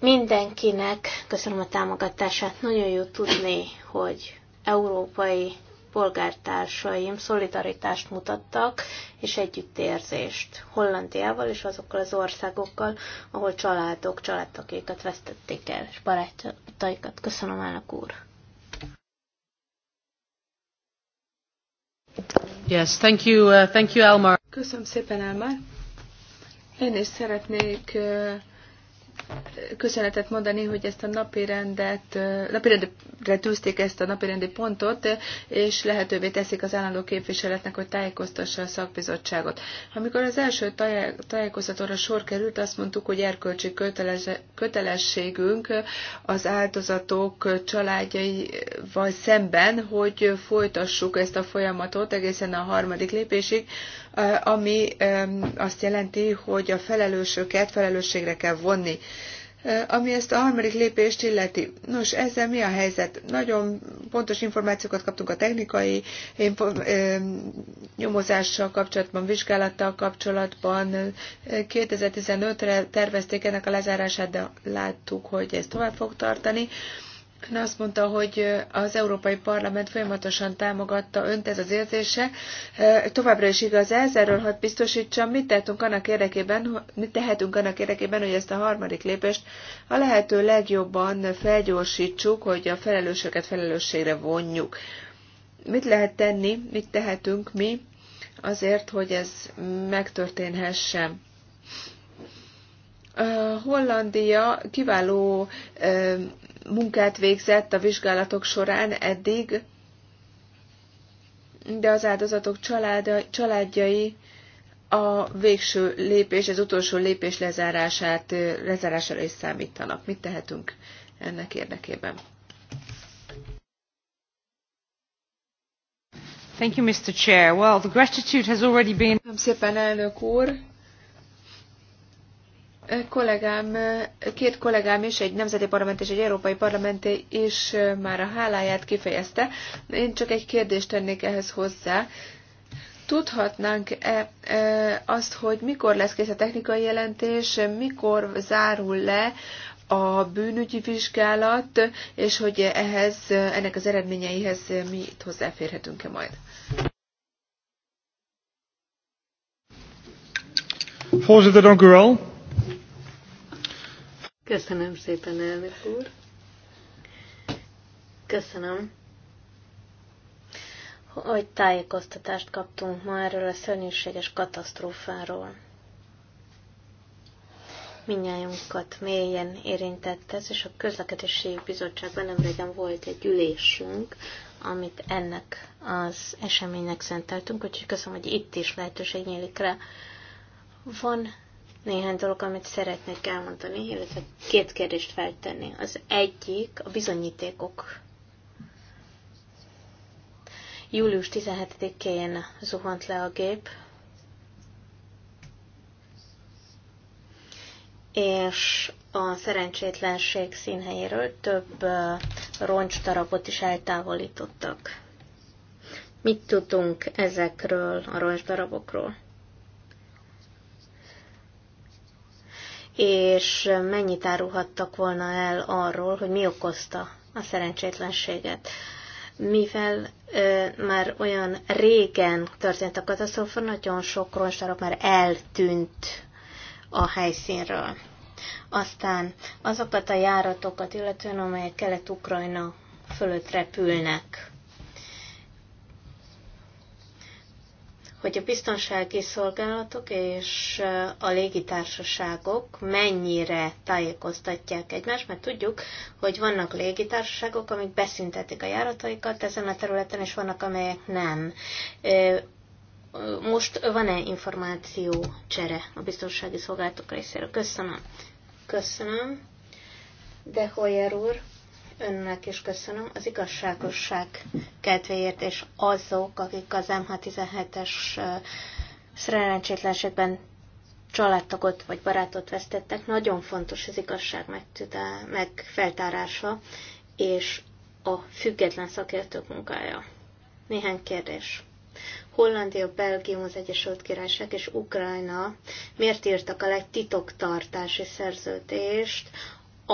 Mindenkinek köszönöm a támogatását. Nagyon jó tudni, hogy európai polgártársaim szolidaritást mutattak, és együttérzést Hollandiával és azokkal az országokkal, ahol családok, családtakéket vesztették el, és barátaikat. Köszönöm, elnök úr! Yes, thank you, uh, thank you, Elmar. Köszönöm szépen, Elmar. Én is szeretnék uh, köszönetet mondani, hogy ezt a napi rendet, napirendre tűzték ezt a napirendi pontot, és lehetővé teszik az állandó képviseletnek, hogy tájékoztassa a szakbizottságot. Amikor az első tájékoztatóra sor került, azt mondtuk, hogy erkölcsi kötelességünk az áldozatok családjaival szemben, hogy folytassuk ezt a folyamatot egészen a harmadik lépésig, Eh, ami azt jelenti, hogy a felelősöket felelősségre kell vonni. Eh, ami ezt a harmadik lépést illeti. Nos, ezzel mi a helyzet? Nagyon pontos információkat kaptunk a technikai nyomozással kapcsolatban, vizsgálattal kapcsolatban. 2015-re eh, tervezték ennek a lezárását, de láttuk, hogy ez tovább fog tartani. Ön azt mondta, hogy az Európai Parlament folyamatosan támogatta önt ez az érzése. Továbbra is igaz ez, erről hadd biztosítsam, mit tehetünk annak érdekében, mit tehetünk annak érdekében, hogy ezt a harmadik lépést a lehető legjobban felgyorsítsuk, hogy a felelősöket felelősségre vonjuk. Mit lehet tenni, mit tehetünk mi azért, hogy ez megtörténhessen? Hollandia kiváló munkát végzett a vizsgálatok során eddig, de az áldozatok családa, családjai a végső lépés, az utolsó lépés lezárását, lezárására is számítanak. Mit tehetünk ennek érdekében? Thank you, Mr. Chair. Well, the gratitude has already been... Köszönöm szépen, elnök úr! kollégám, két kollégám is, egy nemzeti parlament és egy európai parlament is már a háláját kifejezte. Én csak egy kérdést tennék ehhez hozzá. Tudhatnánk-e e, azt, hogy mikor lesz kész a technikai jelentés, mikor zárul le a bűnügyi vizsgálat, és hogy ehhez, ennek az eredményeihez mi itt hozzáférhetünk-e majd? Voorzitter, dank u wel. Köszönöm szépen, elnök úr. Köszönöm, hogy tájékoztatást kaptunk ma erről a szörnyűséges katasztrófáról. Minnyájunkat mélyen érintett ez, és a közlekedési bizottságban nemrégen volt egy ülésünk, amit ennek az eseménynek szenteltünk, úgyhogy köszönöm, hogy itt is lehetőség nyílik rá. Van néhány dolog, amit szeretnék elmondani, illetve két kérdést feltenni. Az egyik a bizonyítékok. Július 17-én zuhant le a gép, és a szerencsétlenség színhelyéről több roncsdarabot is eltávolítottak. Mit tudunk ezekről a roncsdarabokról? és mennyit árulhattak volna el arról, hogy mi okozta a szerencsétlenséget. Mivel ö, már olyan régen történt a katasztrófa, nagyon sok roncstárok már eltűnt a helyszínről. Aztán azokat a járatokat, illetően amelyek Kelet-Ukrajna fölött repülnek, hogy a biztonsági szolgálatok és eh, a légitársaságok mennyire tájékoztatják egymást, mert tudjuk, hogy vannak légitársaságok, amik beszüntetik a járataikat ezen a területen, és vannak, amelyek nem. Eh, most van-e információ csere a biztonsági szolgálatok részéről? Köszönöm. Köszönöm. De Hoyer úr, önnek is köszönöm, az igazságosság kedvéért, és azok, akik az MH17-es szerencsétlenségben családtagot vagy barátot vesztettek, nagyon fontos az igazság megfeltárása, és a független szakértők munkája. Néhány kérdés. Hollandia, Belgium, az Egyesült Királyság és Ukrajna miért írtak alá egy titoktartási szerződést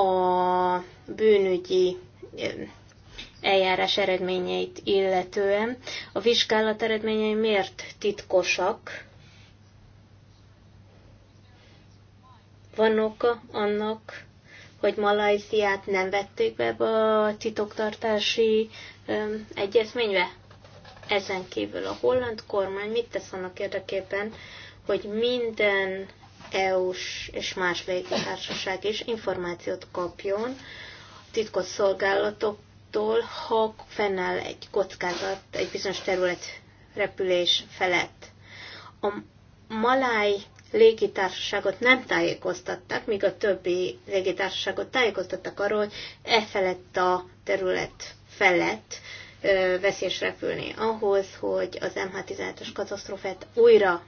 a bűnügyi eljárás eredményeit illetően. A vizsgálat eredményei miért titkosak? Van oka annak, hogy Malajziát nem vették be a titoktartási öm, egyezménybe? Ezen kívül a holland kormány mit tesz annak érdekében, hogy minden EU-s és más légitársaság is információt kapjon titkos szolgálatoktól, ha fennáll egy kockázat egy bizonyos terület repülés felett. A maláj légitársaságot nem tájékoztatták, míg a többi légitársaságot tájékoztattak arról, hogy e felett a terület felett veszélyes repülni ahhoz, hogy az MH17-es katasztrófát újra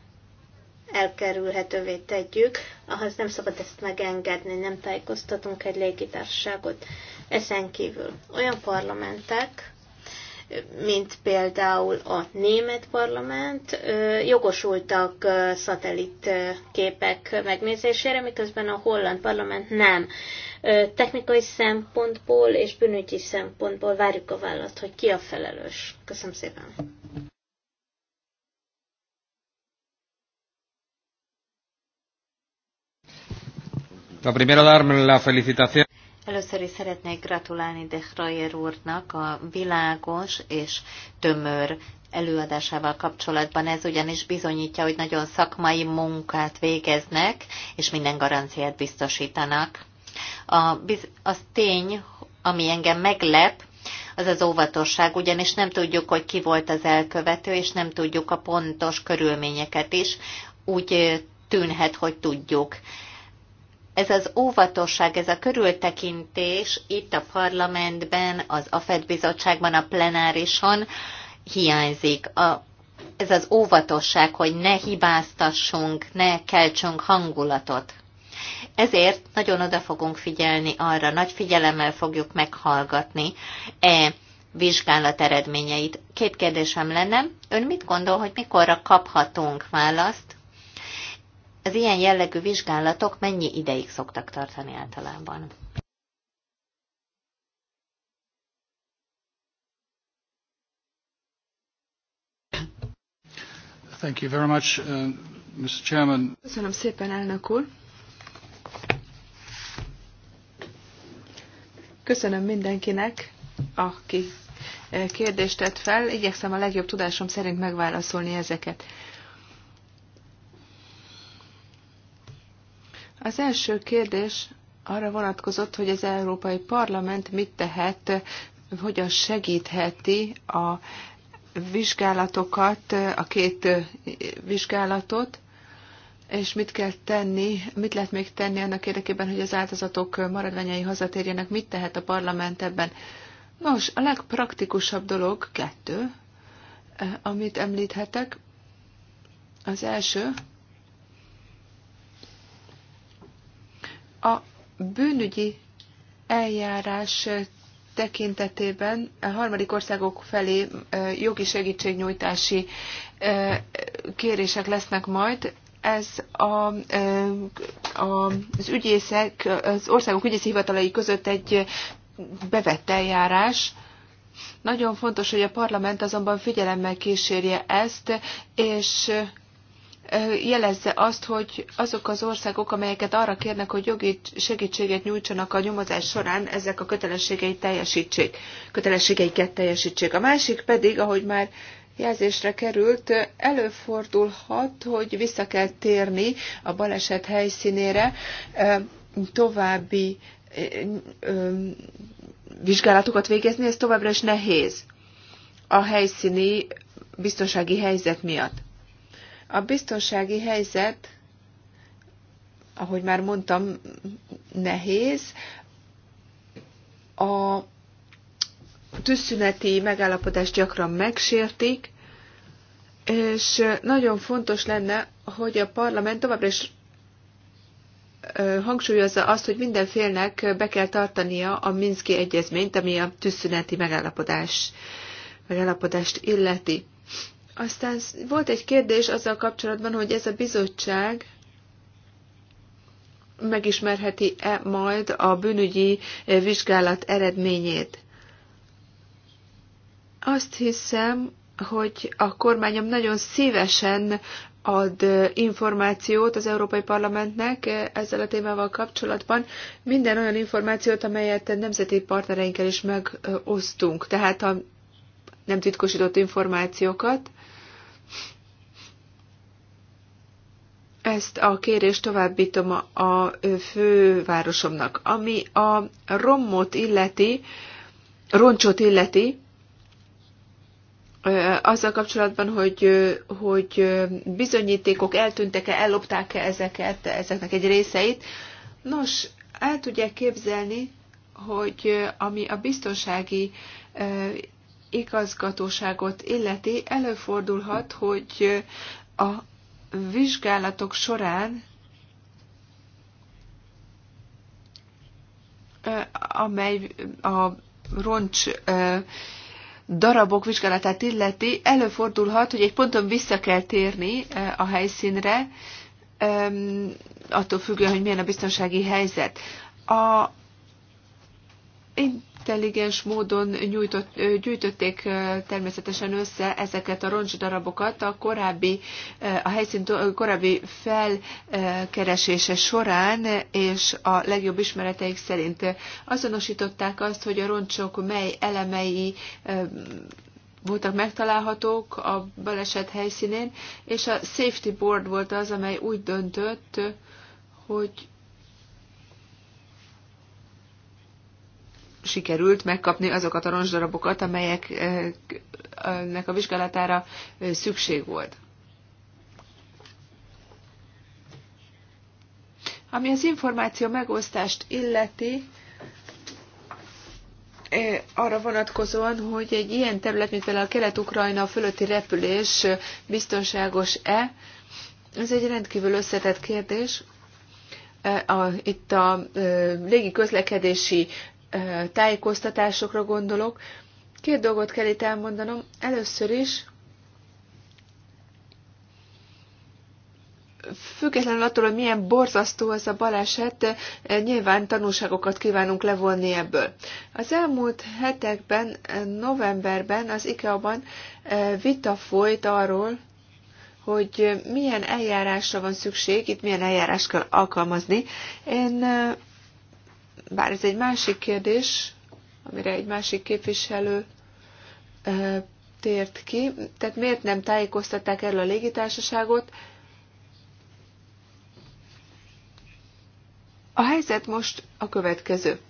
elkerülhetővé tegyük, ahhoz nem szabad ezt megengedni, nem tájékoztatunk egy légitársaságot. Ezen kívül olyan parlamentek, mint például a német parlament, jogosultak szatellit képek megnézésére, miközben a holland parlament nem. Technikai szempontból és bűnügyi szempontból várjuk a választ, hogy ki a felelős. Köszönöm szépen! Lo primero dar la felicitación. Először is szeretnék gratulálni De Schreier úrnak a világos és tömör előadásával kapcsolatban. Ez ugyanis bizonyítja, hogy nagyon szakmai munkát végeznek, és minden garanciát biztosítanak. A, az tény, ami engem meglep, az az óvatosság, ugyanis nem tudjuk, hogy ki volt az elkövető, és nem tudjuk a pontos körülményeket is. Úgy tűnhet, hogy tudjuk ez az óvatosság, ez a körültekintés itt a parlamentben, az AFED bizottságban, a plenárison hiányzik. A, ez az óvatosság, hogy ne hibáztassunk, ne keltsünk hangulatot. Ezért nagyon oda fogunk figyelni arra, nagy figyelemmel fogjuk meghallgatni e vizsgálat eredményeit. Két kérdésem lenne, ön mit gondol, hogy mikorra kaphatunk választ az ilyen jellegű vizsgálatok mennyi ideig szoktak tartani általában? Thank you very much, uh, Mr. Chairman. Köszönöm szépen, elnök úr. Köszönöm mindenkinek, aki eh, kérdést tett fel. Igyekszem a legjobb tudásom szerint megválaszolni ezeket. Az első kérdés arra vonatkozott, hogy az Európai Parlament mit tehet, hogyan segítheti a vizsgálatokat, a két vizsgálatot, és mit kell tenni, mit lehet még tenni annak érdekében, hogy az áldozatok maradványai hazatérjenek, mit tehet a parlament ebben. Nos, a legpraktikusabb dolog kettő, eh, amit említhetek. Az első, A bűnügyi eljárás tekintetében a harmadik országok felé jogi segítségnyújtási kérések lesznek majd. Ez a, a, az ügyészek, az országok ügyészi hivatalai között egy bevett eljárás. Nagyon fontos, hogy a parlament azonban figyelemmel kísérje ezt, és jelezze azt, hogy azok az országok, amelyeket arra kérnek, hogy jogi segítséget nyújtsanak a nyomozás során, ezek a kötelességeit teljesítsék, kötelességeiket teljesítsék. A másik pedig, ahogy már jelzésre került, előfordulhat, hogy vissza kell térni a baleset helyszínére további vizsgálatokat végezni, ez továbbra is nehéz a helyszíni biztonsági helyzet miatt. A biztonsági helyzet, ahogy már mondtam, nehéz. A tűzszüneti megállapodást gyakran megsértik, és nagyon fontos lenne, hogy a parlament továbbra is hangsúlyozza azt, hogy minden félnek be kell tartania a Minszki egyezményt, ami a tűzszüneti megállapodás, megállapodást illeti. Aztán volt egy kérdés azzal kapcsolatban, hogy ez a bizottság megismerheti-e majd a bűnügyi vizsgálat eredményét. Azt hiszem, hogy a kormányom nagyon szívesen ad információt az Európai Parlamentnek ezzel a témával kapcsolatban, minden olyan információt, amelyet nemzeti partnereinkkel is megosztunk, tehát a nem titkosított információkat, Ezt a kérést továbbítom a fővárosomnak. Ami a rommot illeti, roncsot illeti, azzal kapcsolatban, hogy, hogy bizonyítékok eltűntek-e, ellopták-e ezeket, ezeknek egy részeit. Nos, el tudják képzelni, hogy ami a biztonsági igazgatóságot illeti, előfordulhat, hogy a vizsgálatok során, amely a roncs darabok vizsgálatát illeti, előfordulhat, hogy egy ponton vissza kell térni a helyszínre, attól függően, hogy milyen a biztonsági helyzet. A, én intelligens módon nyújtott, gyűjtötték természetesen össze ezeket a roncsdarabokat a korábbi, a helyszín korábbi felkeresése során, és a legjobb ismereteik szerint azonosították azt, hogy a roncsok mely elemei voltak megtalálhatók a baleset helyszínén, és a Safety Board volt az, amely úgy döntött, hogy sikerült megkapni azokat a roncsdarabokat, amelyeknek eh, eh, a vizsgálatára eh, szükség volt. Ami az információ megosztást illeti, arra vonatkozóan, hogy egy ilyen terület, mint például a kelet-ukrajna fölötti repülés biztonságos-e, ez egy rendkívül összetett kérdés. A, itt a légi közlekedési tájékoztatásokra gondolok. Két dolgot kell itt elmondanom. Először is, függetlenül attól, hogy milyen borzasztó ez a baleset, nyilván tanulságokat kívánunk levonni ebből. Az elmúlt hetekben, novemberben az IKEA-ban vita folyt arról, hogy milyen eljárásra van szükség, itt milyen eljárást kell alkalmazni. Én bár ez egy másik kérdés, amire egy másik képviselő tért ki, tehát miért nem tájékoztatták erről a légitársaságot? A helyzet most a következő.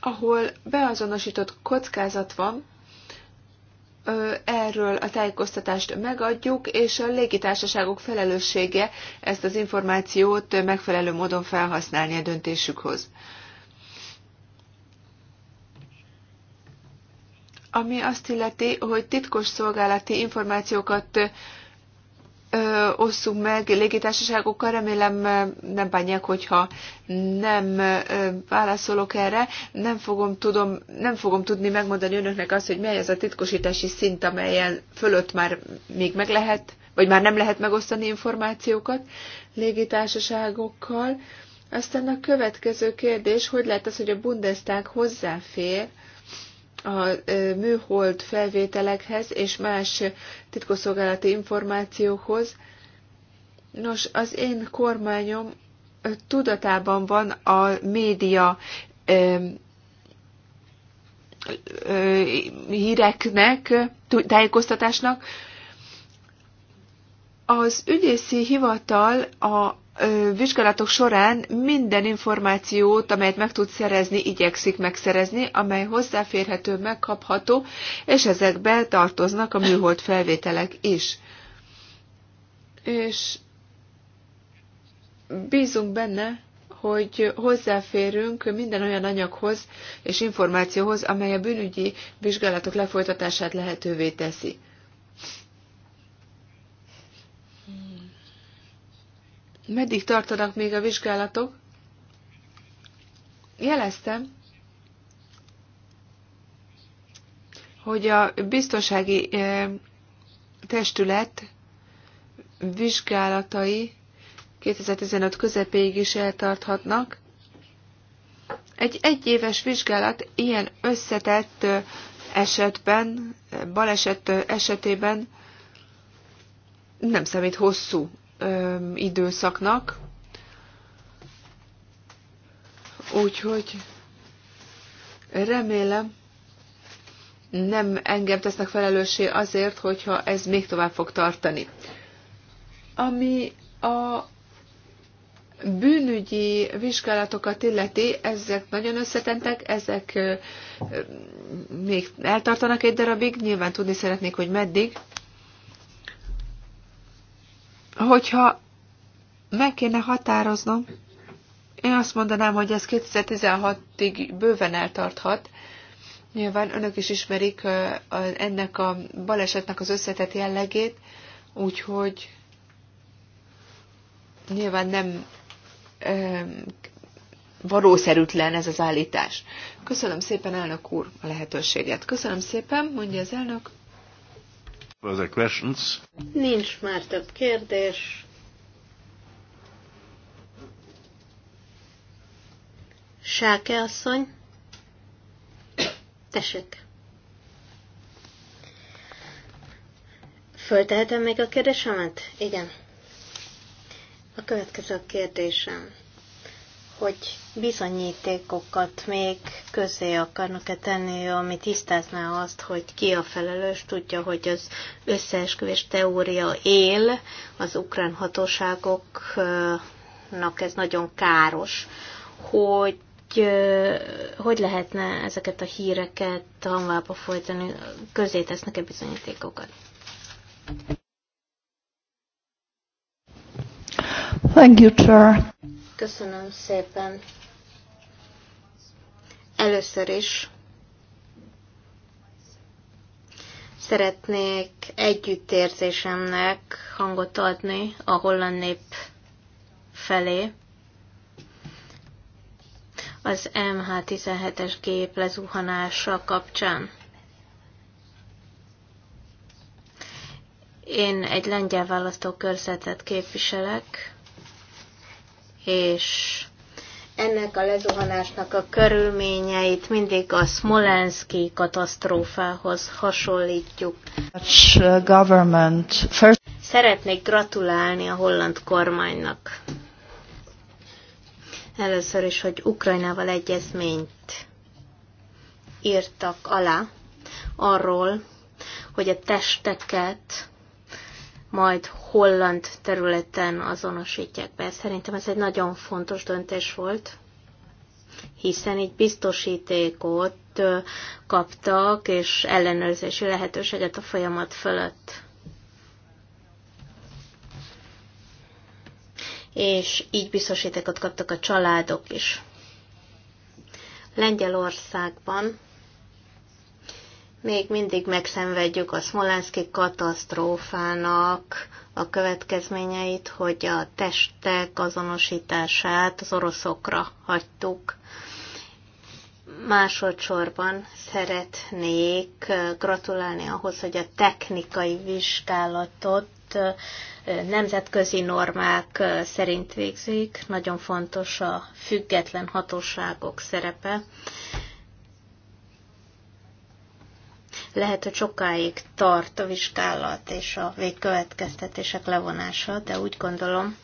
Ahol beazonosított kockázat van, erről a tájékoztatást megadjuk, és a légitársaságok felelőssége ezt az információt megfelelő módon felhasználni a döntésükhoz. Ami azt illeti, hogy titkos szolgálati információkat ö, osszunk meg légitársaságokkal, remélem nem bánják, hogyha nem válaszolok erre. Nem fogom, tudom, nem fogom tudni megmondani önöknek azt, hogy mely az a titkosítási szint, amelyen fölött már még meg lehet, vagy már nem lehet megosztani információkat légitársaságokkal. Aztán a következő kérdés, hogy lehet az, hogy a Bundestag hozzáfér a műhold felvételekhez és más titkosszolgálati információkhoz. Nos, az én kormányom tudatában van a média híreknek, tájékoztatásnak. Az ügyészi hivatal a vizsgálatok során minden információt, amelyet meg tud szerezni, igyekszik megszerezni, amely hozzáférhető, megkapható, és ezekbe tartoznak a műhold felvételek is. És bízunk benne, hogy hozzáférünk minden olyan anyaghoz és információhoz, amely a bűnügyi vizsgálatok lefolytatását lehetővé teszi. Meddig tartanak még a vizsgálatok? Jeleztem, hogy a biztonsági testület vizsgálatai 2015 közepéig is eltarthatnak. Egy egyéves vizsgálat ilyen összetett esetben, baleset esetében nem számít hosszú ö, időszaknak. Úgyhogy remélem, nem engem tesznek felelőssé azért, hogyha ez még tovább fog tartani. Ami a bűnügyi vizsgálatokat illeti, ezek nagyon összetentek, ezek még eltartanak egy darabig, nyilván tudni szeretnék, hogy meddig. Hogyha meg kéne határoznom, én azt mondanám, hogy ez 2016-ig bőven eltarthat. Nyilván önök is ismerik ennek a balesetnek az összetett jellegét, úgyhogy nyilván nem valószerűtlen ez az állítás. Köszönöm szépen, elnök úr, a lehetőséget. Köszönöm szépen, mondja az elnök. Further questions? Nincs már több kérdés. Sáke asszony, tessék. Föltehetem még a kérdésemet? Igen. A következő kérdésem hogy bizonyítékokat még közé akarnak-e tenni, ami tisztázná azt, hogy ki a felelős, tudja, hogy az összeesküvés teória él, az ukrán hatóságoknak ez nagyon káros, hogy hogy lehetne ezeket a híreket hanvába folytani, közé tesznek-e bizonyítékokat? Thank you, Chair. Köszönöm szépen. Először is szeretnék együttérzésemnek hangot adni a holland nép felé. Az MH17-es gép lezuhanása kapcsán. Én egy lengyel választókörzetet képviselek, és ennek a lezuhanásnak a körülményeit mindig a Smolenski katasztrófához hasonlítjuk. Government. First... Szeretnék gratulálni a holland kormánynak. Először is, hogy Ukrajnával egyezményt írtak alá arról, hogy a testeket majd holland területen azonosítják be. Szerintem ez egy nagyon fontos döntés volt, hiszen így biztosítékot kaptak, és ellenőrzési lehetőséget a folyamat fölött. És így biztosítékot kaptak a családok is. Lengyelországban még mindig megszenvedjük a Smolenszki katasztrófának a következményeit, hogy a testek azonosítását az oroszokra hagytuk. Másodszorban szeretnék gratulálni ahhoz, hogy a technikai vizsgálatot nemzetközi normák szerint végzik. Nagyon fontos a független hatóságok szerepe lehet, hogy sokáig tart a vizsgálat és a végkövetkeztetések levonása, de úgy gondolom,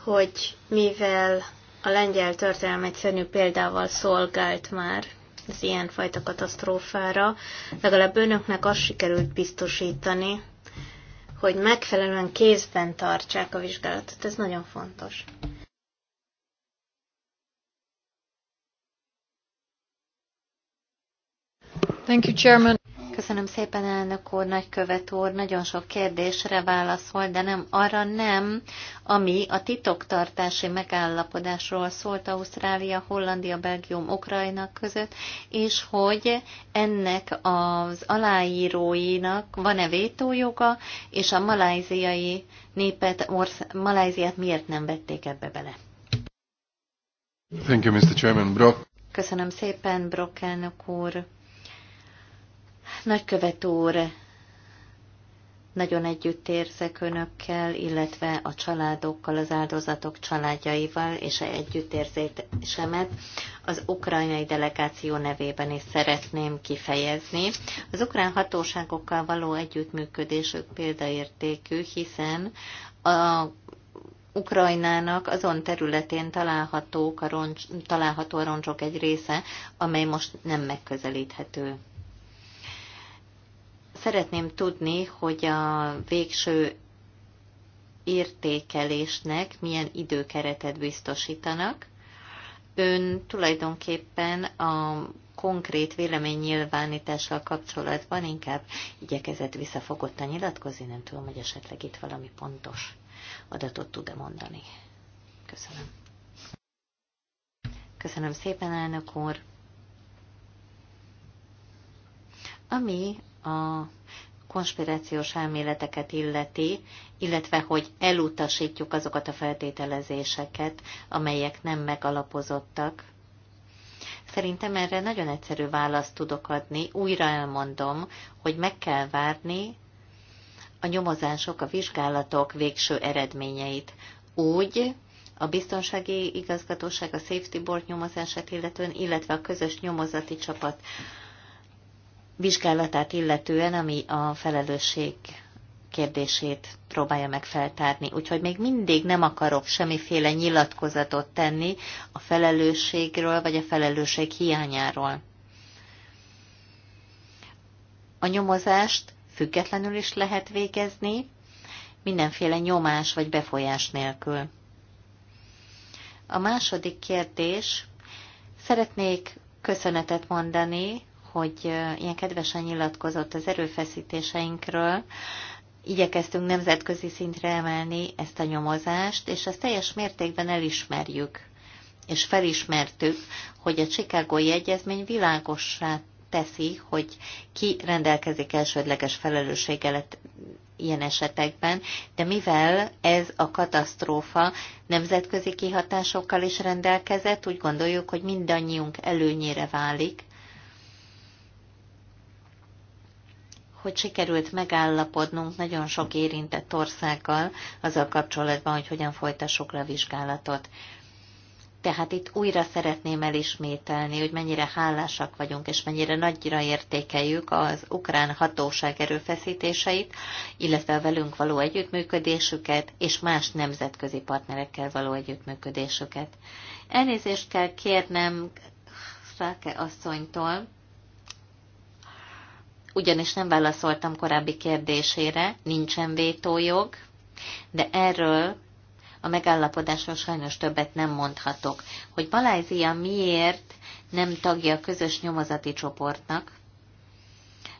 hogy mivel a lengyel történelem egyszerű példával szolgált már az ilyenfajta katasztrófára, legalább önöknek azt sikerült biztosítani, hogy megfelelően kézben tartsák a vizsgálatot. Ez nagyon fontos. Thank you, Chairman. Köszönöm szépen, elnök úr, nagykövet úr. Nagyon sok kérdésre válaszol, de nem arra nem, ami a titoktartási megállapodásról szólt Ausztrália, Hollandia, Belgium, Ukrajna között, és hogy ennek az aláíróinak van-e vétójoga, és a maláziai népet, orsz, Maláziát miért nem vették ebbe bele. Thank you, Mr. Chairman. Brock. Köszönöm szépen, Brock elnök úr. Nagykövet úr, nagyon együtt érzek önökkel, illetve a családokkal, az áldozatok családjaival, és a együttérzésemet az ukrajnai delegáció nevében is szeretném kifejezni. Az ukrán hatóságokkal való együttműködésük példaértékű, hiszen a Ukrajnának azon területén találhatók a roncs, található a roncsok egy része, amely most nem megközelíthető. Szeretném tudni, hogy a végső értékelésnek milyen időkeretet biztosítanak. Ön tulajdonképpen a konkrét véleménynyilvánítással kapcsolatban inkább igyekezett visszafogottan nyilatkozni, nem tudom, hogy esetleg itt valami pontos adatot tud-e mondani. Köszönöm. Köszönöm szépen, elnök úr. Ami a konspirációs elméleteket illeti, illetve hogy elutasítjuk azokat a feltételezéseket, amelyek nem megalapozottak. Szerintem erre nagyon egyszerű választ tudok adni. Újra elmondom, hogy meg kell várni a nyomozások, a vizsgálatok végső eredményeit. Úgy, a biztonsági igazgatóság, a Safety Board nyomozását illetően, illetve a közös nyomozati csapat vizsgálatát illetően, ami a felelősség kérdését próbálja meg feltárni. Úgyhogy még mindig nem akarok semmiféle nyilatkozatot tenni a felelősségről vagy a felelősség hiányáról. A nyomozást függetlenül is lehet végezni, mindenféle nyomás vagy befolyás nélkül. A második kérdés. Szeretnék köszönetet mondani hogy ilyen kedvesen nyilatkozott az erőfeszítéseinkről. Igyekeztünk nemzetközi szintre emelni ezt a nyomozást, és ezt teljes mértékben elismerjük, és felismertük, hogy a Csikágói Egyezmény világossá teszi, hogy ki rendelkezik elsődleges felelősséggel e- ilyen esetekben, de mivel ez a katasztrófa nemzetközi kihatásokkal is rendelkezett, úgy gondoljuk, hogy mindannyiunk előnyére válik, hogy sikerült megállapodnunk nagyon sok érintett országgal azzal kapcsolatban, hogy hogyan folytassuk le a vizsgálatot. Tehát itt újra szeretném elismételni, hogy mennyire hálásak vagyunk, és mennyire nagyra értékeljük az ukrán hatóság erőfeszítéseit, illetve a velünk való együttműködésüket, és más nemzetközi partnerekkel való együttműködésüket. Elnézést kell kérnem Ráke asszonytól, ugyanis nem válaszoltam korábbi kérdésére, nincsen vétójog, de erről a megállapodásról sajnos többet nem mondhatok. Hogy Malázia miért nem tagja a közös nyomozati csoportnak,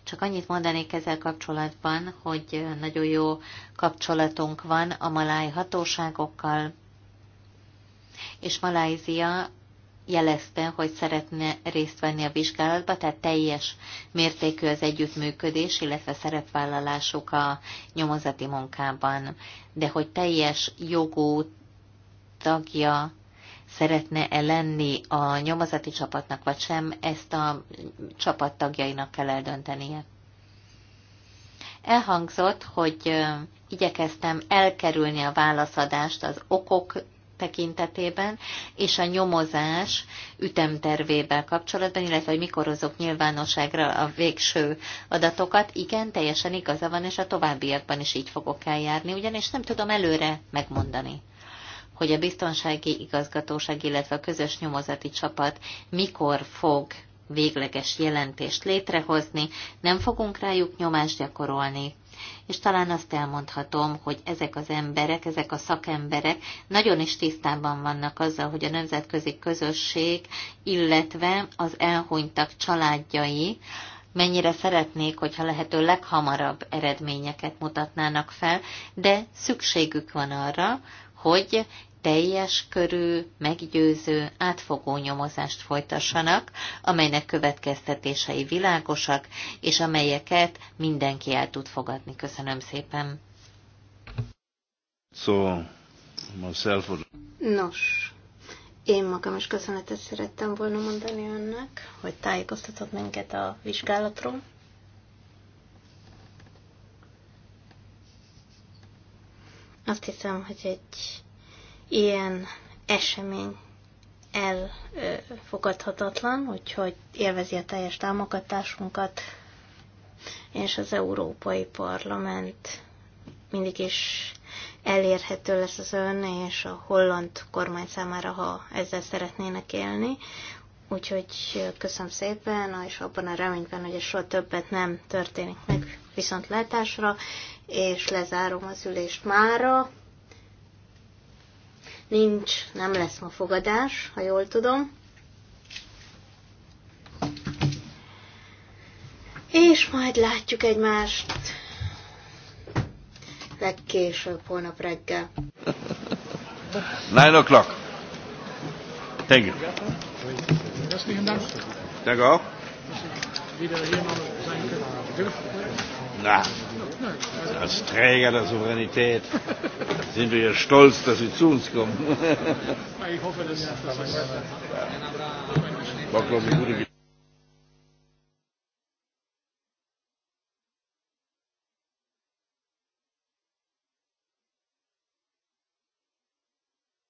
csak annyit mondanék ezzel kapcsolatban, hogy nagyon jó kapcsolatunk van a maláj hatóságokkal, és Malázia jelezte, hogy szeretne részt venni a vizsgálatba, tehát teljes mértékű az együttműködés, illetve szerepvállalásuk a nyomozati munkában. De hogy teljes jogú tagja szeretne-e lenni a nyomozati csapatnak, vagy sem, ezt a csapat tagjainak kell eldöntenie. Elhangzott, hogy igyekeztem elkerülni a válaszadást az okok tekintetében, és a nyomozás ütemtervével kapcsolatban, illetve hogy mikor hozok nyilvánosságra a végső adatokat. Igen, teljesen igaza van, és a továbbiakban is így fogok eljárni, ugyanis nem tudom előre megmondani hogy a biztonsági igazgatóság, illetve a közös nyomozati csapat mikor fog végleges jelentést létrehozni, nem fogunk rájuk nyomást gyakorolni, és talán azt elmondhatom, hogy ezek az emberek, ezek a szakemberek nagyon is tisztában vannak azzal, hogy a nemzetközi közösség, illetve az elhunytak családjai, mennyire szeretnék, hogyha lehető leghamarabb eredményeket mutatnának fel, de szükségük van arra, hogy teljes körű, meggyőző, átfogó nyomozást folytassanak, amelynek következtetései világosak, és amelyeket mindenki el tud fogadni. Köszönöm szépen. So, myself... Nos, én magam is köszönetet szerettem volna mondani önnek, hogy tájékoztatott minket a vizsgálatról. Azt hiszem, hogy egy ilyen esemény elfogadhatatlan, úgyhogy élvezi a teljes támogatásunkat, és az Európai Parlament mindig is elérhető lesz az ön és a holland kormány számára, ha ezzel szeretnének élni. Úgyhogy köszönöm szépen, és abban a reményben, hogy ez soha többet nem történik meg viszontlátásra, és lezárom az ülést mára. Nincs, nem lesz ma fogadás, ha jól tudom. És majd látjuk egymást legkésőbb holnap reggel. Nine o'clock. Thank you. Herzlichen Dank. Danke Na. Als Träger der Souveränität sind wir stolz, dass Sie zu uns kommen. Ich hoffe, dass das ist. War, glaube ich, gute